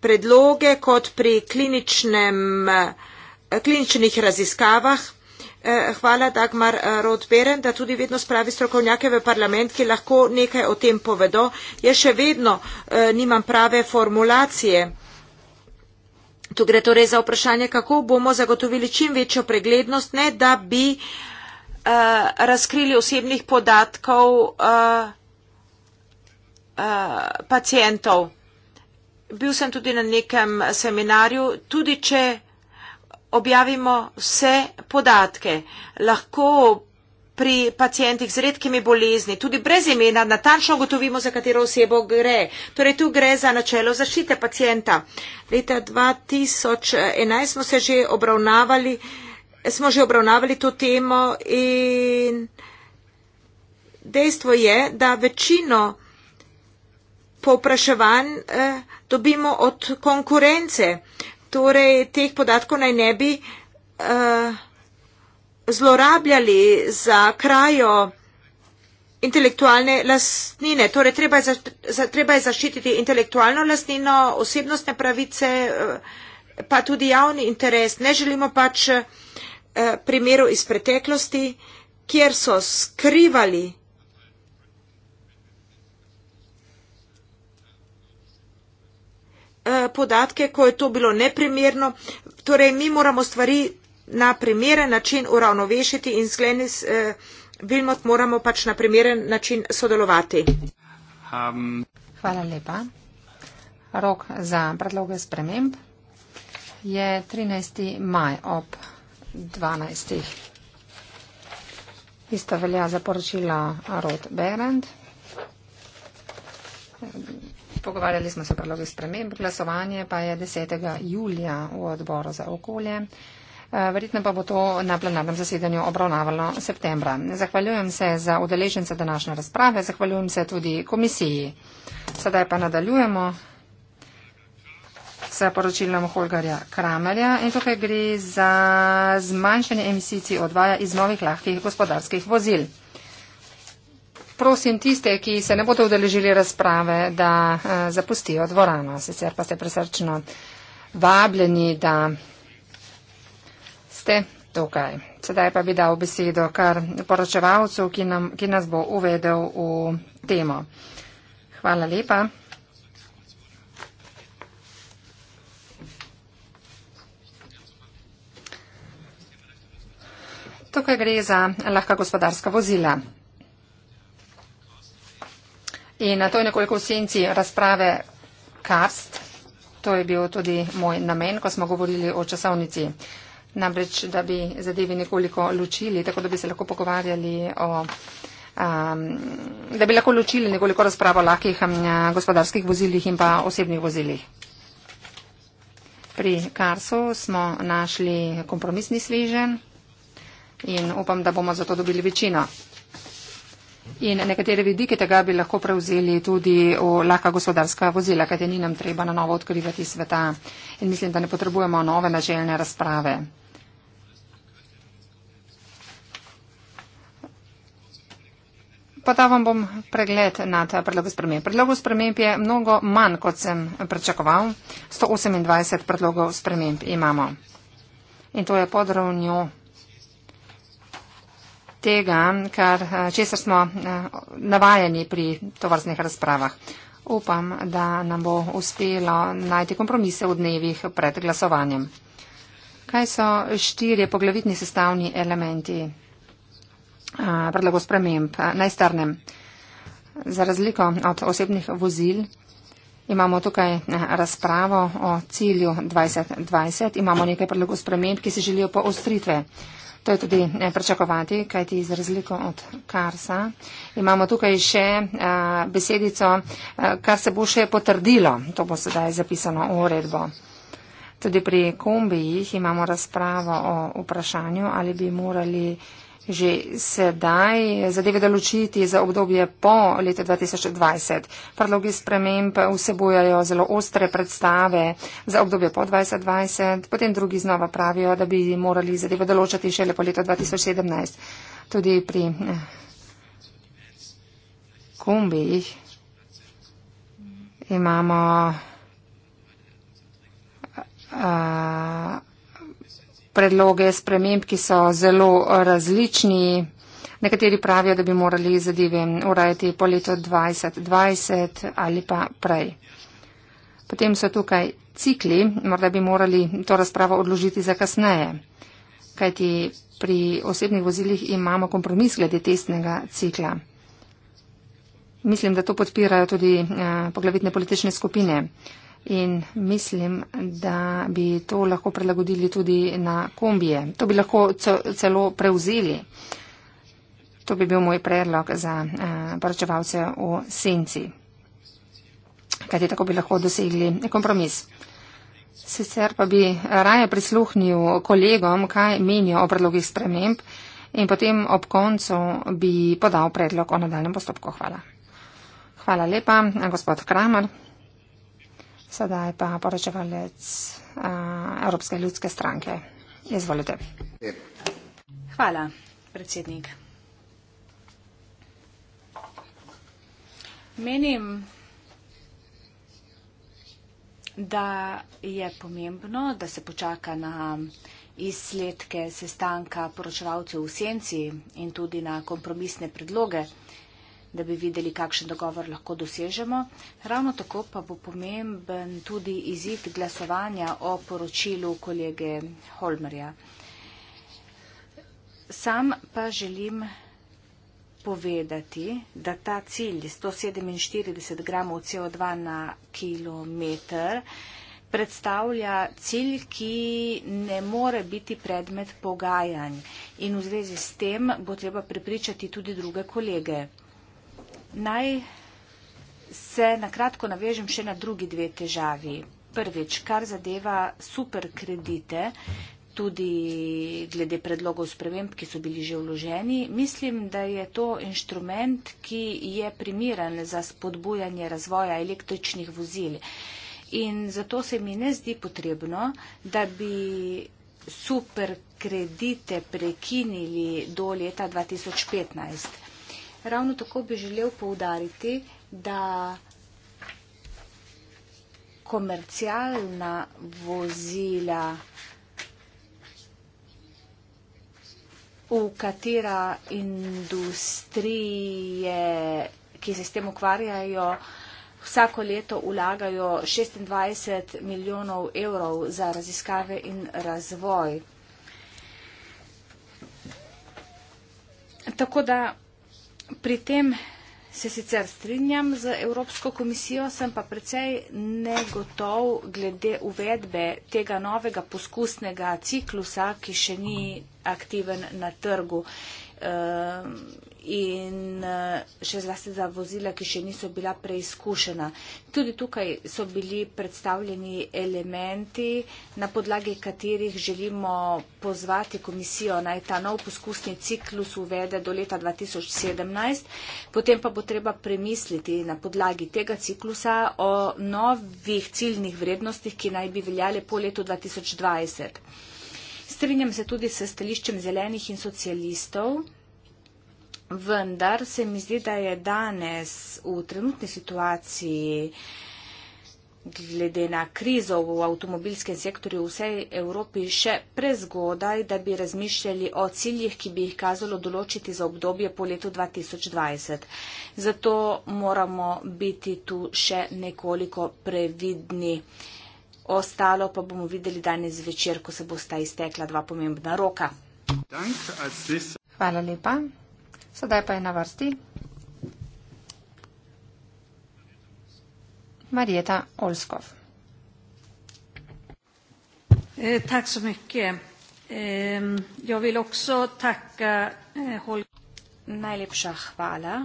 predloge kot pri kliničnih raziskavah. Hvala Dagmar Rodberen, da tudi vedno spravi strokovnjake v parlament, ki lahko nekaj o tem povedo. Jaz še vedno nimam prave formulacije. Tu gre torej za vprašanje, kako bomo zagotovili čim večjo preglednost, ne da bi uh, razkrili osebnih podatkov uh, eh, uh, eh, pacijentov. Bil sem tudi na nekem seminarju, tudi če objavimo vse podatke, lahko pri pacijentih z redkimi bolezni, tudi brez imena, natančno ugotovimo, za katero osebo gre. Torej, tu gre za načelo zaščite pacijenta. Leta 2011 smo se že obravnavali, smo že obravnavali to temo in dejstvo je, da večino povpraševanj eh, dobimo od konkurence. Torej, teh podatkov naj ne bi. Eh, zlorabljali za krajo intelektualne lastnine. Torej, treba je, za, za, treba je zaščititi intelektualno lastnino, osebnostne pravice, eh, pa tudi javni interes. Ne želimo pač eh, primeru iz preteklosti, kjer so skrivali eh, podatke, ko je to bilo neprimerno. Torej, mi moramo stvari na primeren način uravnovešiti in z Glenis eh, Vilmot moramo pač na primeren način sodelovati. Um. Hvala lepa. Rok za predloge sprememb je 13. maj ob 12. Isto velja za poročila Rod Berend. Pogovarjali smo se o predlogih sprememb, glasovanje pa je 10. julija v odboru za okolje. Eh, verjetno pa bo to na plenarnem zasedanju obravnavalo septembra. Zahvaljujem se za udeležence današnje razprave, zahvaljujem se tudi komisiji. Sedaj pa nadaljujemo s poročilom Holgarja Kramerja in tukaj gre za zmanjšanje emisij CO2 iz novih lahkih gospodarskih vozil. Prosim tiste, ki se ne bodo udeležili razprave, da eh, zapustijo dvorano, sicer pa ste presrčno vabljeni, da ste tukaj. Sedaj pa bi dal besedo kar poročevalcu, ki, nam, ki nas bo uvedel v temo. Hvala lepa. Tukaj gre za lahka gospodarska vozila. In to je nekoliko v senci razprave Karst. To je bil tudi moj namen, ko smo govorili o časovnici namreč, da bi zadevi nekoliko ločili, tako da bi se lahko pogovarjali o. Um, da bi lahko ločili nekoliko razpravo o lahkih um, gospodarskih vozilih in pa osebnih vozilih. Pri Karsu smo našli kompromisni svežen in upam, da bomo zato dobili večino. In nekatere vidike tega bi lahko prevzeli tudi v lahka gospodarska vozila, kajte ni nam treba na novo odkrivati sveta in mislim, da ne potrebujemo nove načelne razprave. pa da vam bom pregled nad predlogom sprememb. Predlogov sprememb je mnogo manj, kot sem pričakoval. 128 predlogov sprememb imamo. In to je pod ravnjo tega, kar, česar smo navajeni pri tovrstnih razpravah. Upam, da nam bo uspelo najti kompromise v dnevih pred glasovanjem. Kaj so štirje poglavitni sestavni elementi? predlogov sprememb. Naj strnem. Za razliko od osebnih vozil imamo tukaj razpravo o cilju 2020. Imamo nekaj predlogov sprememb, ki si želijo poostritve. To je tudi pričakovati, kajti za razliko od Karsa imamo tukaj še besedico, kar se bo še potrdilo. To bo sedaj zapisano v uredbo. Tudi pri kombijih imamo razpravo o vprašanju, ali bi morali že sedaj zadeve določiti za obdobje po letu 2020. Predlogi sprememb vsebojajo zelo ostre predstave za obdobje po 2020, potem drugi znova pravijo, da bi morali zadeve določati šele po letu 2017. Tudi pri eh, kombijih imamo. Uh, predloge sprememb, ki so zelo različni. Nekateri pravijo, da bi morali zadeve urajati po letu 2020 ali pa prej. Potem so tukaj cikli, morda bi morali to razpravo odložiti za kasneje, kajti pri osebnih vozilih imamo kompromis glede testnega cikla. Mislim, da to podpirajo tudi eh, poglavitne politične skupine in mislim, da bi to lahko prilagodili tudi na kombije. To bi lahko celo prevzeli. To bi bil moj predlog za eh, poročevalce v senci. Kajti tako bi lahko dosegli kompromis. Sicer pa bi raje prisluhnil kolegom, kaj menijo o predlogih sprememb in potem ob koncu bi podal predlog o nadaljem postopku. Hvala. Hvala lepa, gospod Kramer. Sedaj pa poročevalec Evropske ljudske stranke. Izvolite. Hvala, predsednik. Menim, da je pomembno, da se počaka na izsledke sestanka poročevalcev v Senci in tudi na kompromisne predloge da bi videli, kakšen dogovor lahko dosežemo. Ravno tako pa bo pomemben tudi izid glasovanja o poročilu kolege Holmerja. Sam pa želim povedati, da ta cilj 147 gramov CO2 na kilometr predstavlja cilj, ki ne more biti predmet pogajanj. In v zvezi s tem bo treba prepričati tudi druge kolege. Naj se na kratko navežem še na drugi dve težavi. Prvič, kar zadeva superkredite, tudi glede predlogov sprememb, ki so bili že vloženi, mislim, da je to inštrument, ki je primiran za spodbujanje razvoja električnih vozil. In zato se mi ne zdi potrebno, da bi superkredite prekinili do leta 2015. Ravno tako bi želel poudariti, da komercialna vozila, v katera industrije, ki se s tem ukvarjajo, vsako leto ulagajo 26 milijonov evrov za raziskave in razvoj. Tako da pri tem se sicer strinjam z Evropsko komisijo, sem pa precej negotov glede uvedbe tega novega poskusnega ciklusa, ki še ni aktiven na trgu. Ehm, in eh, še zlasti za vozila, ki še niso bila preizkušena. Tudi tukaj so bili predstavljeni elementi, na podlagi katerih želimo pozvati komisijo naj ta nov poskusni ciklus uvede do leta 2017, potem pa bo treba premisliti na podlagi tega ciklusa o novih ciljnih vrednostih, ki naj bi veljale po letu 2020. Strinjam se tudi s stališčem zelenih in socialistov. Vendar se mi zdi, da je danes v trenutni situaciji glede na krizo v avtomobilskem sektorju v vsej Evropi še prezgodaj, da bi razmišljali o ciljih, ki bi jih kazalo določiti za obdobje po letu 2020. Zato moramo biti tu še nekoliko previdni. Ostalo pa bomo videli danes večer, ko se bosta iztekla dva pomembna roka. Hvala lepa. Sedaj pa je na vrsti Marjeta Olskov. Eh, ehm, eh, Najlepša hvala.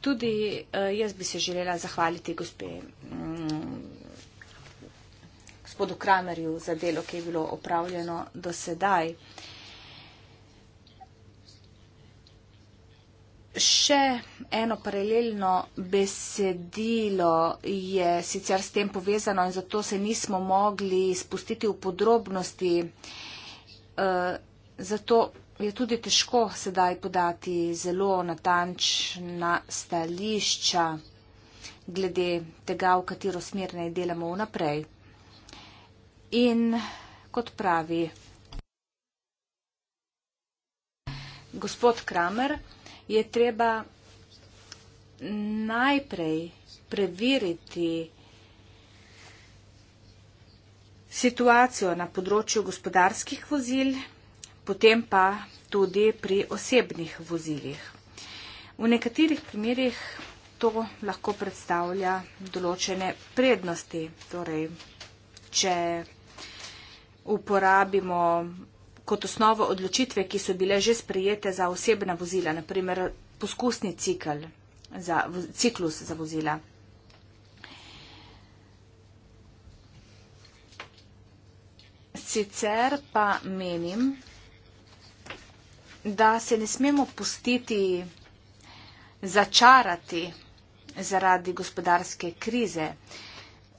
Tudi eh, jaz bi se želela zahvaliti gospe mm, gospodu Kramerju za delo, ki je bilo opravljeno do sedaj. Še eno paralelno besedilo je sicer s tem povezano in zato se nismo mogli spustiti v podrobnosti. Eh, zato je tudi težko sedaj podati zelo natančna stališča glede tega, v katero smer naj delamo vnaprej. In kot pravi gospod Kramer, je treba najprej preveriti situacijo na področju gospodarskih vozil, potem pa tudi pri osebnih vozilih. V nekaterih primerjih to lahko predstavlja določene prednosti. Torej, če uporabimo kot osnovo odločitve, ki so bile že sprejete za osebna vozila, naprimer poskusni cikl za, ciklus za vozila. Sicer pa menim, da se ne smemo pustiti začarati zaradi gospodarske krize. Uh,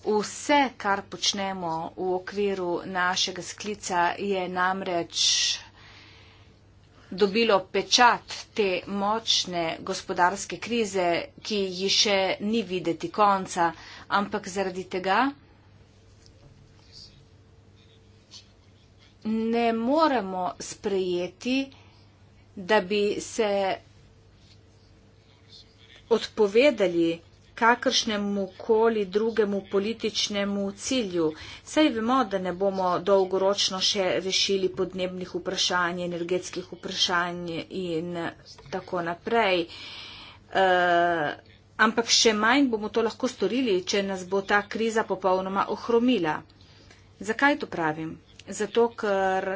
Vse, kar počnemo v okviru našega sklica, je namreč dobilo pečat te močne gospodarske krize, ki ji še ni videti konca, ampak zaradi tega ne moremo sprejeti, da bi se odpovedali kakršnemu koli drugemu političnemu cilju. Saj vemo, da ne bomo dolgoročno še rešili podnebnih vprašanj, energetskih vprašanj in tako naprej. E, ampak še manj bomo to lahko storili, če nas bo ta kriza popolnoma ohromila. Zakaj to pravim? Zato, ker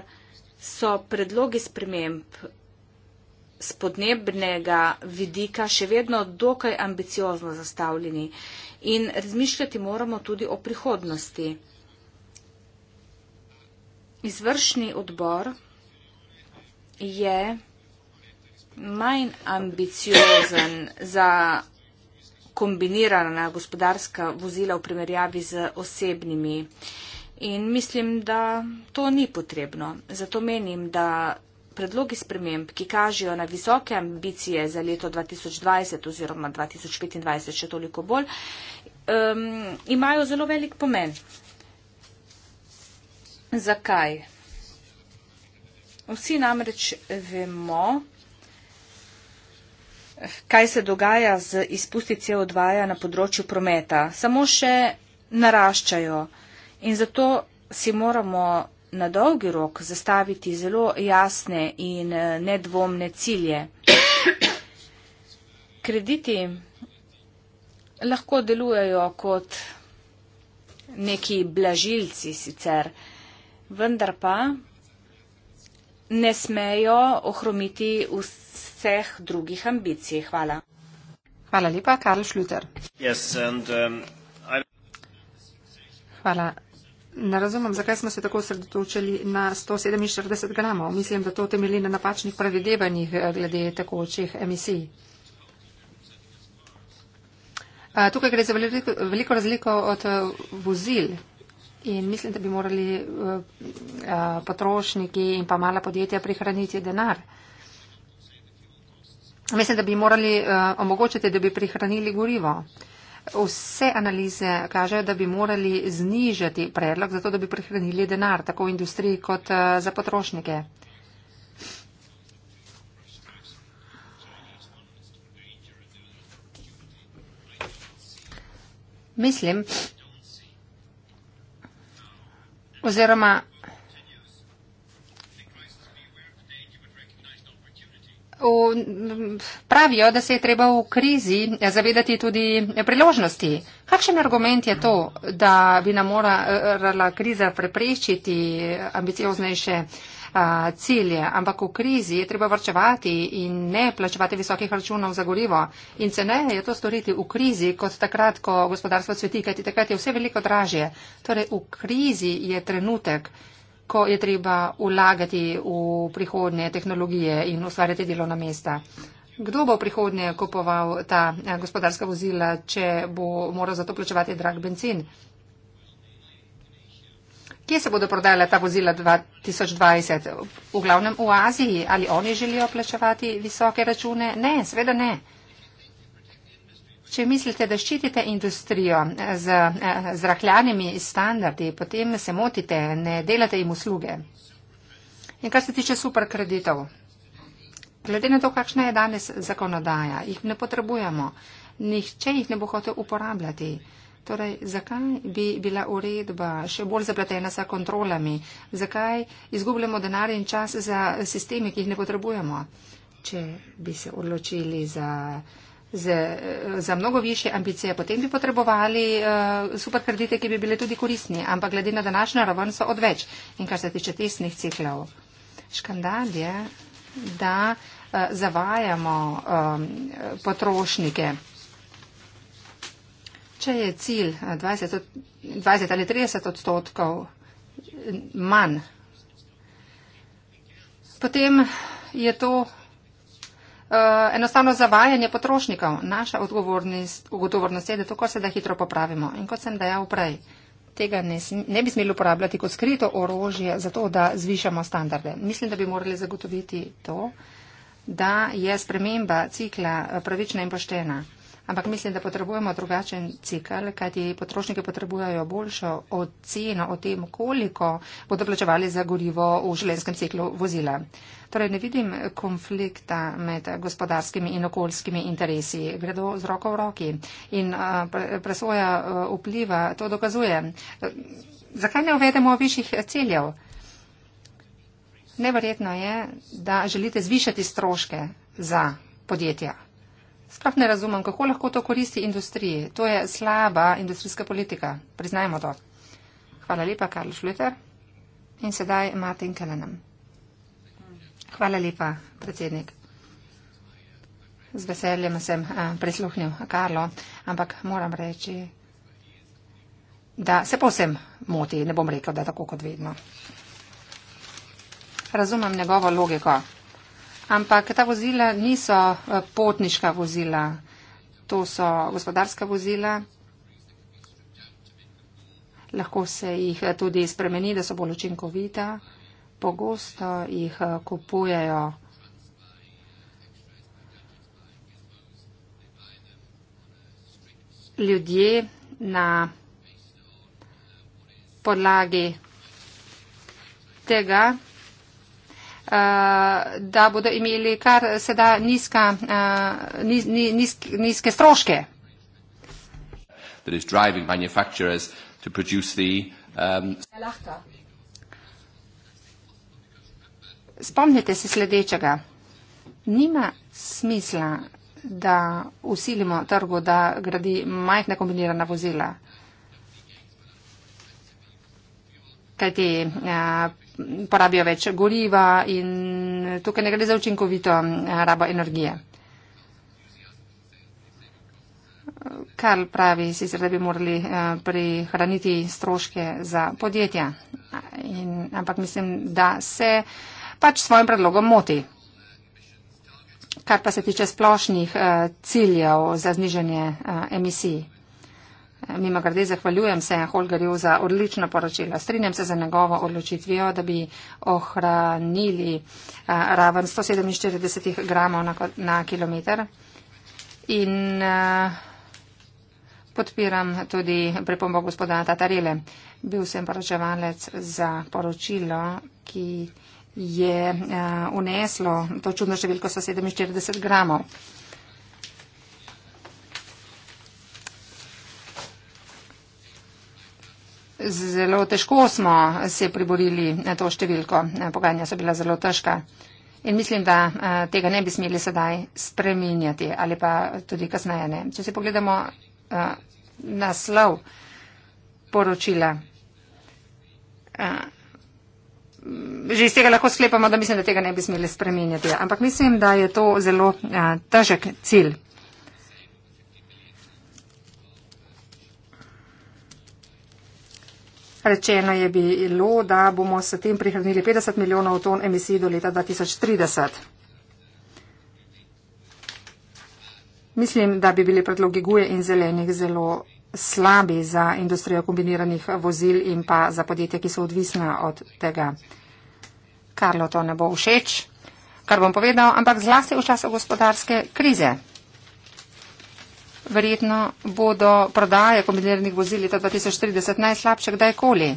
so predlogi sprememb z podnebnega vidika še vedno dokaj ambiciozno zastavljeni in razmišljati moramo tudi o prihodnosti. Izvršni odbor je manj ambiciozen za kombinirana gospodarska vozila v primerjavi z osebnimi. In mislim, da to ni potrebno. Zato menim, da Predlogi sprememb, ki kažejo na visoke ambicije za leto 2020 oziroma 2025, še toliko bolj, um, imajo zelo velik pomen. Zakaj? Vsi namreč vemo, kaj se dogaja z izpusti CO2 ja na področju prometa. Samo še naraščajo in zato si moramo na dolgi rok zastaviti zelo jasne in eh, nedvomne cilje. Krediti lahko delujejo kot neki blažilci sicer, vendar pa ne smejo ohromiti vseh drugih ambicij. Hvala. Hvala lepa, Karl Schluter. Yes, and, um, I... Hvala. Ne razumem, zakaj smo se tako osredotočili na 147 gramov. Mislim, da to temelji na napačnih predvidevanjih eh, glede tekočih emisij. Eh, tukaj gre za veliko, veliko razliko od eh, vozil in mislim, da bi morali potrošniki in pa mala podjetja prihraniti denar. Mislim, da bi morali omogočiti, da bi prihranili gorivo. Vse analize kažejo, da bi morali znižati predlog, zato da bi prihranili denar tako v industriji kot eh, za potrošnike. Mislim, oziroma v, pravijo, da se je treba v krizi zavedati tudi priložnosti. Kakšen argument je to, da bi nam morala kriza preprečiti ambicioznejše a, cilje, ampak v krizi je treba vrčevati in ne plačevati visokih računov za gorivo in cene je to storiti v krizi kot takrat, ko gospodarstvo cveti, kajti takrat je vse veliko dražje. Torej v krizi je trenutek, ko je treba ulagati v prihodne tehnologije in ustvarjati delovna mesta. Kdo bo v prihodnje kupoval ta eh, gospodarska vozila, če bo moral za to plačevati drag benzin? Kje se bodo prodajala ta vozila 2020? V glavnem v Aziji? Ali oni želijo plačevati visoke račune? Ne, sveda ne. Če mislite, da ščitite industrijo eh, z, eh, z rahljanimi standardi, potem se motite, ne delate jim usluge. In kar se tiče superkreditov, glede na to, kakšna je danes zakonodaja, jih ne potrebujemo, nihče jih ne bo hotel uporabljati. Torej, zakaj bi bila uredba še bolj zapletena sa kontrolami? Zakaj izgubljamo denar in čas za sistemi, ki jih ne potrebujemo? Če bi se odločili za z, za mnogo više ambicije, potem bi potrebovali uh, superkredite, ki bi bile tudi koristni, ampak glede na današnjo raven so odveč. In kar se tiče testnih ciklov, škandal je, da uh, zavajamo um, potrošnike. Če je cilj 20, 20 ali 30 odstotkov manj, potem je to Eh, enostavno zavajanje potrošnikov. Naša odgovornost, odgovornost je, da to kar se da hitro popravimo. In kot sem dejal prej, tega ne, ne bi smeli uporabljati kot skrito orožje za to, da zvišamo standarde. Mislim, da bi morali zagotoviti to, da je sprememba cikla eh, pravična in poštena ampak mislim, da potrebujemo drugačen cikl, kajti potrošniki potrebujejo boljšo oceno o tem, koliko bodo plačevali za gorivo v življenjskem ciklu vozila. Torej ne vidim konflikta med gospodarskimi in okoljskimi interesi. Gredo z roko v roki in presoja vpliva to dokazuje. Zakaj ne uvedemo višjih ciljev? Neverjetno je, da želite zvišati stroške za podjetja. Sprav ne razumem, kako lahko to koristi industriji. To je slaba industrijska politika. Priznajmo to. Hvala lepa, Karl Šluter. In sedaj Martin Kelenem. Hvala lepa, predsednik. Z veseljem sem eh, prisluhnil Karlo, ampak moram reči, da se posem moti. Ne bom rekel, da tako kot vedno. Razumem njegovo logiko. Ampak ta vozila niso eh, potniška vozila, to so gospodarska vozila. Lahko se jih eh, tudi spremeni, da so bolj učinkovita. Pogosto jih eh, kupujejo. Ljudje na podlagi tega, da bodo imeli kar seda nizka, eh, niz, niz, nizke stroške. Um, Spomnite se sledečega. Nima smisla, da usilimo trgu, da gradi majhna kombinirana vozila. Kajti eh, porabijo več goriva in tukaj ne gre za učinkovito eh, rabo energije. Karl pravi sicer, da bi morali eh, prihraniti stroške za podjetja, in, ampak mislim, da se pač s svojim predlogom moti. Kar pa se tiče splošnih eh, ciljev za znižanje emisij. Mimo grede zahvaljujem se Holgerju za odlično poročilo. Strinjam se za njegovo odločitvijo, da bi ohranili raven 147 gramov na, na kilometr. In podpiram tudi pripombo gospoda Tatarele. Bil sem poročevalec za poročilo, ki je uh, uneslo to čudno številko 147 gramov. Zelo težko smo se priborili na to številko. Pogajanja so bila zelo težka. In mislim, da eh, tega ne bi smeli sedaj spreminjati ali pa tudi kasneje ne. Če si pogledamo eh, naslov poročila, eh, že iz tega lahko sklepamo, da mislim, da tega ne bi smeli spreminjati. Ampak mislim, da je to zelo težek cilj. Rečeno je bilo, da bomo s tem prihranili 50 milijonov ton emisij do leta 2030. Mislim, da bi bili predlogi guje in zelenih zelo slabi za industrijo kombiniranih vozil in pa za podjetja, ki so odvisna od tega. Karlo, to ne bo všeč, kar bom povedal, ampak zlasti v času gospodarske krize verjetno bodo prodaje kombiniranih vozil leta 2040 najslabše kdajkoli,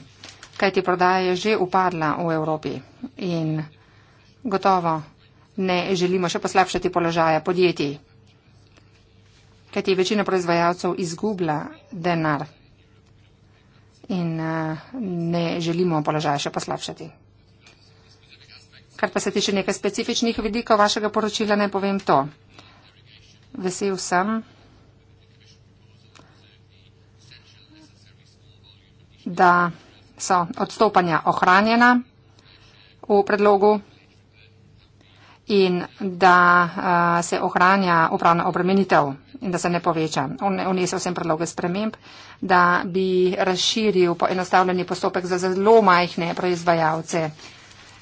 kaj ti prodaje je že upadla v Evropi in gotovo ne želimo še poslabšati položaja podjetij, kaj ti večina proizvajalcev izgubila denar in eh, ne želimo položaja še poslabšati. Kar pa se tiče nekaj specifičnih vidikov vašega poročila, naj povem to. Vesel sem, da so odstopanja ohranjena v predlogu in da uh, se ohranja upravna obremenitev in da se ne poveča. Unese vsem predloge sprememb, da bi razširil poenostavljeni postopek za zelo majhne proizvajalce,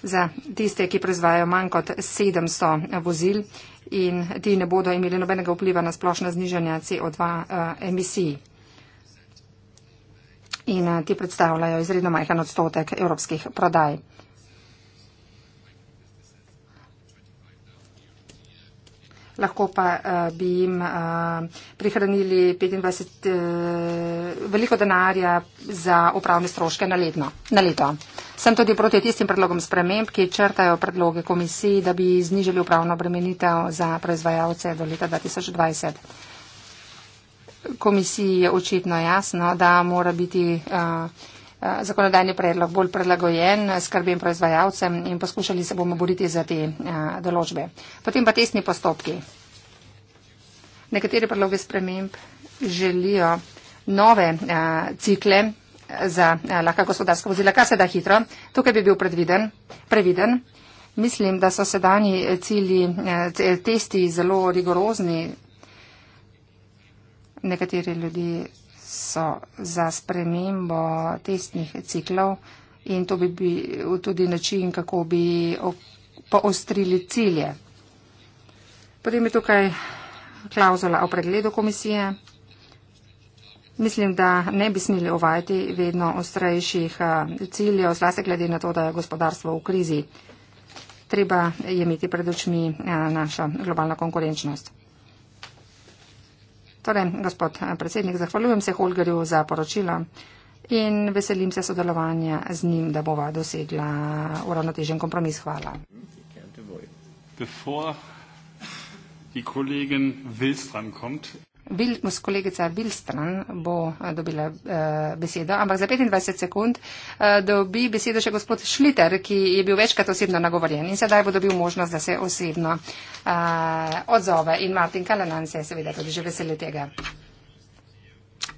za tiste, ki proizvajajo manj kot 700 vozil in ti ne bodo imeli nobenega vpliva na splošno znižanje CO2 uh, eh, emisij in eh, ti predstavljajo izredno majhen odstotek evropskih prodaj. Lahko pa uh, bi jim uh, prihranili 25 uh, veliko denarja za upravne stroške na, letno, na leto. Sem tudi proti tistim predlogom sprememb, ki črtajo predloge komisiji, da bi znižili upravno obremenitev za proizvajalce do leta 2020 komisiji je očitno jasno, da mora biti uh, zakonodajni predlog bolj predlagojen skrbim proizvajalcem in poskušali se bomo boriti za te uh, določbe. Potem pa testni postopki. Nekateri predloge sprememb želijo nove uh, cikle za uh, lahka gospodarska vozila, kar se da hitro. Tukaj bi bil predviden, previden. Mislim, da so sedanji cilji, testi zelo rigorozni, nekateri ljudje so za spremembo testnih ciklov in to bi bil tudi način, kako bi poostrili cilje. Potem je tukaj klauzula o pregledu komisije. Mislim, da ne bi smeli uvajati vedno ostrejših ciljev, zlasti glede na to, da je gospodarstvo v krizi. Treba je imeti pred očmi naša globalna konkurenčnost. Torej, gospod eh, predsednik, zahvaljujem se Holgerju za poročilo in veselim se sodelovanja z njim, da bova dosegla uravnotežen kompromis. Hvala. Die Kollegin Wilstram kommt. Bil, kolegica Bilstran bo eh, dobila uh, besedo, ampak za 25 sekund uh, dobi besedo še gospod Šliter, ki je bil večkrat osebno nagovorjen in sedaj bo dobil možnost, da se osebno uh, odzove. In Martin Kalanan se je seveda tudi že veselil tega.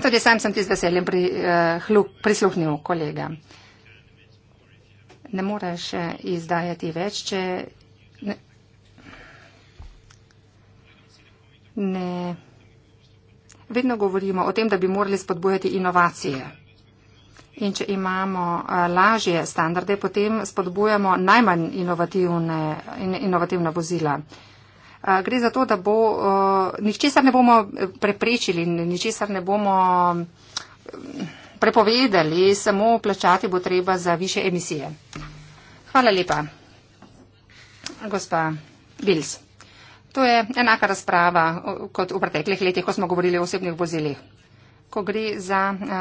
Tudi sam sem ti z veseljem pri, uh, hlup, prisluhnil, kolega. Ne moreš izdajati več, če. Ne. ne vedno govorimo o tem, da bi morali spodbujati inovacije. In če imamo lažje standarde, potem spodbujamo najmanj inovativne, inovativna vozila. Gre za to, da bo, ničesar ne bomo e, preprečili, ničesar ne bomo e, prepovedali, samo plačati bo treba za više emisije. Hvala lepa. Gospa Bils. To je enaka razprava kot v preteklih letih, ko smo govorili o osebnih vozilih. Ko gre za a,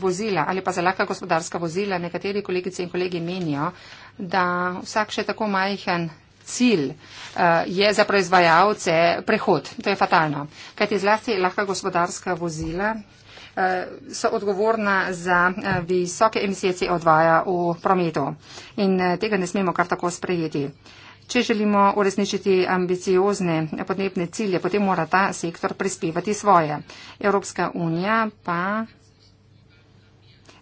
vozila ali pa za lahka gospodarska vozila, nekateri kolegice in kolegi menijo, da vsak še tako majhen cilj a, je za proizvajalce prehod. To je fatalno. Kajti zlasti lahka gospodarska vozila a, so odgovorna za a, visoke emisije CO2 v prometu in a, tega ne smemo kar tako sprejeti. A, Če želimo uresničiti ambiciozne podnebne cilje, potem mora ta sektor prispevati svoje. Evropska unija pa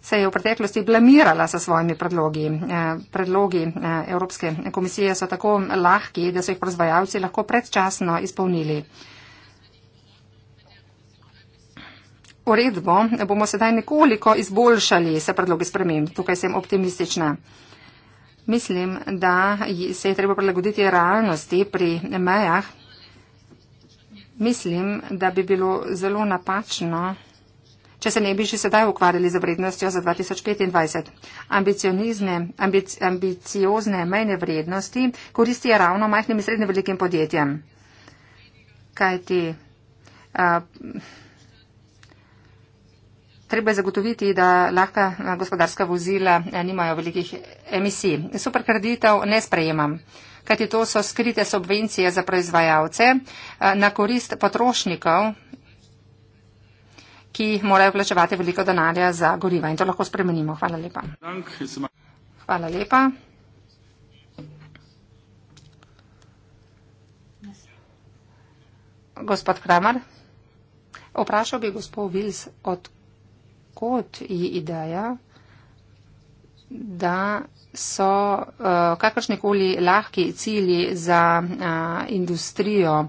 se je v preteklosti blamirala sa svojimi predlogi. Eh, predlogi eh, Evropske komisije so tako lahki, da so jih proizvajalci lahko predčasno izpolnili. Uredbo bomo sedaj nekoliko izboljšali sa predlogi sprememb. Tukaj sem optimistična. Mislim, da se je treba prilagoditi realnosti pri mejah. Mislim, da bi bilo zelo napačno, če se ne bi še sedaj ukvarjali za vrednostjo za 2025. Ambic, ambiciozne mejne vrednosti koristijo ravno majhnim in srednjim velikim podjetjem. Kajti, uh, Treba je zagotoviti, da lahka eh, gospodarska vozila eh, nimajo velikih emisij. Superkreditev ne sprejemam, kajti to so skrite subvencije za proizvajalce eh, na korist potrošnikov, ki morajo plačevati veliko denarja za goriva. In to lahko spremenimo. Hvala lepa. Hvala lepa. Gospod Kramar, vprašal bi gospod Vils, odkud kod je ideja, da so uh, kakršnekoli lahki cilji za uh, industrijo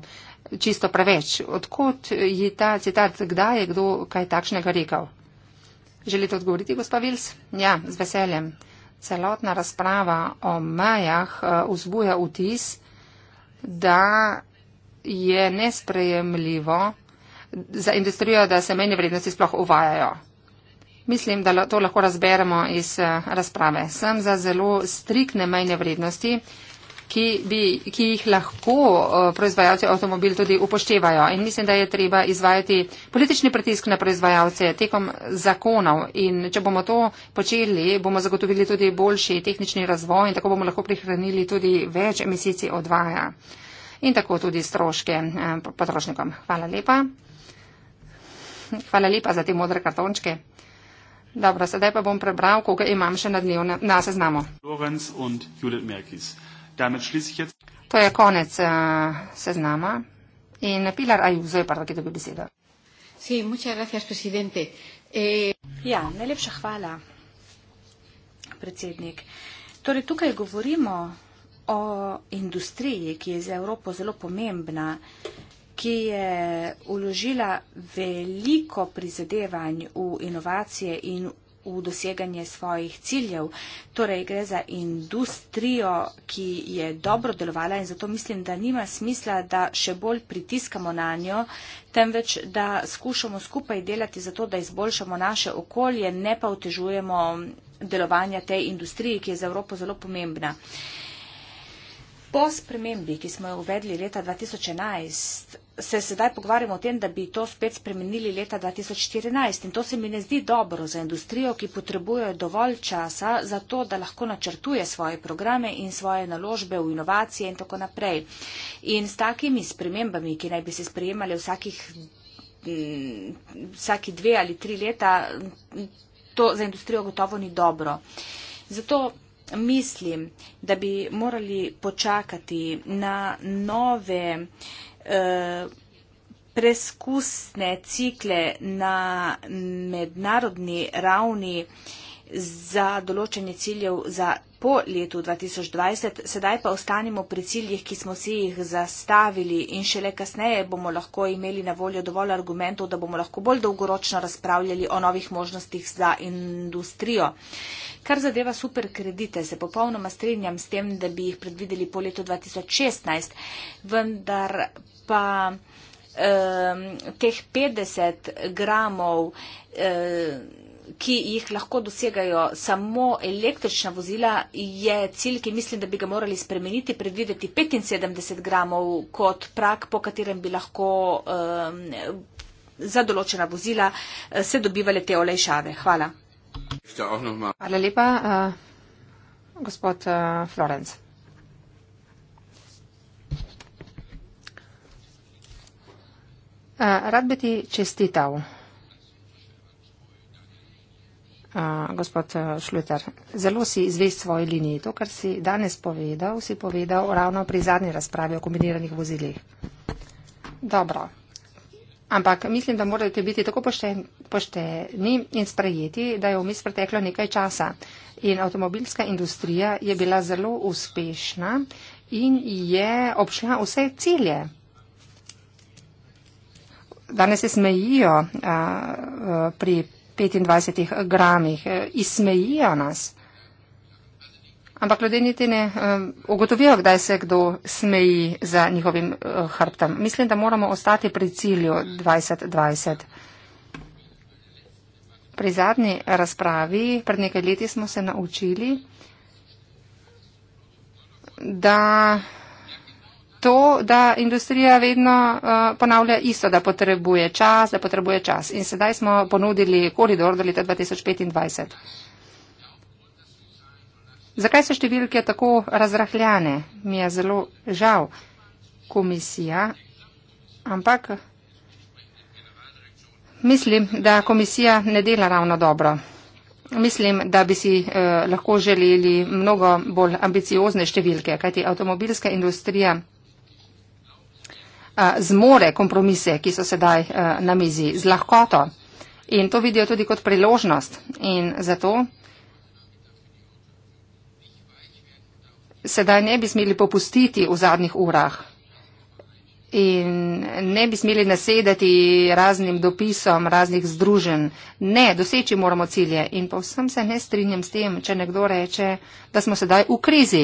čisto preveč. Odkot je ta citat, kdaj je kdo kaj takšnega rekel? Želite odgovoriti, gospa Vils? Ja, z veseljem. Celotna razprava o majah uh, eh, vzbuja vtis, da je nesprejemljivo za industrijo, da se menje vrednosti sploh uvajajo. Mislim, da to lahko razberemo iz eh, razprave. Sem za zelo strikne mejne vrednosti, ki, bi, ki jih lahko eh, proizvajalci avtomobil tudi upoštevajo. In mislim, da je treba izvajati politični pritisk na proizvajalce tekom zakonov. In če bomo to počeli, bomo zagotovili tudi boljši tehnični razvoj in tako bomo lahko prihranili tudi več emisij odvaja. In tako tudi stroške eh, potrošnikom. Hvala lepa. Hvala lepa za te modre kartončke. Dobro, sedaj pa bom prebral, koga imam še na dnevnem na seznamu. To je konec uh, seznama. In Pilar Ajuzo je prva, ki dobi besedo. Sí, muchas gracias, presidente. Eh... Ja, najlepša hvala, predsednik. Torej, tukaj govorimo o industriji, ki je za Evropo zelo pomembna ki je uložila veliko prizadevanj v inovacije in v doseganje svojih ciljev. Torej, gre za industrijo, ki je dobro delovala in zato mislim, da nima smisla, da še bolj pritiskamo na njo, temveč, da skušamo skupaj delati za to, da izboljšamo naše okolje, ne pa otežujemo delovanja tej industriji, ki je za Evropo zelo pomembna. Uh, Po spremembi, ki smo jo uvedli leta 2011, se sedaj pogovarjamo o tem, da bi to spet spremenili leta 2014. In to se mi ne zdi dobro za industrijo, ki potrebuje dovolj časa za to, da lahko načrtuje svoje programe in svoje naložbe v inovacije in tako naprej. In s takimi spremembami, ki naj bi se sprejemali vsakih, m, mm, vsaki dve ali tri leta, to za industrijo gotovo ni dobro. Zato mislim, da bi morali počakati na nove eh, preskusne cikle na mednarodni ravni, za določene ciljev za po letu 2020, sedaj pa ostanimo pri ciljih, ki smo si jih zastavili in šele kasneje bomo lahko imeli na voljo dovolj argumentov, da bomo lahko bolj dolgoročno razpravljali o novih možnostih za industrijo. Kar zadeva superkredite, se popolnoma strinjam s tem, da bi jih predvideli po letu 2016, vendar pa. Um, teh 50 gramov um, ki jih lahko dosegajo samo električna vozila, je cilj, ki mislim, da bi ga morali spremeniti, predvideti 75 gramov kot prak, po katerem bi lahko um, za določena vozila uh, se dobivali te olejšave. Hvala. Hvala lepa, uh, gospod uh, Florence. Uh, rad bi ti čestital. Uh, gospod eh, Šluter, zelo si izvest svoje linije. To, kar si danes povedal, si povedal ravno pri zadnji razpravi o kombiniranih vozilih. Dobro. Ampak mislim, da morate biti tako pošteni in sprejeti, da je vmes preteklo nekaj časa. In avtomobilska industrija je bila zelo uspešna in je obšla vse cilje. Danes se smejijo uh, pri. 25 gramih, e, izsmejijo nas. Ampak ljudje niti ne e, ugotovijo, kdaj se kdo smeji za njihovim e, hrbtom. Mislim, da moramo ostati pri cilju 2020. Pri zadnji razpravi, pred nekaj leti smo se naučili, da to, da industrija vedno uh, ponavlja isto, da potrebuje čas, da potrebuje čas. In sedaj smo ponudili koridor do leta 2025. Zakaj so številke tako razrahljane? Mi je zelo žal komisija, ampak mislim, da komisija ne dela ravno dobro. Mislim, da bi si eh, lahko želeli mnogo bolj ambiciozne številke, kajti avtomobilska industrija zmore kompromise, ki so sedaj na mizi, z lahkoto. In to vidijo tudi kot priložnost. In zato sedaj ne bi smeli popustiti v zadnjih urah in ne bi smeli nasedati raznim dopisom raznih združen. Ne, doseči moramo cilje in povsem se ne strinjam s tem, če nekdo reče, da smo sedaj v krizi.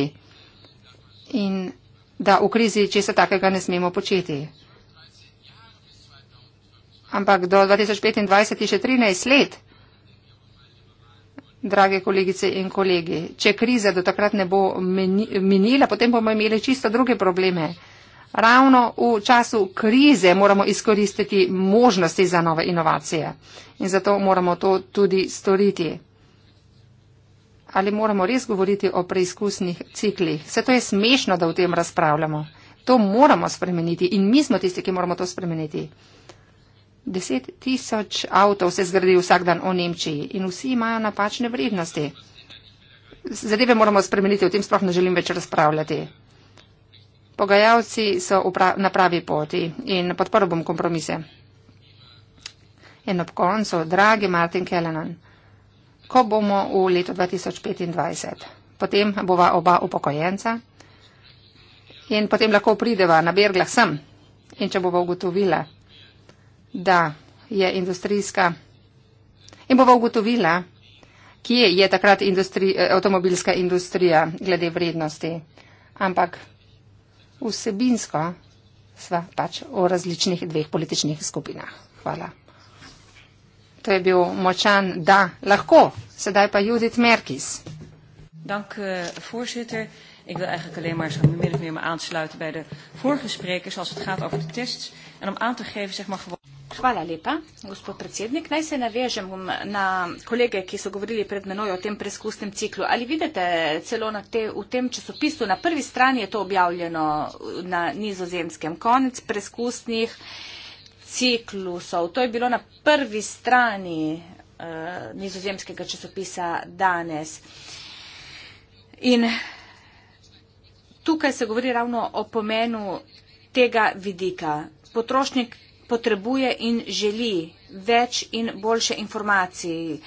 In da v krizi česa takega ne smemo početi. Ampak do 2025 je še 13 let, drage kolegice in kolegi. Če kriza do takrat ne bo minila, potem bomo imeli čisto druge probleme. Ravno v času krize moramo izkoristiti možnosti za nove inovacije in zato moramo to tudi storiti ali moramo res govoriti o preizkusnih ciklih. Vse to je smešno, da o tem razpravljamo. To moramo spremeniti in mi smo tisti, ki moramo to spremeniti. Deset tisoč avtov se zgradi vsak dan v Nemčiji in vsi imajo napačne vrednosti. Zadeve moramo spremeniti, o tem sploh ne želim več razpravljati. Pogajalci so na pravi poti in podprl bom kompromise. In ob koncu, dragi Martin Kellenan, ko bomo v letu 2025. Potem bova oba upokojenca in potem lahko prideva na Berglah sem in če bova ugotovila, da je industrijska in bova ugotovila, kje je takrat industri, eh, avtomobilska industrija glede vrednosti, ampak vsebinsko sva pač o različnih dveh političnih skupinah. Hvala. To je bil močan da, lahko. Sedaj pa Judith Merkis. Dank, eh, voorzitter. Ik wil eigenlijk alleen maar zo'n minuut meer me aansluiten bij de vorige sprekers als het gaat over de tests. En om aan te geven, zeg maar gewoon. Hvala lepa, gospod predsednik. Naj se navežem na kolege, ki so govorili pred menoj o tem preskusnem ciklu. Ali vidite celo na te, v tem časopisu, na prvi strani je to objavljeno na nizozemskem konec preskusnih. Eh, ciklusov. To je bilo na prvi strani uh, nizozemskega časopisa danes. In tukaj se govori ravno o pomenu tega vidika. Potrošnik potrebuje in želi več in boljše informacije. Uh,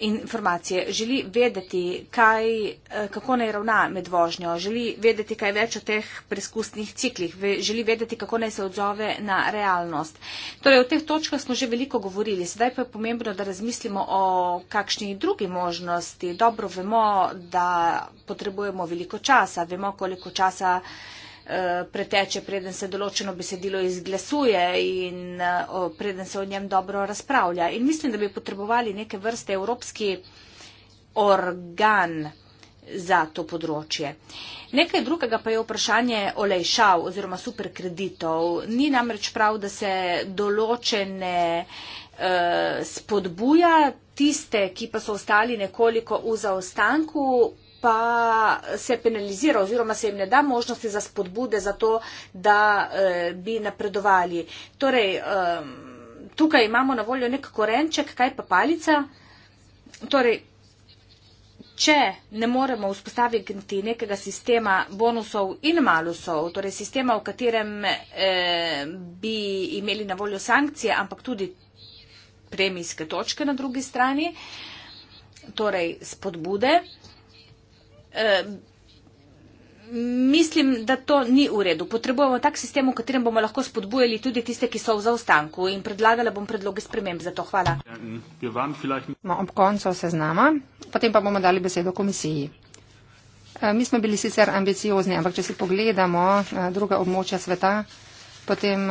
informacije, želi vedeti, kaj, eh, kako naj ravna med vožnjo, želi vedeti kaj več o teh preizkusnih ciklih, želi vedeti, kako naj se odzove na realnost. Torej, o teh točkah smo že veliko govorili, sedaj pa je pomembno, da razmislimo o kakšni drugi možnosti. Dobro vemo, da potrebujemo veliko časa, vemo, koliko časa. Eh, preteče, preden se določeno besedilo izglasuje in eh, preden se o njem dobro razpravlja. In mislim, da bi potrebovali neke vrste evropski organ za to področje. Nekaj drugega pa je vprašanje olejšav oziroma superkreditov. Ni namreč prav, da se določene eh, spodbuja tiste, ki pa so ostali nekoliko v zaostanku, pa se penalizira oziroma se jim ne da možnosti za spodbude za to, da eh, bi napredovali. Torej, eh, tukaj imamo na voljo nek korenček, kaj pa palica. Torej, Če ne moremo vzpostaviti nekega sistema bonusov in malusov, torej sistema, v katerem eh, bi imeli na voljo sankcije, ampak tudi premijske točke na drugi strani, torej spodbude, eh, mislim, da to ni v redu. Potrebujemo tak sistem, v katerem bomo lahko spodbujali tudi tiste, ki so v zaostanku in predlagala bom predloge sprememb za to. Hvala. No, ob koncu seznama, potem pa bomo dali besedo komisiji. Mi smo bili sicer ambiciozni, ampak če si pogledamo druga območja sveta, potem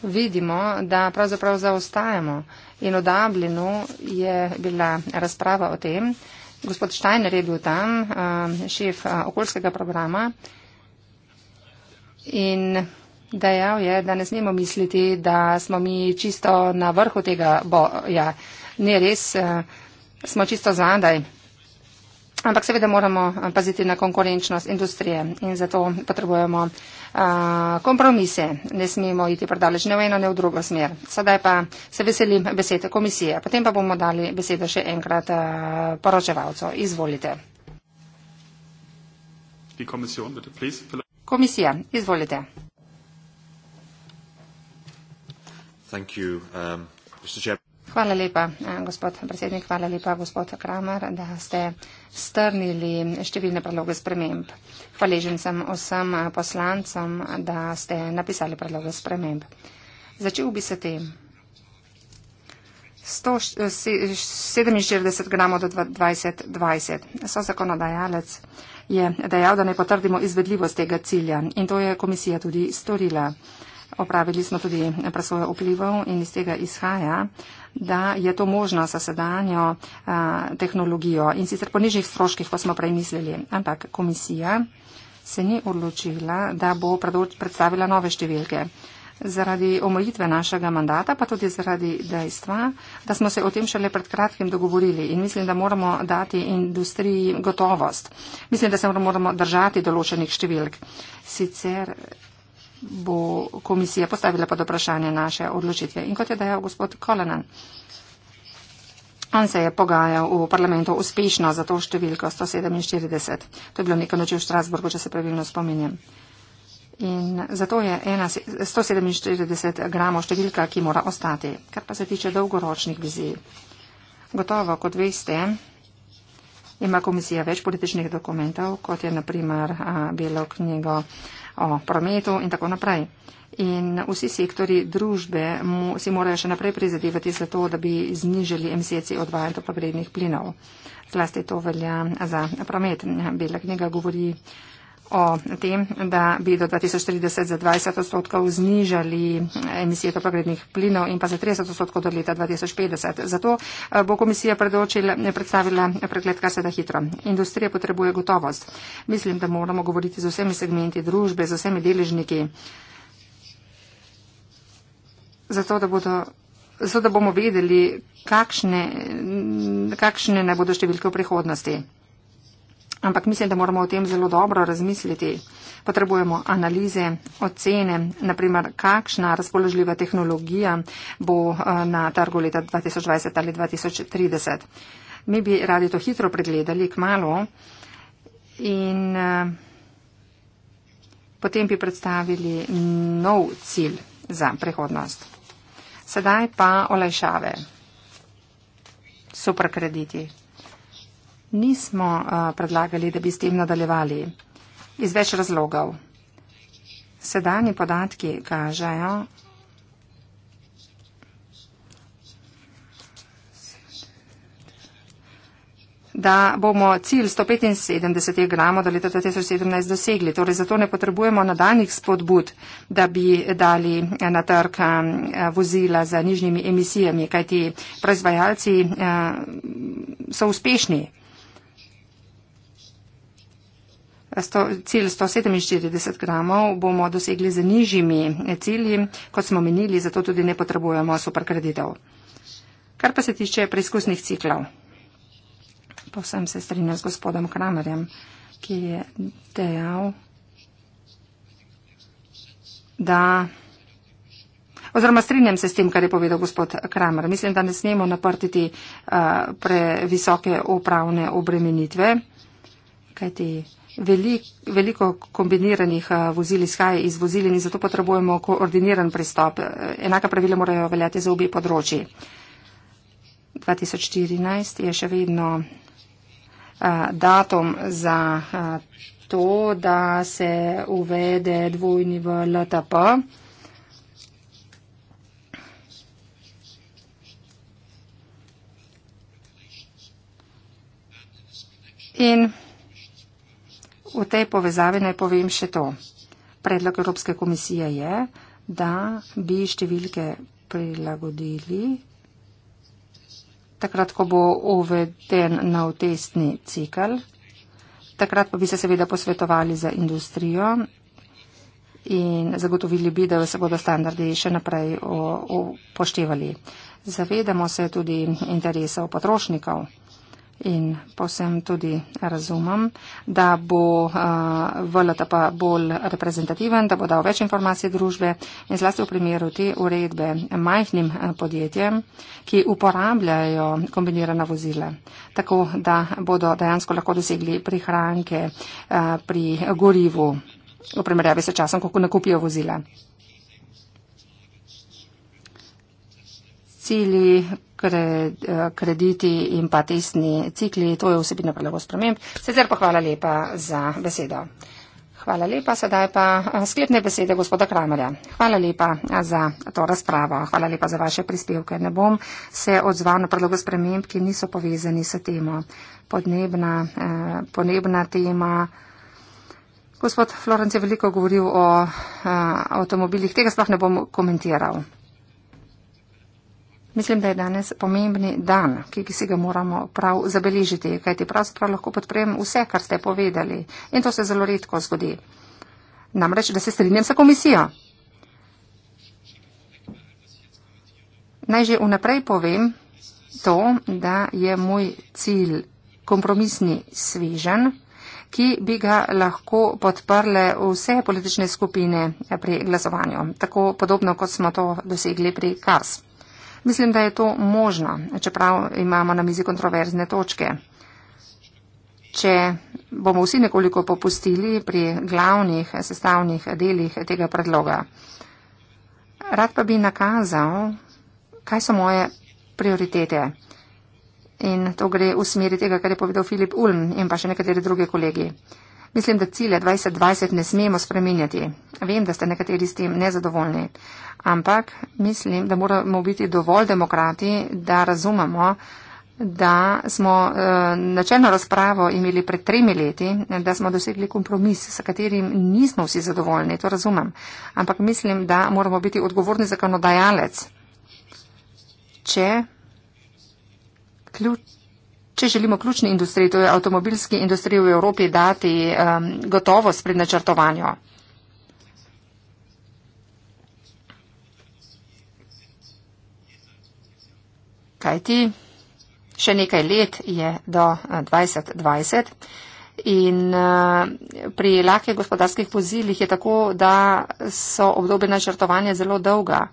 vidimo, da pravzaprav zaostajamo. In v Dublinu je bila razprava o tem, gospod Steiner je bil tam, eh, šef eh, okoljskega programa in dejal je, da ne smemo misliti, da smo mi čisto na vrhu tega boja. Ne res, eh, smo čisto zadaj. Ampak seveda moramo eh, paziti na konkurenčnost industrije in zato potrebujemo a, eh, kompromise. Ne smemo iti predaleč ne v eno, ne v drugo smer. Sedaj pa se veselim besede komisije. Potem pa bomo dali besedo še enkrat eh, poročevalcu. Izvolite. Komisija, izvolite. Thank you, um, Mr. Chairman. Hvala lepa, eh, gospod predsednik, hvala lepa, gospod Kramer, da ste strnili številne predloge sprememb. Hvaležen sem vsem poslancem, da ste napisali predloge sprememb. Začel bi eh, se tem. 147 gramov do 2020. So zakonodajalec je dejal, da ne potrdimo izvedljivost tega cilja in to je komisija tudi storila. Opravili smo tudi presojo vplivov in iz tega izhaja, da je to možno sa sedanjo a, eh, tehnologijo in sicer po nižjih stroških, kot smo prej mislili. Ampak komisija se ni odločila, da bo predstavila nove številke. Zaradi omejitve našega mandata, pa tudi zaradi dejstva, da smo se o tem šele pred kratkim dogovorili in mislim, da moramo dati industriji gotovost. Mislim, da se moramo držati določenih številk. Sicer bo komisija postavila pod vprašanje naše odločitve. In kot je dejal gospod Kolenan, on se je pogajal v parlamentu uspešno za to številko 147. To je bilo nekaj noči v Strasburgu, če se pravilno spominjem. In zato je 147 gramov številka, ki mora ostati. Kar pa se tiče dolgoročnih vizij. Gotovo, kot veste, ima komisija več političnih dokumentov, kot je naprimer Belo knjigo o prometu in tako naprej. In vsi sektori družbe mu, si morajo še naprej prizadevati za to, da bi znižali emisije CO2 in toplogrednih plinov. Zlasti to velja za promet. Bela knjiga govori o tem, da bi do 2030 za 20 odstotkov znižali emisije toplogrednih plinov in pa za 30 odstotkov do leta 2050. Zato eh, bo komisija predstavila pregled kar se da hitro. Industrija potrebuje gotovost. Mislim, da moramo govoriti z vsemi segmenti družbe, z vsemi deležniki. Zato da, bodo, zato, da bomo vedeli, kakšne, kakšne ne bodo številke v prihodnosti. Ampak mislim, da moramo o tem zelo dobro razmisliti. Potrebujemo analize, ocene, naprimer, kakšna razpoložljiva tehnologija bo eh, na trgu leta 2020 ali 2030. Mi bi radi to hitro pregledali, kmalo, in eh, potem bi predstavili nov cilj za prihodnost. Sedaj pa olajšave. Superkrediti nismo predlagali, da bi s tem nadaljevali. Iz več razlogov. Sedajni podatki kažejo, da bomo cilj 175 gramov do leta 2017 dosegli. Torej, zato ne potrebujemo nadaljnih spodbud, da bi dali na trg vozila za nižjimi emisijami, kajti proizvajalci so uspešni. 100, cilj 147 gramov bomo dosegli z nižjimi eh, cilji, kot smo menili, zato tudi ne potrebujemo superkreditov. Kar pa se tiče preizkusnih ciklov, povsem se strinjam z gospodom Kramerjem, ki je dejal, da. Oziroma strinjam se s tem, kar je povedal gospod Kramer. Mislim, da ne smemo naprtiti uh, previsoke upravne obremenitve, kajti velik, veliko kombiniranih eh, vozil izhaja iz vozil in zato potrebujemo koordiniran pristop. Eh, enaka pravila morajo veljati za obi področji. 2014 je še vedno eh, datum za to, da se uvede dvojni v LTP. In V tej povezavi naj povem še to. Predlog Evropske komisije je, da bi številke prilagodili takrat, ko bo uveden nov testni cikl. Takrat pa bi se seveda posvetovali za industrijo in zagotovili bi, da se bodo standardi še naprej upoštevali. Zavedamo se tudi interesov potrošnikov in posem tudi razumem, da bo uh, eh, VLTP bolj reprezentativen, da bo dal več informacij družbe in zlasti v primeru te uredbe majhnim eh, podjetjem, ki uporabljajo kombinirana vozila, tako da bodo dejansko lahko dosegli prihranke uh, pri gorivu v primerjavi s časom, kako nakupijo vozila. Cili kred, eh, krediti in pa testni cikli. To je vsebina predlogov sprememb. Sicer pa hvala lepa za besedo. Hvala lepa, sedaj pa eh, sklepne besede gospoda Kramerja. Hvala lepa eh, za to razpravo, hvala lepa za vaše prispevke. Ne bom se odzval na predlogo sprememb, ki niso povezani s temo. Podnebna, eh, podnebna tema. Gospod Florence je veliko govoril o eh, avtomobilih, tega sploh ne bom komentiral. Mislim, da je danes pomembni dan, ki, ki si ga moramo prav zabeležiti, kajti pravzaprav lahko podprem vse, kar ste povedali. In to se zelo redko zgodi. Namreč, da se strinjam s komisijo. Naj že vnaprej povem to, da je moj cilj kompromisni svežen, ki bi ga lahko podprle vse politične skupine pri glasovanju, tako podobno, kot smo to dosegli pri KAS. Mislim, da je to možno, čeprav imamo na mizi kontroverzne točke. Če bomo vsi nekoliko popustili pri glavnih sestavnih delih tega predloga. Rad pa bi nakazal, kaj so moje prioritete. In to gre v smeri tega, kar je povedal Filip Ulm in pa še nekateri drugi kolegi. Mislim, da cilje 2020 ne smemo spreminjati. Vem, da ste nekateri s tem nezadovoljni, ampak mislim, da moramo biti dovolj demokrati, da razumemo, da smo eh, načelno razpravo imeli pred tremi leti, da smo dosegli kompromis, s katerim nismo vsi zadovoljni, to razumem. Ampak mislim, da moramo biti odgovorni zakonodajalec, če ključ. Če želimo ključni industriji, to je avtomobilski industriji v Evropi, dati um, gotovost pri načrtovanju. Kaj ti? Še nekaj let je do 2020 eh, in uh, pri lahkih gospodarskih vozilih je tako, da so obdobje načrtovanja zelo dolga.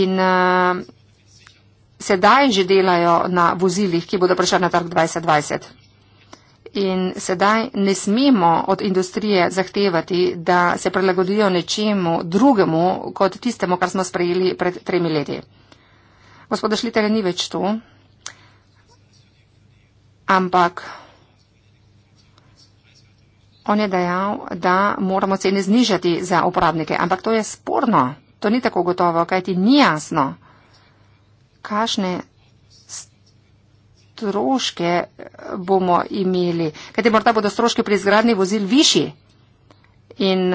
In, uh, sedaj že delajo na vozilih, ki bodo prišli na trg 2020. In sedaj ne smemo od industrije zahtevati, da se prilagodijo nečemu drugemu kot tistemu, kar smo sprejeli pred tremi leti. Gospoda Šlitele ni več tu, ampak on je dejal, da moramo cene znižati za uporabnike. Ampak to je sporno, to ni tako gotovo, kajti ni jasno kašne stroške bomo imeli, kajte morda bodo stroške pri izgradni vozil višji in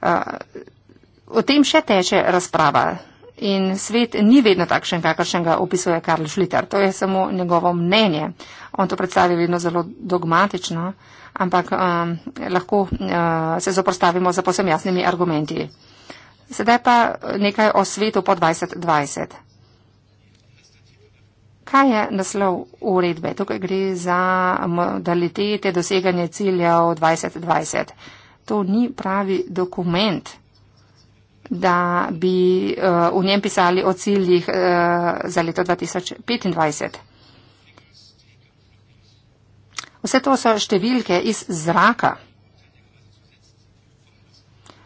uh, o tem še teče razprava in svet ni vedno takšen, kakršen ga opisuje Karl Schlitter, to je samo njegovo mnenje, on to predstavi vedno zelo dogmatično, ampak uh, lahko uh, se zoprstavimo za posem jasnimi argumenti. Sedaj pa nekaj o svetu po 2020. Kaj je naslov uredbe? Tukaj gre za modalitete doseganja ciljev 2020. To ni pravi dokument, da bi eh, v njem pisali o ciljih eh, za leto 2025. Vse to so številke iz zraka.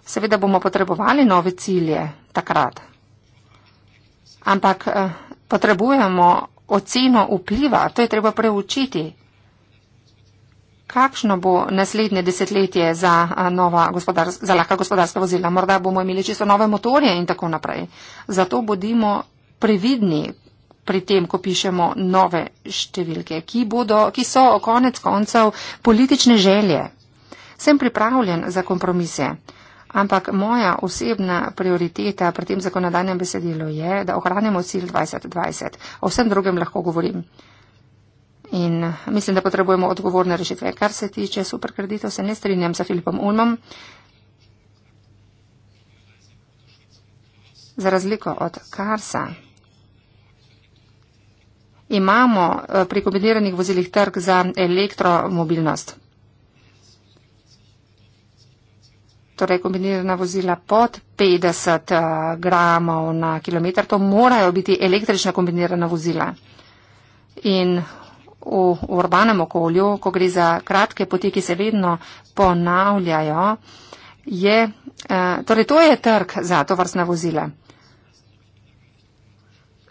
Seveda bomo potrebovali nove cilje takrat, ampak eh, potrebujemo oceno vpliva, to je treba preučiti. Kakšno bo naslednje desetletje za, eh, gospodars za lahka gospodarska vozila? Morda bomo imeli čisto nove motorje in tako naprej. Zato bodimo previdni pri tem, ko pišemo nove številke, ki, bodo, ki so konec koncev politične želje. Sem pripravljen za kompromise. Ampak moja osebna prioriteta pri tem zakonodajnem besedilu je, da ohranimo cilj 2020. O vsem drugem lahko govorim. In mislim, da potrebujemo odgovorne rešitve. Kar se tiče superkreditov, se ne strinjam sa Filipom Ulmom. Za razliko od Karsa imamo eh, pri kombiniranih vozilih trg za elektromobilnost. torej kombinirana vozila pod 50 eh, gramov na kilometr, to morajo biti električna kombinirana vozila. In v urbanem okolju, ko gre za kratke poti, ki se vedno ponavljajo, je, eh, torej to je trg za to vrstna vozila.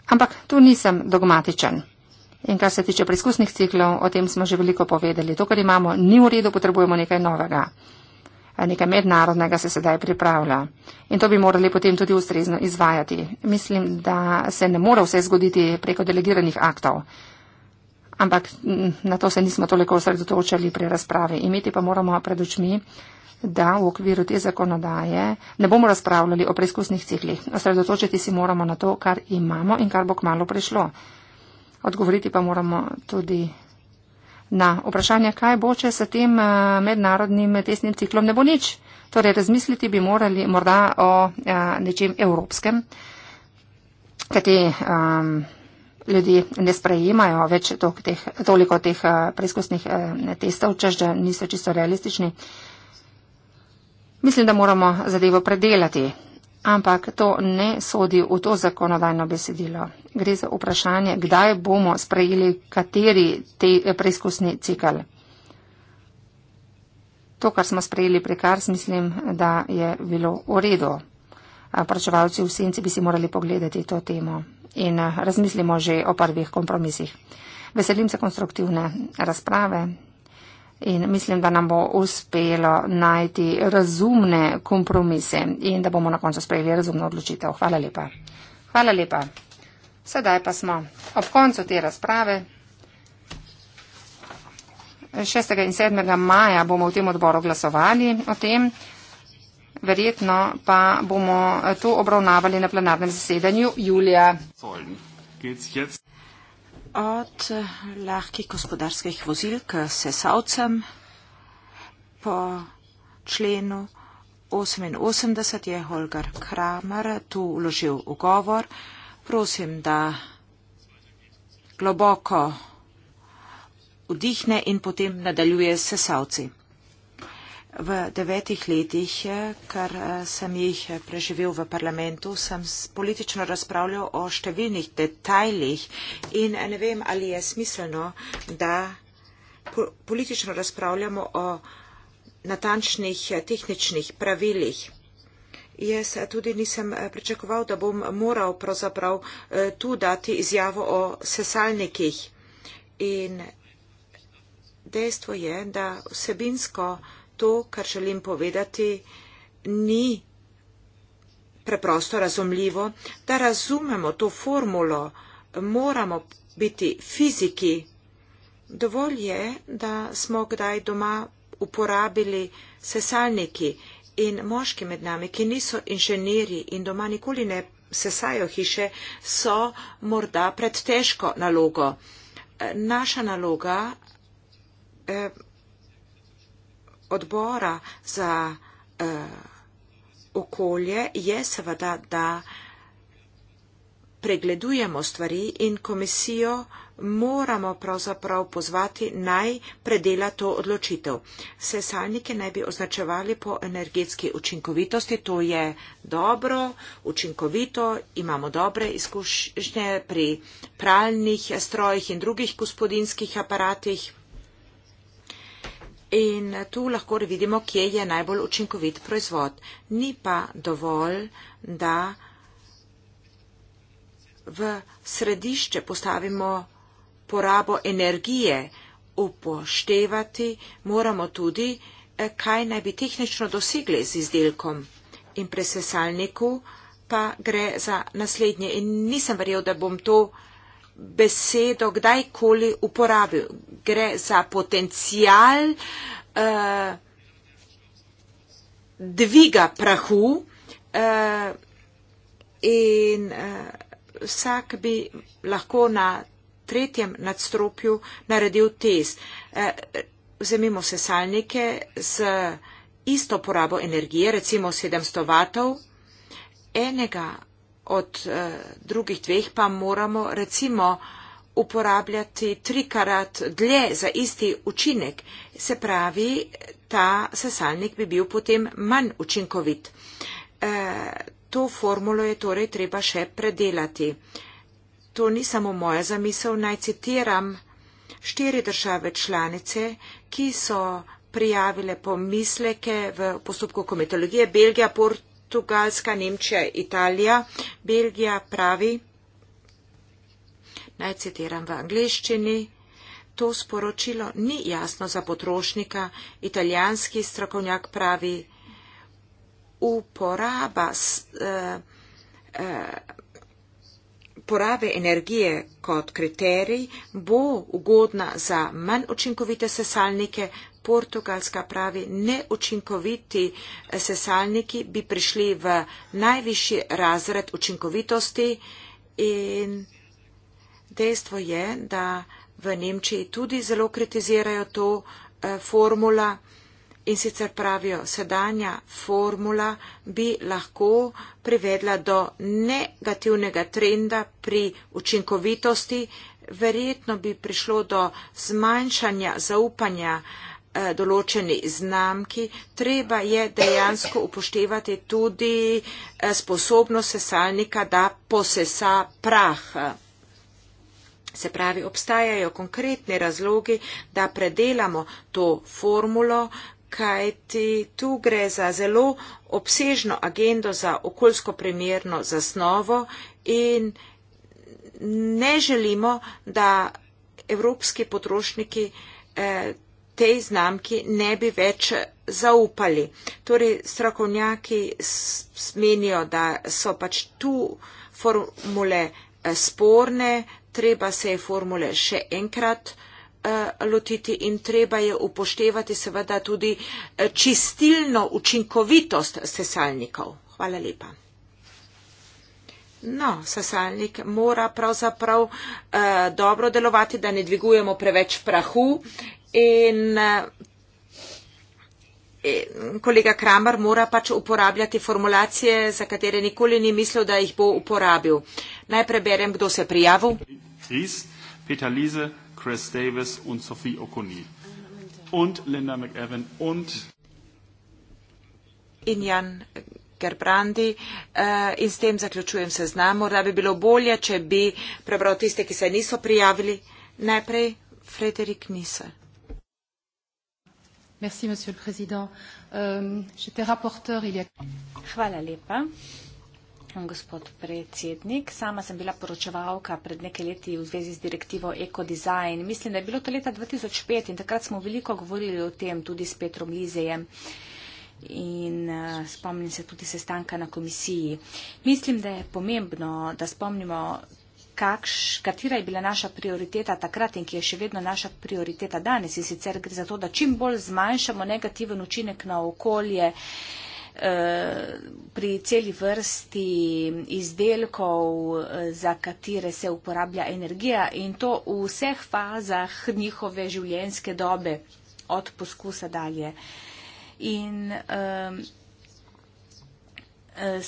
Ampak tu nisem dogmatičen. In kar se tiče preizkusnih ciklov, o tem smo že veliko povedali. To, kar imamo, ni v redu, potrebujemo nekaj novega nekaj mednarodnega se sedaj pripravlja. In to bi morali potem tudi ustrezno izvajati. Mislim, da se ne more vse zgoditi preko delegiranih aktov. Ampak mm, na to se nismo toliko osredotočali pri razpravi. Imeti pa moramo pred očmi, da v okviru te zakonodaje ne bomo razpravljali o preizkusnih ciklih. Osredotočiti si moramo na to, kar imamo in kar bo kmalo prišlo. Odgovoriti pa moramo tudi na vprašanje, kaj bo, če se tem eh, mednarodnim tesnim ciklom ne bo nič. Torej, razmisliti bi morali morda o a, eh, nečem evropskem, kaj ti ehm, ljudi ne sprejemajo več tok, teh, toliko teh a, eh, preizkusnih a, testov, čež da niso čisto realistični. Mislim, da moramo zadevo predelati ampak to ne sodi v to zakonodajno besedilo. Gre za vprašanje, kdaj bomo sprejeli kateri te eh, preizkusni cikl. To, kar smo sprejeli pri Kars, mislim, da je bilo v redu. Pračevalci v senci bi si morali pogledati to temo in eh, razmislimo že o prvih kompromisih. Veselim se konstruktivne razprave. In mislim, da nam bo uspelo najti razumne kompromise in da bomo na koncu sprejeli razumno odločitev. Hvala lepa. Hvala lepa. Sedaj pa smo ob koncu te razprave. 6. in 7. maja bomo v tem odboru glasovali o tem. Verjetno pa bomo to obravnavali na plenarnem zasedanju julija. Sollen od lahkih gospodarskih vozil k sesavcem po členu 88 je Holger Kramer tu uložil ugovor. Prosim, da globoko vdihne in potem nadaljuje sesavci. V devetih letih, eh, kar eh, sem jih eh, preživel v parlamentu, sem politično razpravljal o številnih detajlih in ne vem, ali je smiselno, da politično razpravljamo o natančnih tehničnih pravilih. Jaz tudi nisem pričakoval, da bom moral pravzaprav tu dati izjavo o sesalnikih. In dejstvo je, da vsebinsko to, kar želim povedati, ni preprosto razumljivo. Da razumemo to formulo, moramo biti fiziki. Dovolj je, da smo kdaj doma uporabili sesalniki in moški med nami, ki niso inženirji in doma nikoli ne sesajo hiše, so morda pred težko nalogo. Naša naloga eh, odbora za uh, okolje je seveda, da pregledujemo stvari in komisijo moramo pravzaprav pozvati naj predela to odločitev. Se salnike naj bi označevali po energetski učinkovitosti, to je dobro, učinkovito, imamo dobre izkušnje pri pralnih strojih in drugih gospodinskih aparatih. In tu lahko vidimo, kje je najbolj učinkovit proizvod. Ni pa dovolj, da v središče postavimo porabo energije upoštevati, moramo tudi, eh, kaj naj bi tehnično dosegli z izdelkom in presesalniku, pa gre za naslednje. In nisem verjel, da bom to besedo kdajkoli uporabil. Gre za potencial uh, dviga prahu uh, in uh, vsak bi lahko na tretjem nadstropju naredil test. Uh, vzemimo sesalnike z isto porabo energije, recimo 700 vatov, enega od eh, drugih dveh pa moramo recimo uporabljati trikrat dlje za isti učinek. Se pravi, ta sesalnik bi bil potem manj učinkovit. E, to formulo je torej treba še predelati. To ni samo moja zamisel, naj citiram štiri države članice, ki so prijavile pomisleke v postopku komitologije Belgija, Port, Portugalska, Nemčija, Italija, Belgija pravi, naj citiram v angliščini, to sporočilo ni jasno za potrošnika, italijanski strokovnjak pravi, uporaba. Uh, uh, porabe energije kot kriterij bo ugodna za manj učinkovite sesalnike. Portugalska pravi, neučinkoviti eh, sesalniki bi prišli v najvišji razred učinkovitosti in dejstvo je, da v Nemčiji tudi zelo kritizirajo to eh, formula. In sicer pravijo, sedanja formula bi lahko privedla do negativnega trenda pri učinkovitosti, verjetno bi prišlo do zmanjšanja zaupanja eh, določeni znamki, treba je dejansko upoštevati tudi eh, sposobnost sesalnika, da posesa prah. Se pravi, obstajajo konkretni razlogi, da predelamo to formulo, kajti tu gre za zelo obsežno agendo za okoljsko primerno zasnovo in ne želimo, da evropski potrošniki eh, tej znamki ne bi več zaupali. Torej, strokovnjaki menijo, da so pač tu formule eh, sporne, treba se je formule še enkrat vprašati. Eh, lotiti in treba je upoštevati seveda tudi eh, čistilno učinkovitost sesalnikov. Hvala lepa. No, sesalnik mora pravzaprav eh, dobro delovati, da ne dvigujemo preveč prahu eh, in Kolega Kramer mora pač uporabljati formulacije, za katere nikoli ni mislil, da jih bo uporabil. Najprej berem, kdo se je prijavil. Peter Lise, Chris Davis und Sophie O'Connell. Und Linda McEwan und Injan Gerbrandi. Eh, in s tem zaključujem seznam. Morda bi bilo bolje, če bi prebral tiste, ki se niso prijavili. Najprej Frederik Nisel. Merci, monsieur le président. Um, J'étais rapporteur il y a... Hvala lepa mikrofon, gospod predsednik. Sama sem bila poročevalka pred nekaj leti v zvezi z direktivo ekodizajn. Mislim, da je bilo to leta 2005 in takrat smo veliko govorili o tem tudi s Petrom Lizejem. In uh, spomnim se tudi sestanka na komisiji. Mislim, da je pomembno, da spomnimo, kakš, katera je bila naša prioriteta takrat in ki je še vedno naša prioriteta danes. In sicer gre za to, da čim bolj zmanjšamo negativen učinek na okolje. Uh, Eh, pri celi vrsti izdelkov, eh, za katere se uporablja energija in to v vseh fazah njihove življenjske dobe, od poskusa dalje. In eh,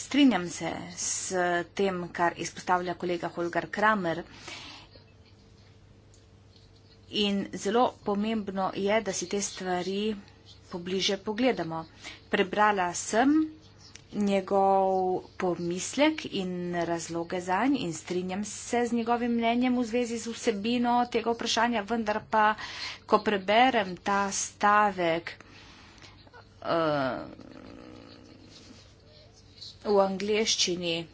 strinjam se s tem, kar izpostavlja kolega Holger Kramer. In zelo pomembno je, da si te stvari pobliže pogledamo. Prebrala sem njegov pomislek in razloge za nj in strinjam se z njegovim mnenjem v zvezi z vsebino tega vprašanja, vendar pa, ko preberem ta stavek uh, v angliščini,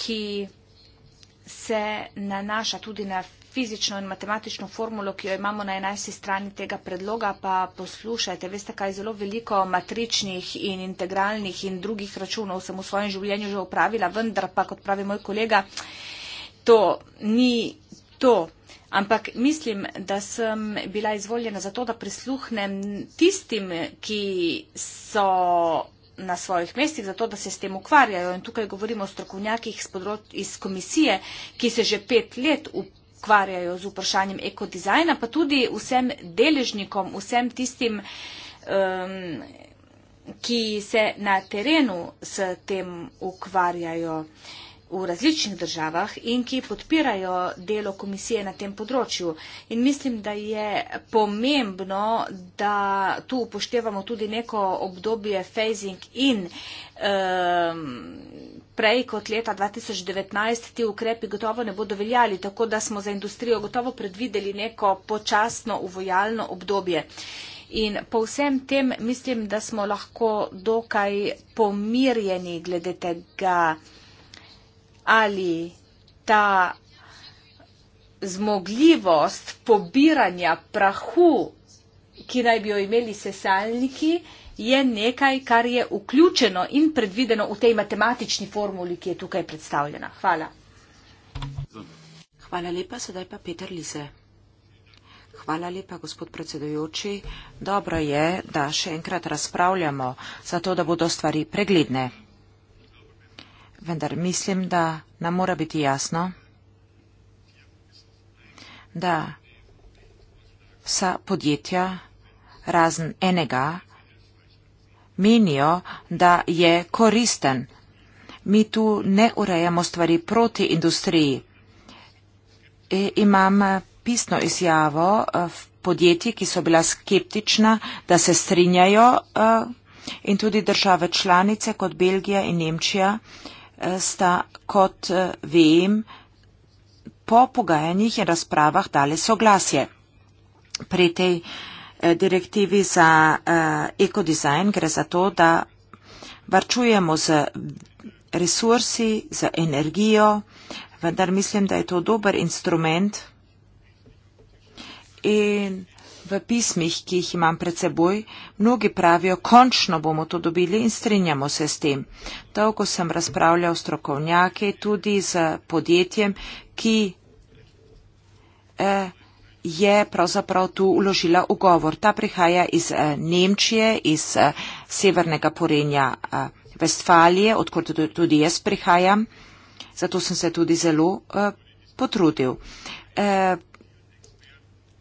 ki se nanaša tudi na fizično in matematično formulo, ki jo imamo na 11. strani tega predloga, pa poslušajte, veste, kaj zelo veliko matričnih in integralnih in drugih računov sem v svojem življenju že upravila, vendar pa, kot pravi moj kolega, to ni to. Ampak mislim, da sem bila izvoljena zato, da prisluhnem tistim, ki so na svojih mestih, zato da se s tem ukvarjajo. In tukaj govorimo o strokovnjakih iz komisije, ki se že pet let upravljajo ukvarjajo z vprašanjem ekodizajna, pa tudi vsem deležnikom, vsem tistim, um, ki se na terenu s tem ukvarjajo v različnih državah in ki podpirajo delo komisije na tem področju. In mislim, da je pomembno, da tu upoštevamo tudi neko obdobje phasing in um, prej kot leta 2019, ti ukrepi gotovo ne bodo veljali, tako da smo za industrijo gotovo predvideli neko počasno uvojalno obdobje. In po vsem tem mislim, da smo lahko dokaj pomirjeni glede tega, ali ta zmogljivost pobiranja prahu, ki naj bi jo imeli sesalniki, je nekaj, kar je vključeno in predvideno v tej matematični formuli, ki je tukaj predstavljena. Hvala. Hvala lepa, sedaj pa Peter Lise. Hvala lepa, gospod predsedujoči. Dobro je, da še enkrat razpravljamo, zato da bodo stvari pregledne. Vendar mislim, da nam mora biti jasno, da vsa podjetja, razen enega, menijo, da je koristen. Mi tu ne urejamo stvari proti industriji. E, imam pisno izjavo v e, podjetji, ki so bila skeptična, da se strinjajo e, in tudi države članice kot Belgija in Nemčija e, sta, kot vem, po pogajanjih in razpravah dali soglasje. Pri tej uh, Eh, direktivi za uh, ekodizajn gre za to, da varčujemo z resursi, z energijo, vendar mislim, da je to dober instrument in v pismih, ki jih imam pred seboj, mnogi pravijo, končno bomo to dobili in strinjamo se s tem. Dolgo sem razpravljal strokovnjake tudi z podjetjem, ki. Eh, je pravzaprav tu uložila ugovor. Ta prihaja iz eh, Nemčije, iz eh, severnega porenja eh, Vestfalije, odkud tudi jaz prihajam. Zato sem se tudi zelo potrudil.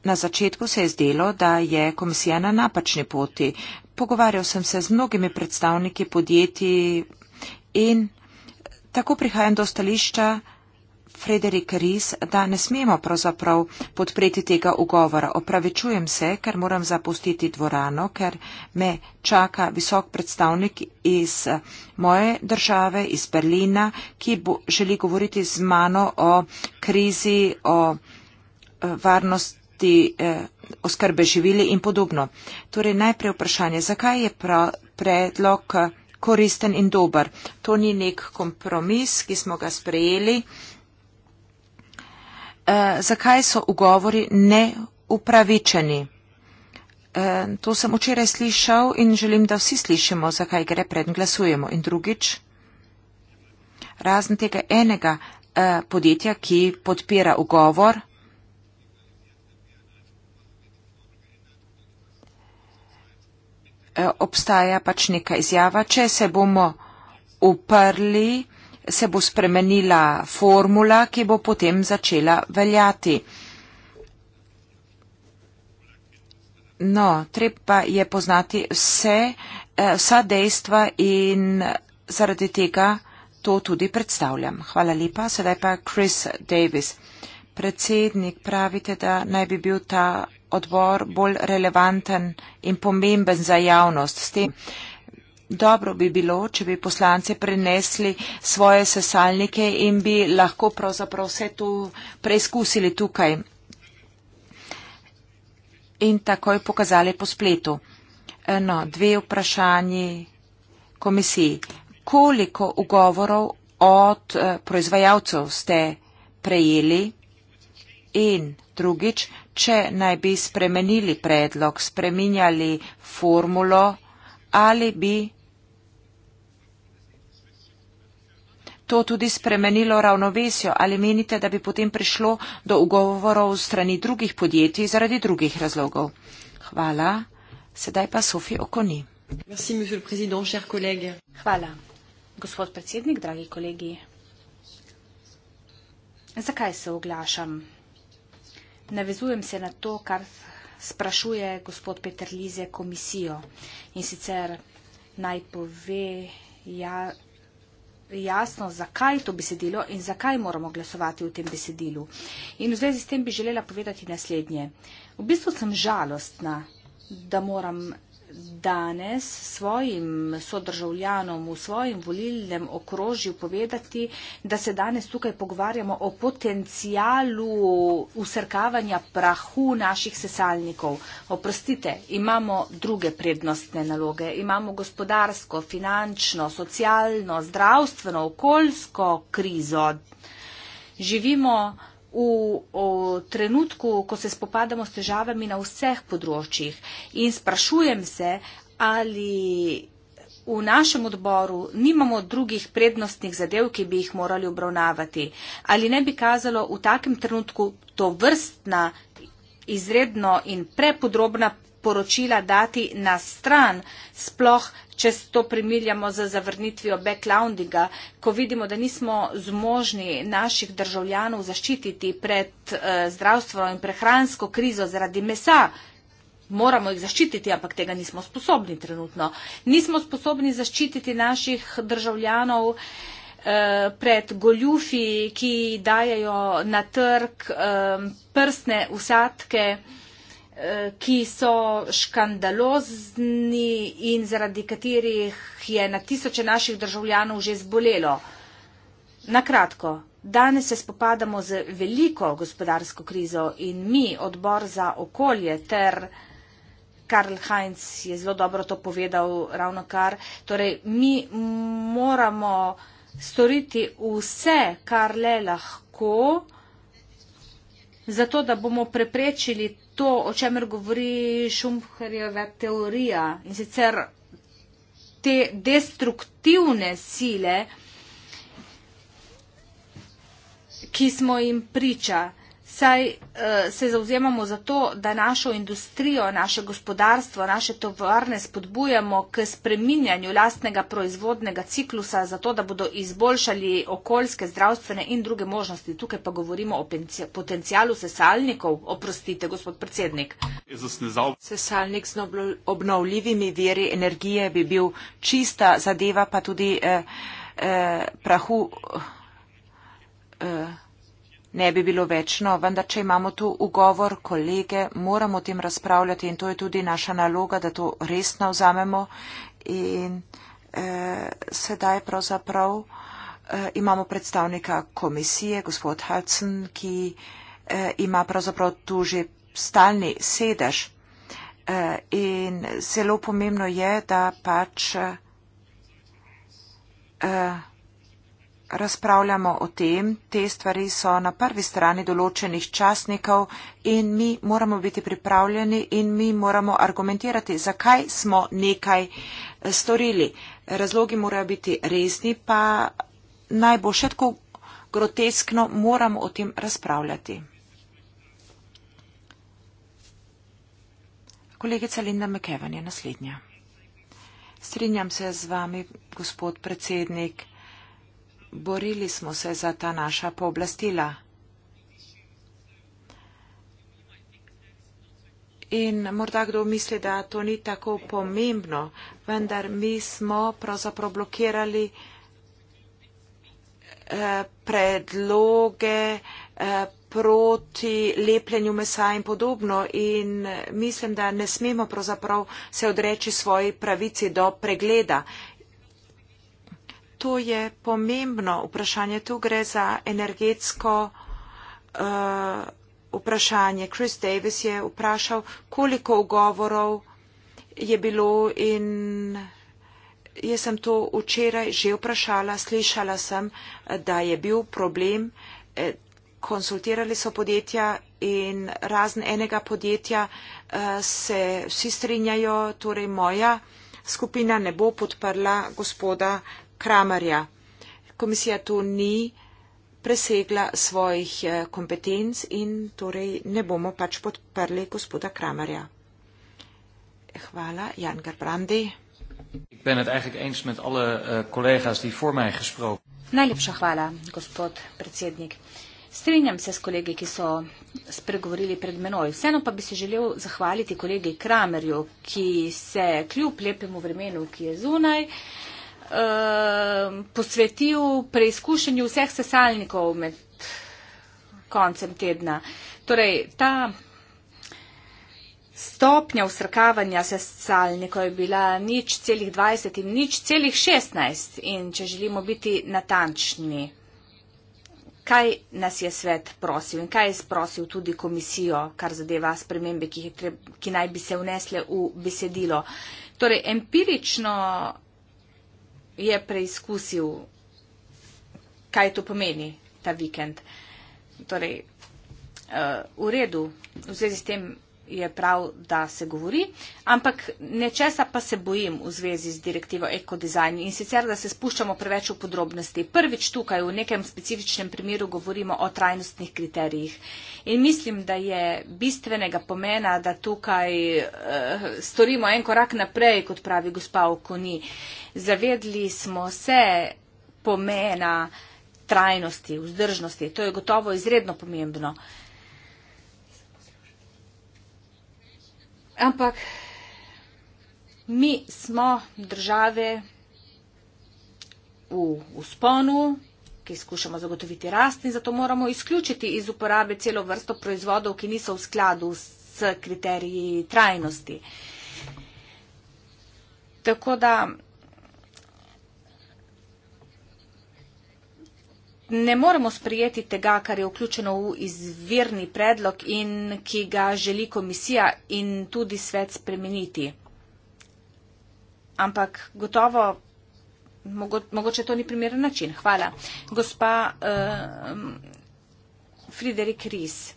Na začetku se je zdelo, da je komisija na napačni poti. Pogovarjal sem se z mnogimi predstavniki podjetij in tako prihajam do stališča, Frederik Ries, da ne smemo pravzaprav podpreti tega ugovora. Opravičujem se, ker moram zapustiti dvorano, ker me čaka visok predstavnik iz eh, moje države, iz Berlina, ki bo, želi govoriti z mano o krizi, o eh, varnosti, eh, oskrbe živili in podobno. Torej najprej vprašanje, zakaj je pra, predlog eh, koristen in dober. To ni nek kompromis, ki smo ga sprejeli eh, zakaj so ugovori neupravičeni. Eh, to sem včeraj slišal in želim, da vsi slišimo, zakaj gre pred glasujemo. In drugič, razen tega enega eh, podjetja, ki podpira ugovor, eh, obstaja pač neka izjava, če se bomo uprli, se bo spremenila formula, ki bo potem začela veljati. No, treba je poznati vse, eh, vsa dejstva in zaradi tega to tudi predstavljam. Hvala lepa. Sedaj pa Chris Davis. Predsednik, pravite, da naj bi bil ta odbor bolj relevanten in pomemben za javnost. S tem, uh, Dobro bi bilo, če bi poslanci prenesli svoje sesalnike in bi lahko pravzaprav vse to preizkusili tukaj in takoj pokazali po spletu. Eno, dve vprašanji komisiji. Koliko ugovorov od eh, proizvajalcev ste prejeli in drugič, če naj bi spremenili predlog, spreminjali formulo ali bi to tudi spremenilo ravnovesjo ali menite, da bi potem prišlo do ugovorov strani drugih podjetij zaradi drugih razlogov? Hvala. Sedaj pa Sofi Okoni. Hvala, gospod predsednik, dragi kolegi. Zakaj se oglašam? Navezujem se na to, kar sprašuje gospod Peter Lize komisijo. In sicer naj pove ja, jasno, zakaj to besedilo in zakaj moramo glasovati v tem besedilu. In v zvezi s tem bi želela povedati naslednje. V bistvu sem žalostna, da moram danes svojim sodržavljanom v svojem volilnem okrožju povedati, da se danes tukaj pogovarjamo o potencijalu usrkavanja prahu naših sesalnikov. Oprostite, imamo druge prednostne naloge. Imamo gospodarsko, finančno, socialno, zdravstveno, okoljsko krizo. Živimo v, v trenutku, ko se spopadamo s težavami na vseh področjih in sprašujem se, ali v našem odboru nimamo drugih prednostnih zadev, ki bi jih morali obravnavati, ali ne bi kazalo v takem trenutku to vrstna izredno in prepodrobna poročila dati na stran, sploh če to primiljamo z zavrnitvijo backloundinga, ko vidimo, da nismo zmožni naših državljanov zaščititi pred eh, zdravstveno in prehransko krizo zaradi mesa. Moramo jih zaščititi, ampak tega nismo sposobni trenutno. Nismo sposobni zaščititi naših državljanov eh, pred goljufi, ki dajajo na trg eh, prsne usadke Eh, ki so škandalozni in zaradi katerih je na tisoče naših državljanov že zbolelo. Na kratko, danes se spopadamo z veliko gospodarsko krizo in mi, odbor za okolje ter Karl Heinz je zelo dobro to povedal ravno kar, torej mi moramo storiti vse, kar le lahko, zato da bomo preprečili to, o čemer govori Šumherjeva teorija. In sicer te destruktivne sile, ki smo jim pričali saj uh, se zauzemamo za to, da našo industrijo, naše gospodarstvo, naše tovarne spodbujamo k spreminjanju lastnega proizvodnega ciklusa, zato da bodo izboljšali okoljske, zdravstvene in druge možnosti. Tukaj pa govorimo o potencijalu sesalnikov. Oprostite, gospod predsednik. Sesalnik z obnovljivimi veri energije bi bil čista zadeva, pa tudi eh, eh, prahu. Eh, ne bi bilo večno, vendar če imamo tu ugovor kolege, moramo o tem razpravljati in to je tudi naša naloga, da to resno vzamemo. In eh, sedaj pravzaprav eh, imamo predstavnika komisije, gospod Hudson, ki eh, ima pravzaprav tu že stalni sedež. Eh, in zelo pomembno je, da pač. Eh, razpravljamo o tem, te stvari so na prvi strani določenih časnikov in mi moramo biti pripravljeni in mi moramo argumentirati, zakaj smo nekaj eh, storili. Razlogi morajo biti resni, pa naj bo še tako groteskno, moramo o tem razpravljati. Kolegica Linda McEwan je naslednja. Strinjam se z vami, gospod predsednik borili smo se za ta naša pooblastila. In morda kdo misli, da to ni tako pomembno, vendar mi smo pravzaprav blokirali eh, predloge eh, proti lepljenju mesa in podobno. In eh, mislim, da ne smemo pravzaprav se odreči svoji pravici do pregleda to je pomembno vprašanje. Tu gre za energetsko uh, vprašanje. Chris Davis je vprašal, koliko ugovorov je bilo in jaz sem to včeraj že vprašala, slišala sem, da je bil problem. Eh, konsultirali so podjetja in razen enega podjetja eh, se vsi strinjajo, torej moja skupina ne bo podprla gospoda Kramarja. Komisija to ni presegla svojih eh, kompetenc in torej ne bomo pač podprli gospoda Kramarja. Hvala, Jan Garbrandi. Alle, uh, Najlepša hvala, gospod predsednik. Strinjam se s kolegi, ki so spregovorili pred menoj. Vseeno pa bi se želel zahvaliti kolegi Kramerju, ki se kljub lepemu vremenu, ki je zunaj, uh, Eh, posvetil preizkušenju vseh sesalnikov med koncem tedna. Torej, ta stopnja usrkavanja sesalnikov je bila nič celih 20 in nič celih 16. In če želimo biti natančni, kaj nas je svet prosil in kaj je prosil tudi komisijo, kar zadeva spremembe, ki, treb, ki naj bi se vnesle v besedilo. Torej, empirično je preizkusil, kaj to pomeni ta vikend. Torej, uh, v redu, v zvezi s tem je prav, da se govori, ampak nečesa pa se bojim v zvezi z direktivo ekodizajn in sicer, da se spuščamo preveč v podrobnosti. Prvič tukaj v nekem specifičnem primeru govorimo o trajnostnih kriterijih in mislim, da je bistvenega pomena, da tukaj uh, storimo en korak naprej, kot pravi gospa Okoni. Zavedli smo se pomena trajnosti, vzdržnosti. To je gotovo izredno pomembno. Uh, Ampak mi smo države v usponu, ki skušamo zagotoviti rast in zato moramo izključiti iz uporabe celo vrsto proizvodov, ki niso v skladu s kriteriji trajnosti. Tako da. ne moremo sprejeti tega, kar je vključeno v izvirni predlog in ki ga želi komisija in tudi svet spremeniti. Ampak gotovo, mogo, mogoče to ni primeren način. Hvala. Gospa uh, Friderik Ries.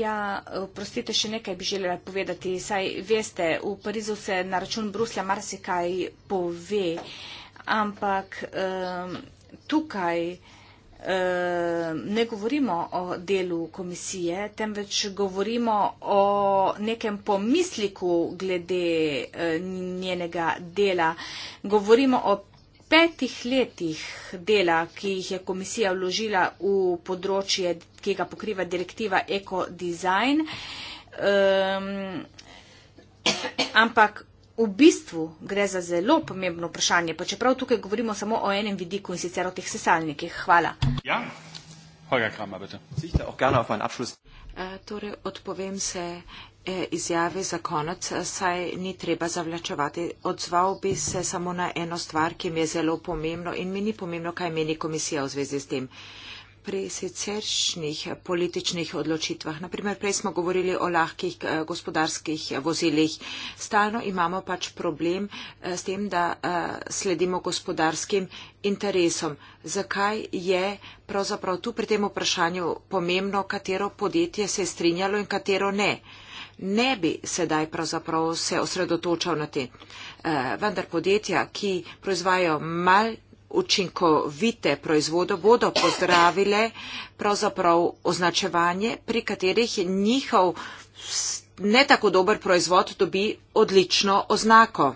Ja, prostite, še nekaj bi želela povedati. Saj veste, v Parizu se na račun Bruslja marsikaj pove, ampak. Uh, tukaj eh, ne govorimo o delu komisije, temveč govorimo o nekem pomisliku glede eh, njenega dela. Govorimo o petih letih dela, ki jih je komisija vložila v področje, ki ga pokriva direktiva Eko Design, ampak v bistvu gre za zelo pomembno vprašanje, pa čeprav tukaj govorimo samo o enem vidiku in sicer o teh sesalnikih. Hvala. Ja. Holger Kramer, bitte. Sicht auch gerne auf einen Abschluss. Eh, torej, odpovem se eh, izjavi za konec, eh, saj ni treba zavlačevati. Odzval bi se samo na eno stvar, ki mi je zelo pomembno in mi ni pomembno, kaj meni komisija v zvezi s tem pri siceršnjih političnih odločitvah. Naprimer, prej smo govorili o lahkih eh, gospodarskih vozilih. Stalno imamo pač problem eh, s tem, da eh, sledimo gospodarskim interesom. Zakaj je pravzaprav tu pri tem vprašanju pomembno, katero podjetje se je strinjalo in katero ne? Ne bi sedaj pravzaprav se osredotočal na te. Vendar podjetja, ki proizvajajo malj učinkovite proizvode bodo pozdravile pravzaprav označevanje, pri katerih njihov ne tako dober proizvod dobi odlično oznako.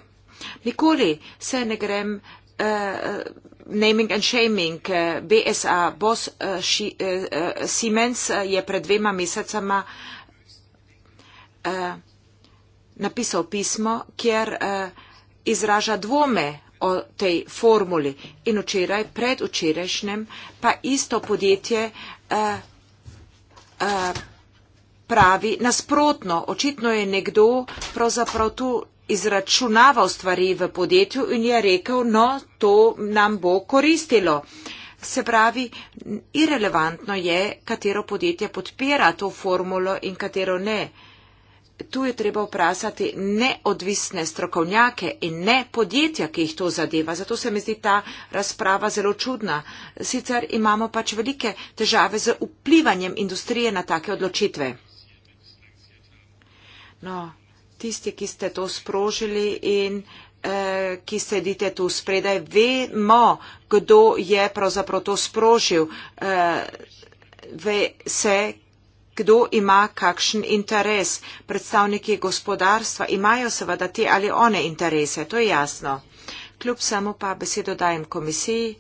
Nikoli se ne grem uh, naming and shaming. Eh, BSA Boss uh, uh, Siemens je pred dvema mesecama uh, napisal pismo, kjer uh, izraža dvome o tej formuli. In včeraj, predvčerajšnjem, pa isto podjetje uh, uh, pravi nasprotno. Očitno je nekdo pravzaprav tu izračunaval stvari v podjetju in je rekel, no, to nam bo koristilo. Se pravi, irrelevantno je, katero podjetje podpira to formulo in katero ne. Uh, tu je treba vprašati neodvisne strokovnjake in ne podjetja, ki jih to zadeva. Zato se mi zdi ta razprava zelo čudna. Sicer imamo pač velike težave z vplivanjem industrije na take odločitve. No, tisti, ki ste to sprožili in eh, ki sedite tu spredaj, vemo, kdo je pravzaprav to sprožil. Eh, ve se, kdo ima kakšen interes. Predstavniki gospodarstva imajo seveda te ali one interese, to je jasno. Kljub samo pa besedo dajem komisiji,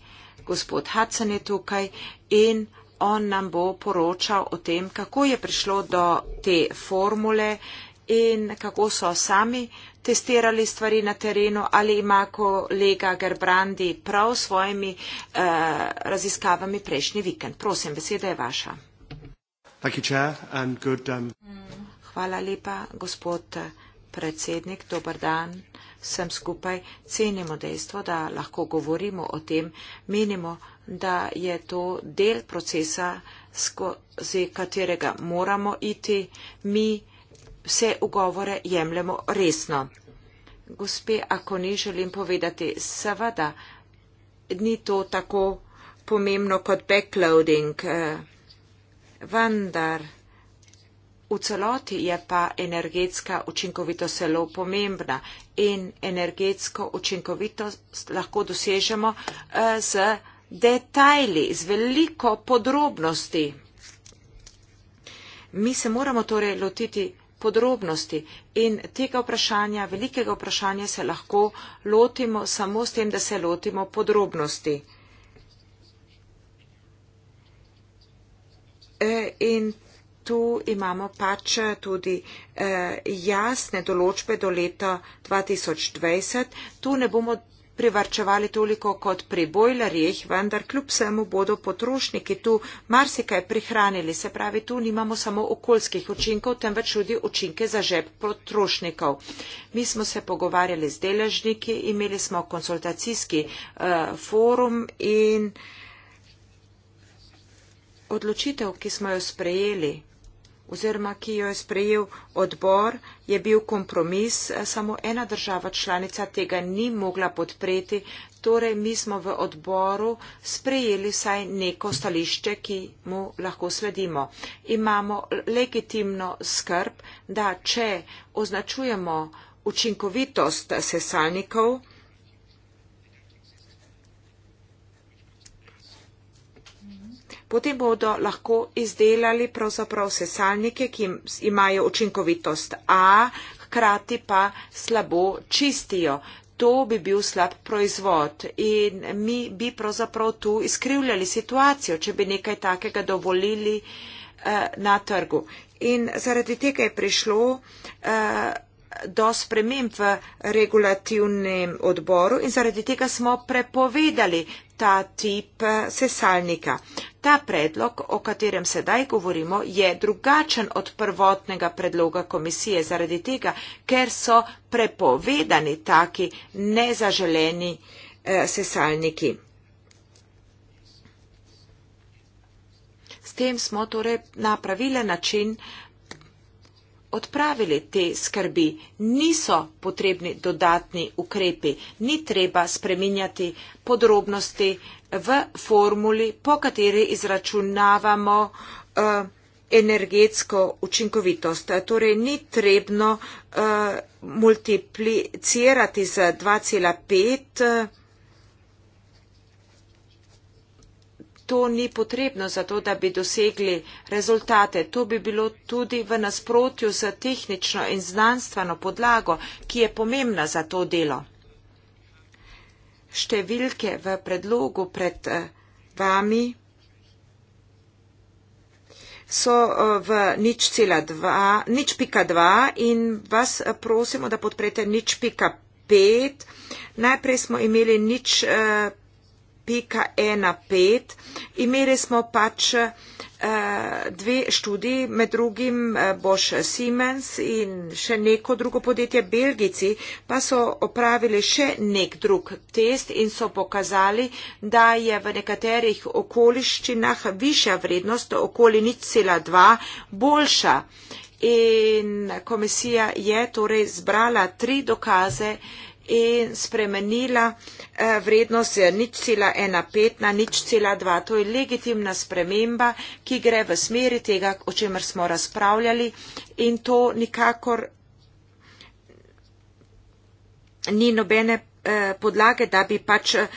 gospod Hudson je tukaj in on nam bo poročal o tem, kako je prišlo do te formule in kako so sami testirali stvari na terenu, ali ima kolega Gerbrandi prav s svojimi eh, raziskavami prejšnji vikend. Prosim, beseda je vaša. Thank you, chair, and good, um... Hvala lepa, gospod predsednik. Dobar dan sem skupaj. Cenimo dejstvo, da lahko govorimo o tem. Menimo, da je to del procesa, skozi katerega moramo iti. Mi vse ugovore jemljemo resno. Gospe, ako ni želim povedati, seveda ni to tako pomembno kot backloading. Eh, vendar v celoti je pa energetska učinkovitost zelo pomembna in energetsko učinkovitost lahko dosežemo eh, z detajli, z veliko podrobnosti. Mi se moramo torej lotiti podrobnosti in tega vprašanja, velikega vprašanja se lahko lotimo samo s tem, da se lotimo podrobnosti. E, in tu imamo pač eh, tudi eh, jasne določbe do leta 2020. Tu ne bomo privrčevali toliko kot pri bojlerjih, vendar kljub vsemu bodo potrošniki tu marsikaj prihranili. Se pravi, tu nimamo samo okoljskih učinkov, temveč tudi učinke za žep potrošnikov. Mi smo se pogovarjali z deležniki, imeli smo konsultacijski uh, forum in uh, Odločitev, ki smo jo sprejeli, oziroma ki jo je sprejel odbor, je bil kompromis, eh, samo ena država članica tega ni mogla podpreti, torej mi smo v odboru sprejeli saj neko stališče, ki mu lahko sledimo. Imamo legitimno skrb, da če označujemo učinkovitost sesalnikov, potem bodo lahko izdelali pravzaprav sesalnike, ki imajo učinkovitost A, hkrati pa slabo čistijo. To bi bil slab proizvod in mi bi pravzaprav tu izkrivljali situacijo, če bi nekaj takega dovolili eh, na trgu. In zaradi tega je prišlo eh, do sprememb v regulativnem odboru in zaradi tega smo prepovedali ta tip eh, sesalnika ta predlog, o katerem sedaj govorimo, je drugačen od prvotnega predloga komisije zaradi tega, ker so prepovedani taki nezaželeni eh, sesalniki. S tem smo torej na pravilen način odpravili te skrbi. Niso potrebni dodatni ukrepi, ni treba spreminjati podrobnosti. Eh, v formuli, po kateri izračunavamo uh, energetsko učinkovitost. Torej ni trebno uh, multiplicirati z 2,5. Eh, to ni potrebno za to, da bi dosegli rezultate. To bi bilo tudi v nasprotju z tehnično in znanstveno podlago, ki je pomembna za to delo številke v predlogu pred eh, vami so eh, v nič cela dva, nič pika dva in vas eh, prosimo, da podprete nič pika pet. Najprej smo imeli nič pika 1.5. Imeli smo pač eh, dve študiji, med drugim eh, Bosch Siemens in še neko drugo podjetje, Belgici, pa so opravili še nek drug test in so pokazali, da je v nekaterih okoliščinah višja vrednost, okoli nič cela dva, boljša. In komisija je torej zbrala tri dokaze in spremenila eh, vrednost je nič cela ena pet na nič cela dva. To je legitimna sprememba, ki gre v smeri tega, o čemer smo razpravljali in to nikakor ni nobene eh, podlage, da bi pač eh,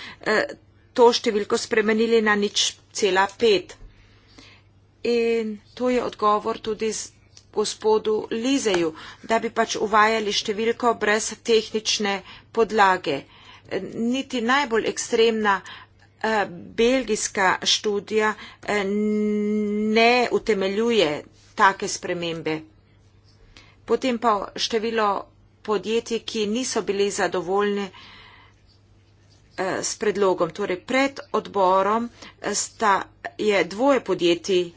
to številko spremenili na nič cela pet. In to je odgovor tudi gospodu Lizeju, da bi pač uvajali številko brez tehnične podlage. Niti najbolj ekstremna eh, belgijska študija eh, ne utemeljuje take spremembe. Potem pa število podjetij, ki niso bili zadovoljni eh, s predlogom. Torej, pred odborom sta, je dvoje podjetij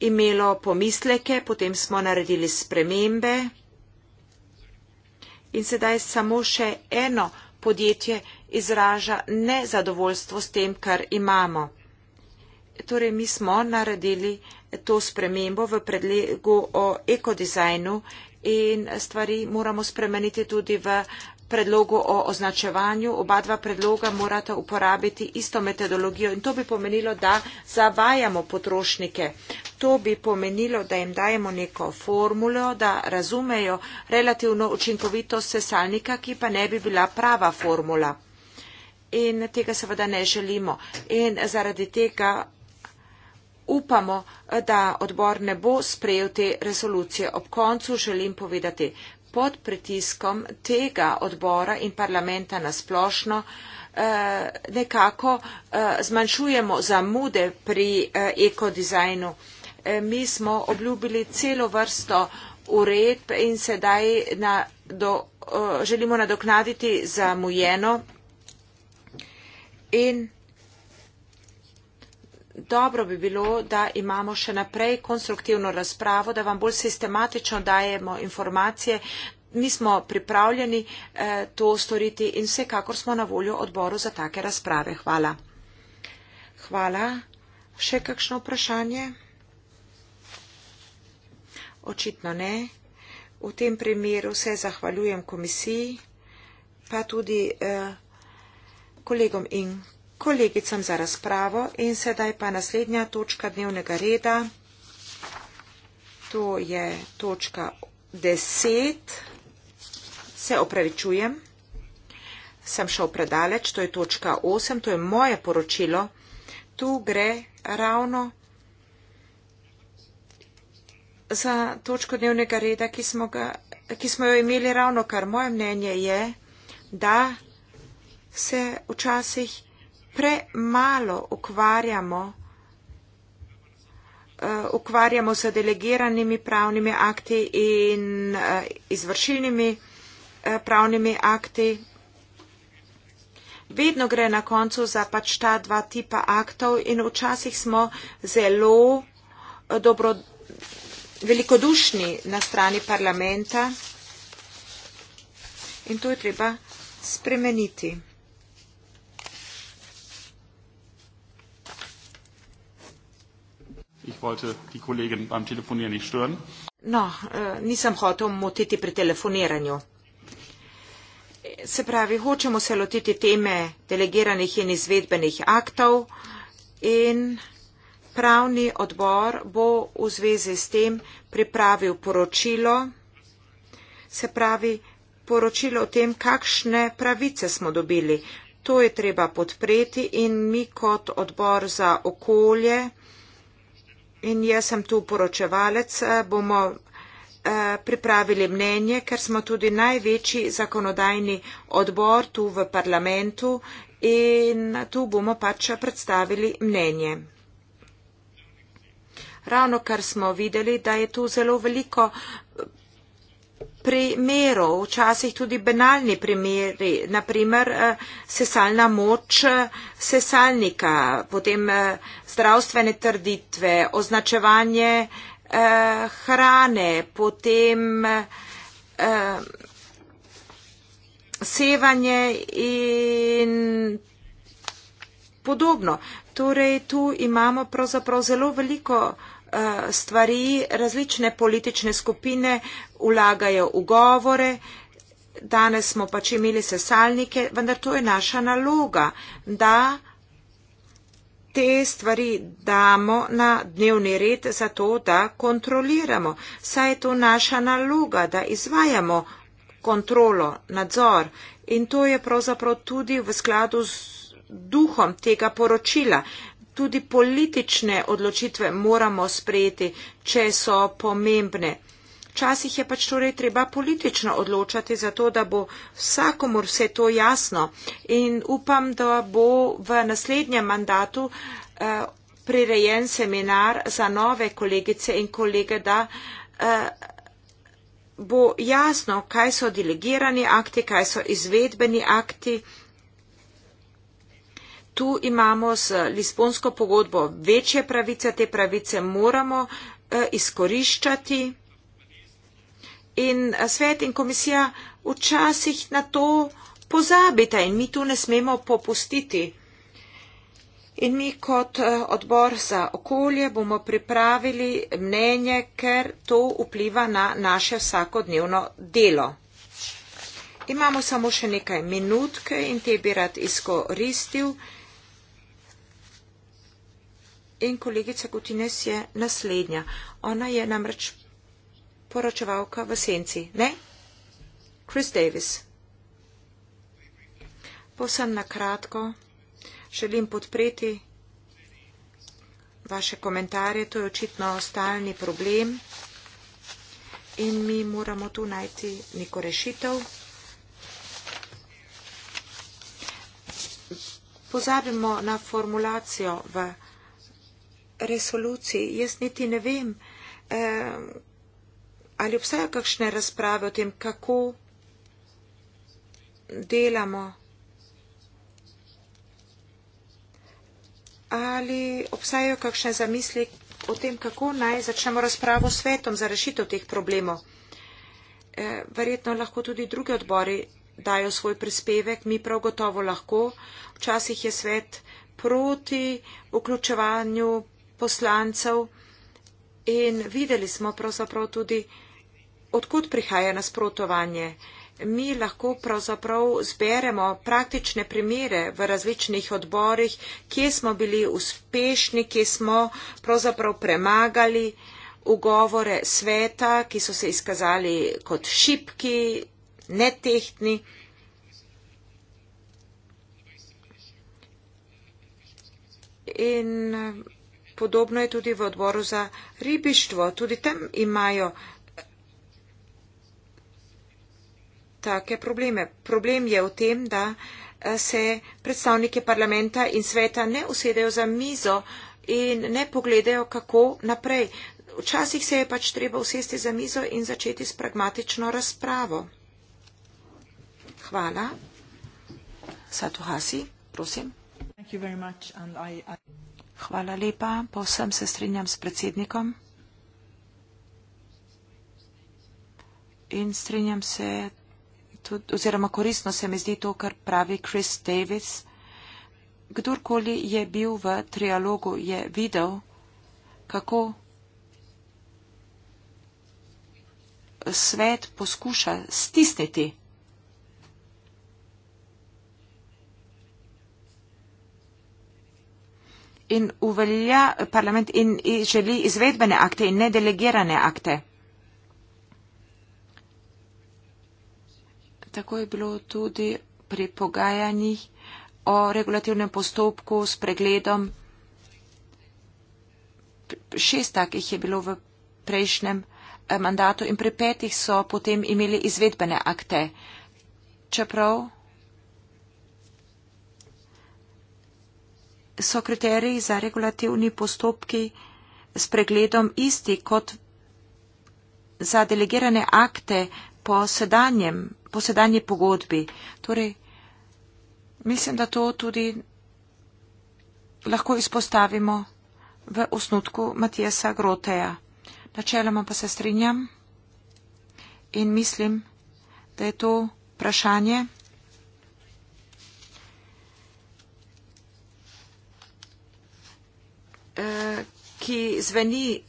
imelo pomisleke, potem smo naredili spremembe. In sedaj samo še eno podjetje izraža nezadovoljstvo s tem, kar imamo. Torej, mi smo naredili to spremembo v predlegu o ekodizajnu in stvari moramo spremeniti tudi v predlogu o označevanju. Oba dva predloga morata uporabiti isto metodologijo in to bi pomenilo, da zavajamo potrošnike. To bi pomenilo, da jim dajemo neko formulo, da razumejo relativno učinkovitost sesalnika, ki pa ne bi bila prava formula. In tega seveda ne želimo. In zaradi tega upamo, da odbor ne bo sprejel te resolucije. Ob koncu želim povedati, pod pritiskom tega odbora in parlamenta nasplošno eh, nekako eh, zmanjšujemo zamude pri eh, ekodizajnu. Mi smo obljubili celo vrsto uredb in sedaj želimo nadoknaditi zamujeno in nekako dobro bi bilo, da imamo še naprej konstruktivno razpravo, da vam bolj sistematično dajemo informacije. Mi smo pripravljeni eh, to storiti in vsekakor smo na voljo odboru za take razprave. Hvala. Hvala. Še kakšno vprašanje? Očitno ne. V tem primeru se zahvaljujem komisiji, pa tudi eh, kolegom in kolegicam za razpravo in sedaj pa naslednja točka dnevnega reda. To je točka 10. Se opravičujem, sem šel predaleč, to je točka 8, to je moje poročilo. Tu gre ravno za točko dnevnega reda, ki smo, ga, ki smo jo imeli ravno, kar moje mnenje je, da se včasih premalo ukvarjamo, uh, ukvarjamo se delegiranimi pravnimi akti in uh, izvršilnimi uh, pravnimi akti. Vedno gre na koncu za pač ta dva tipa aktov in včasih smo zelo dobro, velikodušni na strani parlamenta in to je treba spremeniti. Ich wollte die Kollegin beim Telefonieren nicht stören. No, eh, nisem hotel motiti pri telefoniranju. Se pravi, hočemo se lotiti teme delegiranih in izvedbenih aktov in pravni odbor bo v zvezi s tem pripravil poročilo, se pravi, poročilo o tem, kakšne pravice smo dobili. To je treba podpreti in mi kot odbor za okolje in jaz sem tu poročevalec, eh, bomo eh, pripravili mnenje, ker smo tudi največji zakonodajni odbor tu v parlamentu in tu bomo pač predstavili mnenje. Ravno kar smo videli, da je tu zelo veliko primerov, včasih tudi banalni primeri, naprimer eh, sesalna moč eh, sesalnika, potem eh, zdravstvene trditve, označevanje eh, hrane, potem eh, sevanje in podobno. Torej, tu imamo pravzaprav zelo veliko eh, Eh, stvari, različne politične skupine vlagajo ugovore, danes smo pač imeli sesalnike, vendar to je naša naloga, da te stvari damo na dnevni red za to, da kontroliramo. Saj je to naša naloga, da izvajamo kontrolo, nadzor in to je pravzaprav tudi v skladu z duhom tega poročila tudi politične odločitve moramo sprejeti, če so pomembne. Včasih je pač torej treba politično odločati za to, da bo vsakomor vse to jasno in upam, da bo v naslednjem mandatu eh, prirejen seminar za nove kolegice in kolege, da eh, bo jasno, kaj so delegirani akti, kaj so izvedbeni akti tu imamo s Lisbonsko pogodbo večje pravice, te pravice moramo eh, izkoriščati. In eh, svet in komisija včasih na to pozabita in mi tu ne smemo popustiti. In mi kot eh, odbor za okolje bomo pripravili mnenje, ker to vpliva na naše vsakodnevno delo. Imamo samo še nekaj minutke in te bi rad izkoristil in kolegica Gutines je naslednja. Ona je namreč poročevalka v senci, ne? Chris Davis. Posem na kratko želim podpreti vaše komentarje, to je očitno stalni problem in mi moramo tu najti neko rešitev. Pozabimo na formulacijo v resoluciji. Jaz niti ne vem, eh, ali obstaja kakšne razprave o tem, kako delamo. Ali obstajajo kakšne zamisli o tem, kako naj začnemo razpravo s svetom za rešitev teh problemov. Eh, verjetno lahko tudi druge odbori dajo svoj prispevek, mi prav gotovo lahko. Včasih je svet proti vključevanju poslancev in videli smo pravzaprav tudi, odkud prihaja nasprotovanje. Mi lahko pravzaprav zberemo praktične primere v različnih odborih, kje smo bili uspešni, kje smo pravzaprav premagali ugovore sveta, ki so se izkazali kot šipki, netehtni. In Podobno je tudi v odboru za ribištvo. Tudi tam imajo eh, take probleme. Problem je v tem, da eh, se predstavniki parlamenta in sveta ne usedejo za mizo in ne pogledajo, kako naprej. Včasih se je pač treba usesti za mizo in začeti s pragmatično razpravo. Hvala. Satuhasi, prosim. Thank you very much and I, I... Hvala lepa. Povsem se strinjam s predsednikom. In strinjam se, tudi, oziroma koristno se mi zdi to, kar pravi Chris Davis. Kdorkoli je bil v trialogu, je videl, kako svet poskuša stisniti in uvelja parlament in želi izvedbene akte in nedelegirane akte. Tako je bilo tudi pri pogajanjih o regulativnem postopku s pregledom. Šest takih je bilo v prejšnjem eh, mandatu in pri petih so potem imeli izvedbene akte. Čeprav so kriteriji za regulativni postopki s pregledom isti kot za delegirane akte po, sedanjem, po sedanji pogodbi. Torej, mislim, da to tudi lahko izpostavimo v osnutku Matijasa Groteja. Načeloma pa se strinjam in mislim, da je to vprašanje. ki zveni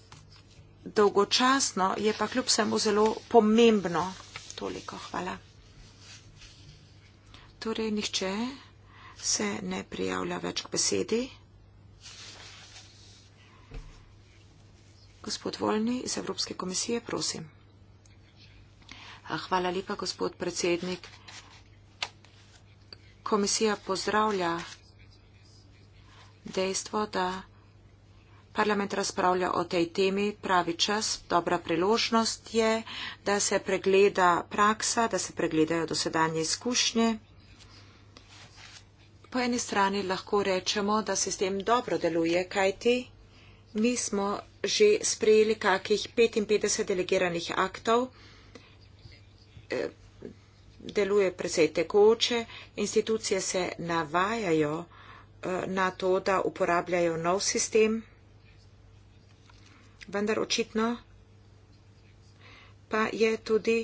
dolgočasno, je pa kljub vsemu zelo pomembno. Toliko, hvala. Torej, nihče se ne prijavlja več k besedi. Gospod Voljni iz Evropske komisije, prosim. Hvala lepa, gospod predsednik. Komisija pozdravlja dejstvo, da Parlament razpravlja o tej temi pravi čas, dobra priložnost je, da se pregleda praksa, da se pregledajo dosedanje izkušnje. Po eni strani lahko rečemo, da sistem dobro deluje, kajti mi smo že sprejeli kakih 55 delegiranih aktov, eh, deluje precej tekoče, institucije se navajajo eh, na to, da uporabljajo nov sistem vendar očitno pa je tudi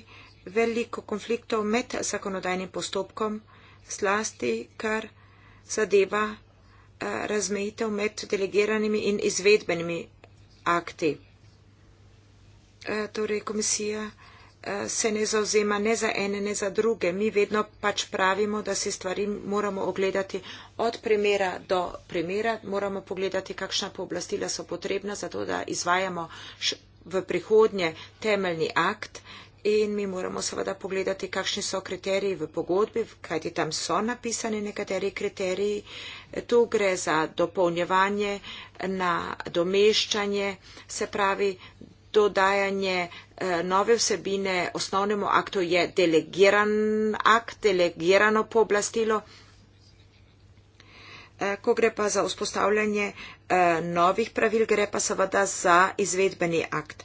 veliko konfliktov med zakonodajnim postopkom, zlasti kar zadeva eh, razmejitev med delegiranimi in izvedbenimi akti. Eh, torej, komisija Eh, se ne zauzema ne za ene, ne za druge. Mi vedno pač pravimo, da se stvari moramo ogledati od primera do primera, moramo pogledati, kakšna pooblastila so potrebna, zato da izvajamo v prihodnje temeljni akt in mi moramo seveda pogledati, kakšni so kriteriji v pogodbi, kajti tam so napisani nekateri kriteriji. Tu gre za dopolnjevanje, na domeščanje, se pravi, dodajanje eh, nove vsebine osnovnemu aktu je delegiran akt, delegirano pooblastilo. Eh, ko gre pa za vzpostavljanje eh, novih pravil, gre pa seveda za izvedbeni akt.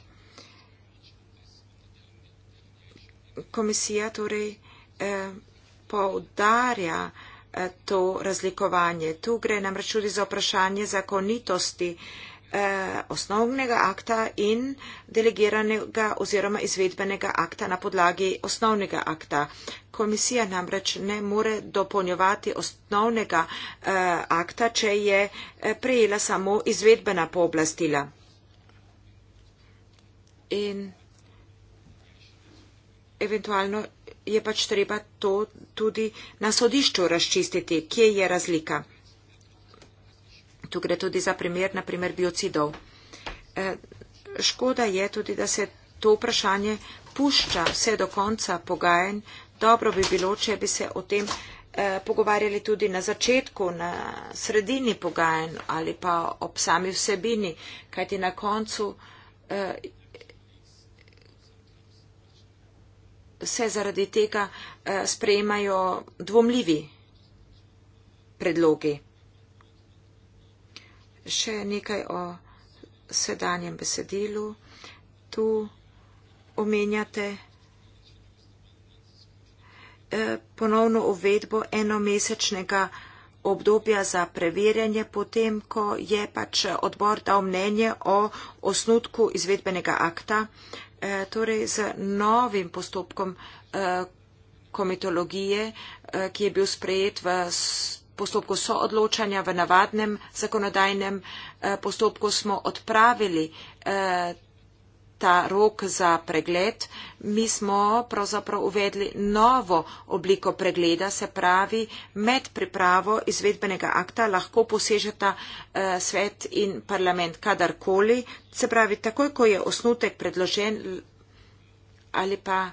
Komisija torej povdarja to razlikovanje. Tu gre namreč tudi za vprašanje zakonitosti Eh, osnovnega akta in delegiranega oziroma izvedbenega akta na podlagi osnovnega akta. Komisija namreč ne more dopolnjevati osnovnega eh, akta, če je eh, prejela samo izvedbena pooblastila. In eventualno je pač treba to tudi na sodišču razčistiti, kje je razlika tu gre tudi za primer, naprimer, biocidov. E, škoda je tudi, da se to vprašanje pušča vse do konca pogajanj. Dobro bi bilo, če bi se o tem e, pogovarjali tudi na začetku, na sredini pogajanj ali pa ob sami vsebini, kajti na koncu e, se zaradi tega e, sprejemajo dvomljivi predlogi. Še nekaj o sedanjem besedilu. Tu omenjate eh, ponovno uvedbo enomesečnega obdobja za preverjanje, potem, ko je pač odbor dal mnenje o osnutku izvedbenega akta, eh, torej z novim postopkom eh, komitologije, ki je bil sprejet v postopku soodločanja v navadnem zakonodajnem eh, postopku smo odpravili eh, ta rok za pregled. Mi smo pravzaprav uvedli novo obliko pregleda, se pravi, med pripravo izvedbenega akta lahko posežeta eh, svet in parlament kadarkoli, se pravi, takoj, ko je osnutek predložen ali pa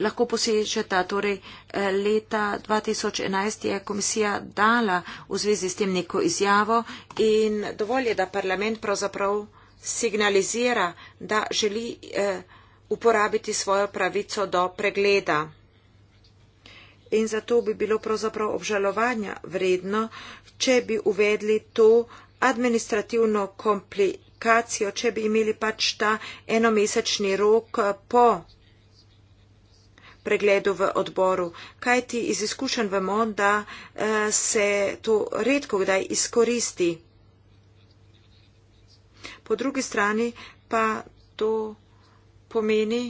lahko posečeta. Torej, eh, leta 2011 je komisija dala v zvezi s tem neko izjavo in dovolj je, da parlament pravzaprav signalizira, da želi eh, uporabiti svojo pravico do pregleda. In zato bi bilo pravzaprav obžalovanja vredno, če bi uvedli to administrativno komplikacijo, če bi imeli pač ta enomesečni rok eh, po pregledu v odboru, kajti iz izkušenj vemo, da eh, se to redko kdaj izkoristi. Po drugi strani pa to pomeni,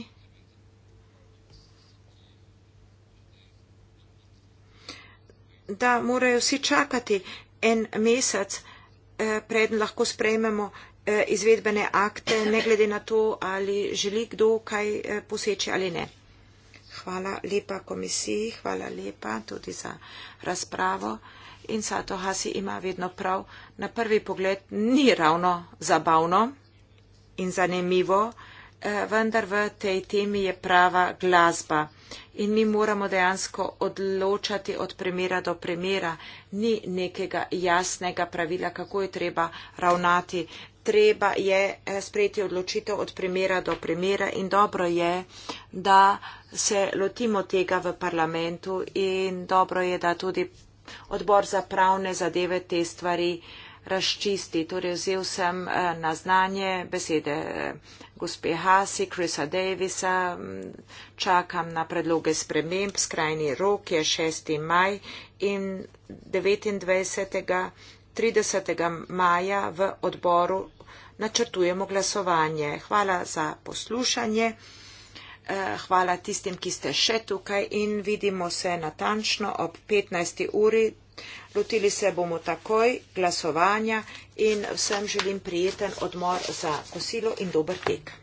da morajo vsi čakati en mesec, eh, preden lahko sprejmemo eh, izvedbene akte, ne glede na to, ali želi kdo kaj poseči ali ne. Hvala lepa komisiji, hvala lepa tudi za razpravo. In Sato Hasi ima vedno prav, na prvi pogled ni ravno zabavno in zanimivo, eh, vendar v tej temi je prava glasba. In mi moramo dejansko odločati od primera do primera. Ni nekega jasnega pravila, kako je treba ravnati treba je eh, sprejeti odločitev od primera do primera in dobro je, da se lotimo tega v parlamentu in dobro je, da tudi odbor za pravne zadeve te stvari razčisti. Torej vzel sem eh, na znanje besede eh, gospe Hasi, Chrisa Davisa, čakam na predloge sprememb, skrajni rok je 6. maj in 29. 30. maja v odboru načrtujemo glasovanje. Hvala za poslušanje, eh, hvala tistim, ki ste še tukaj in vidimo se natančno ob 15. uri. Lotili se bomo takoj glasovanja in vsem želim prijeten odmor za kosilo in dober tek.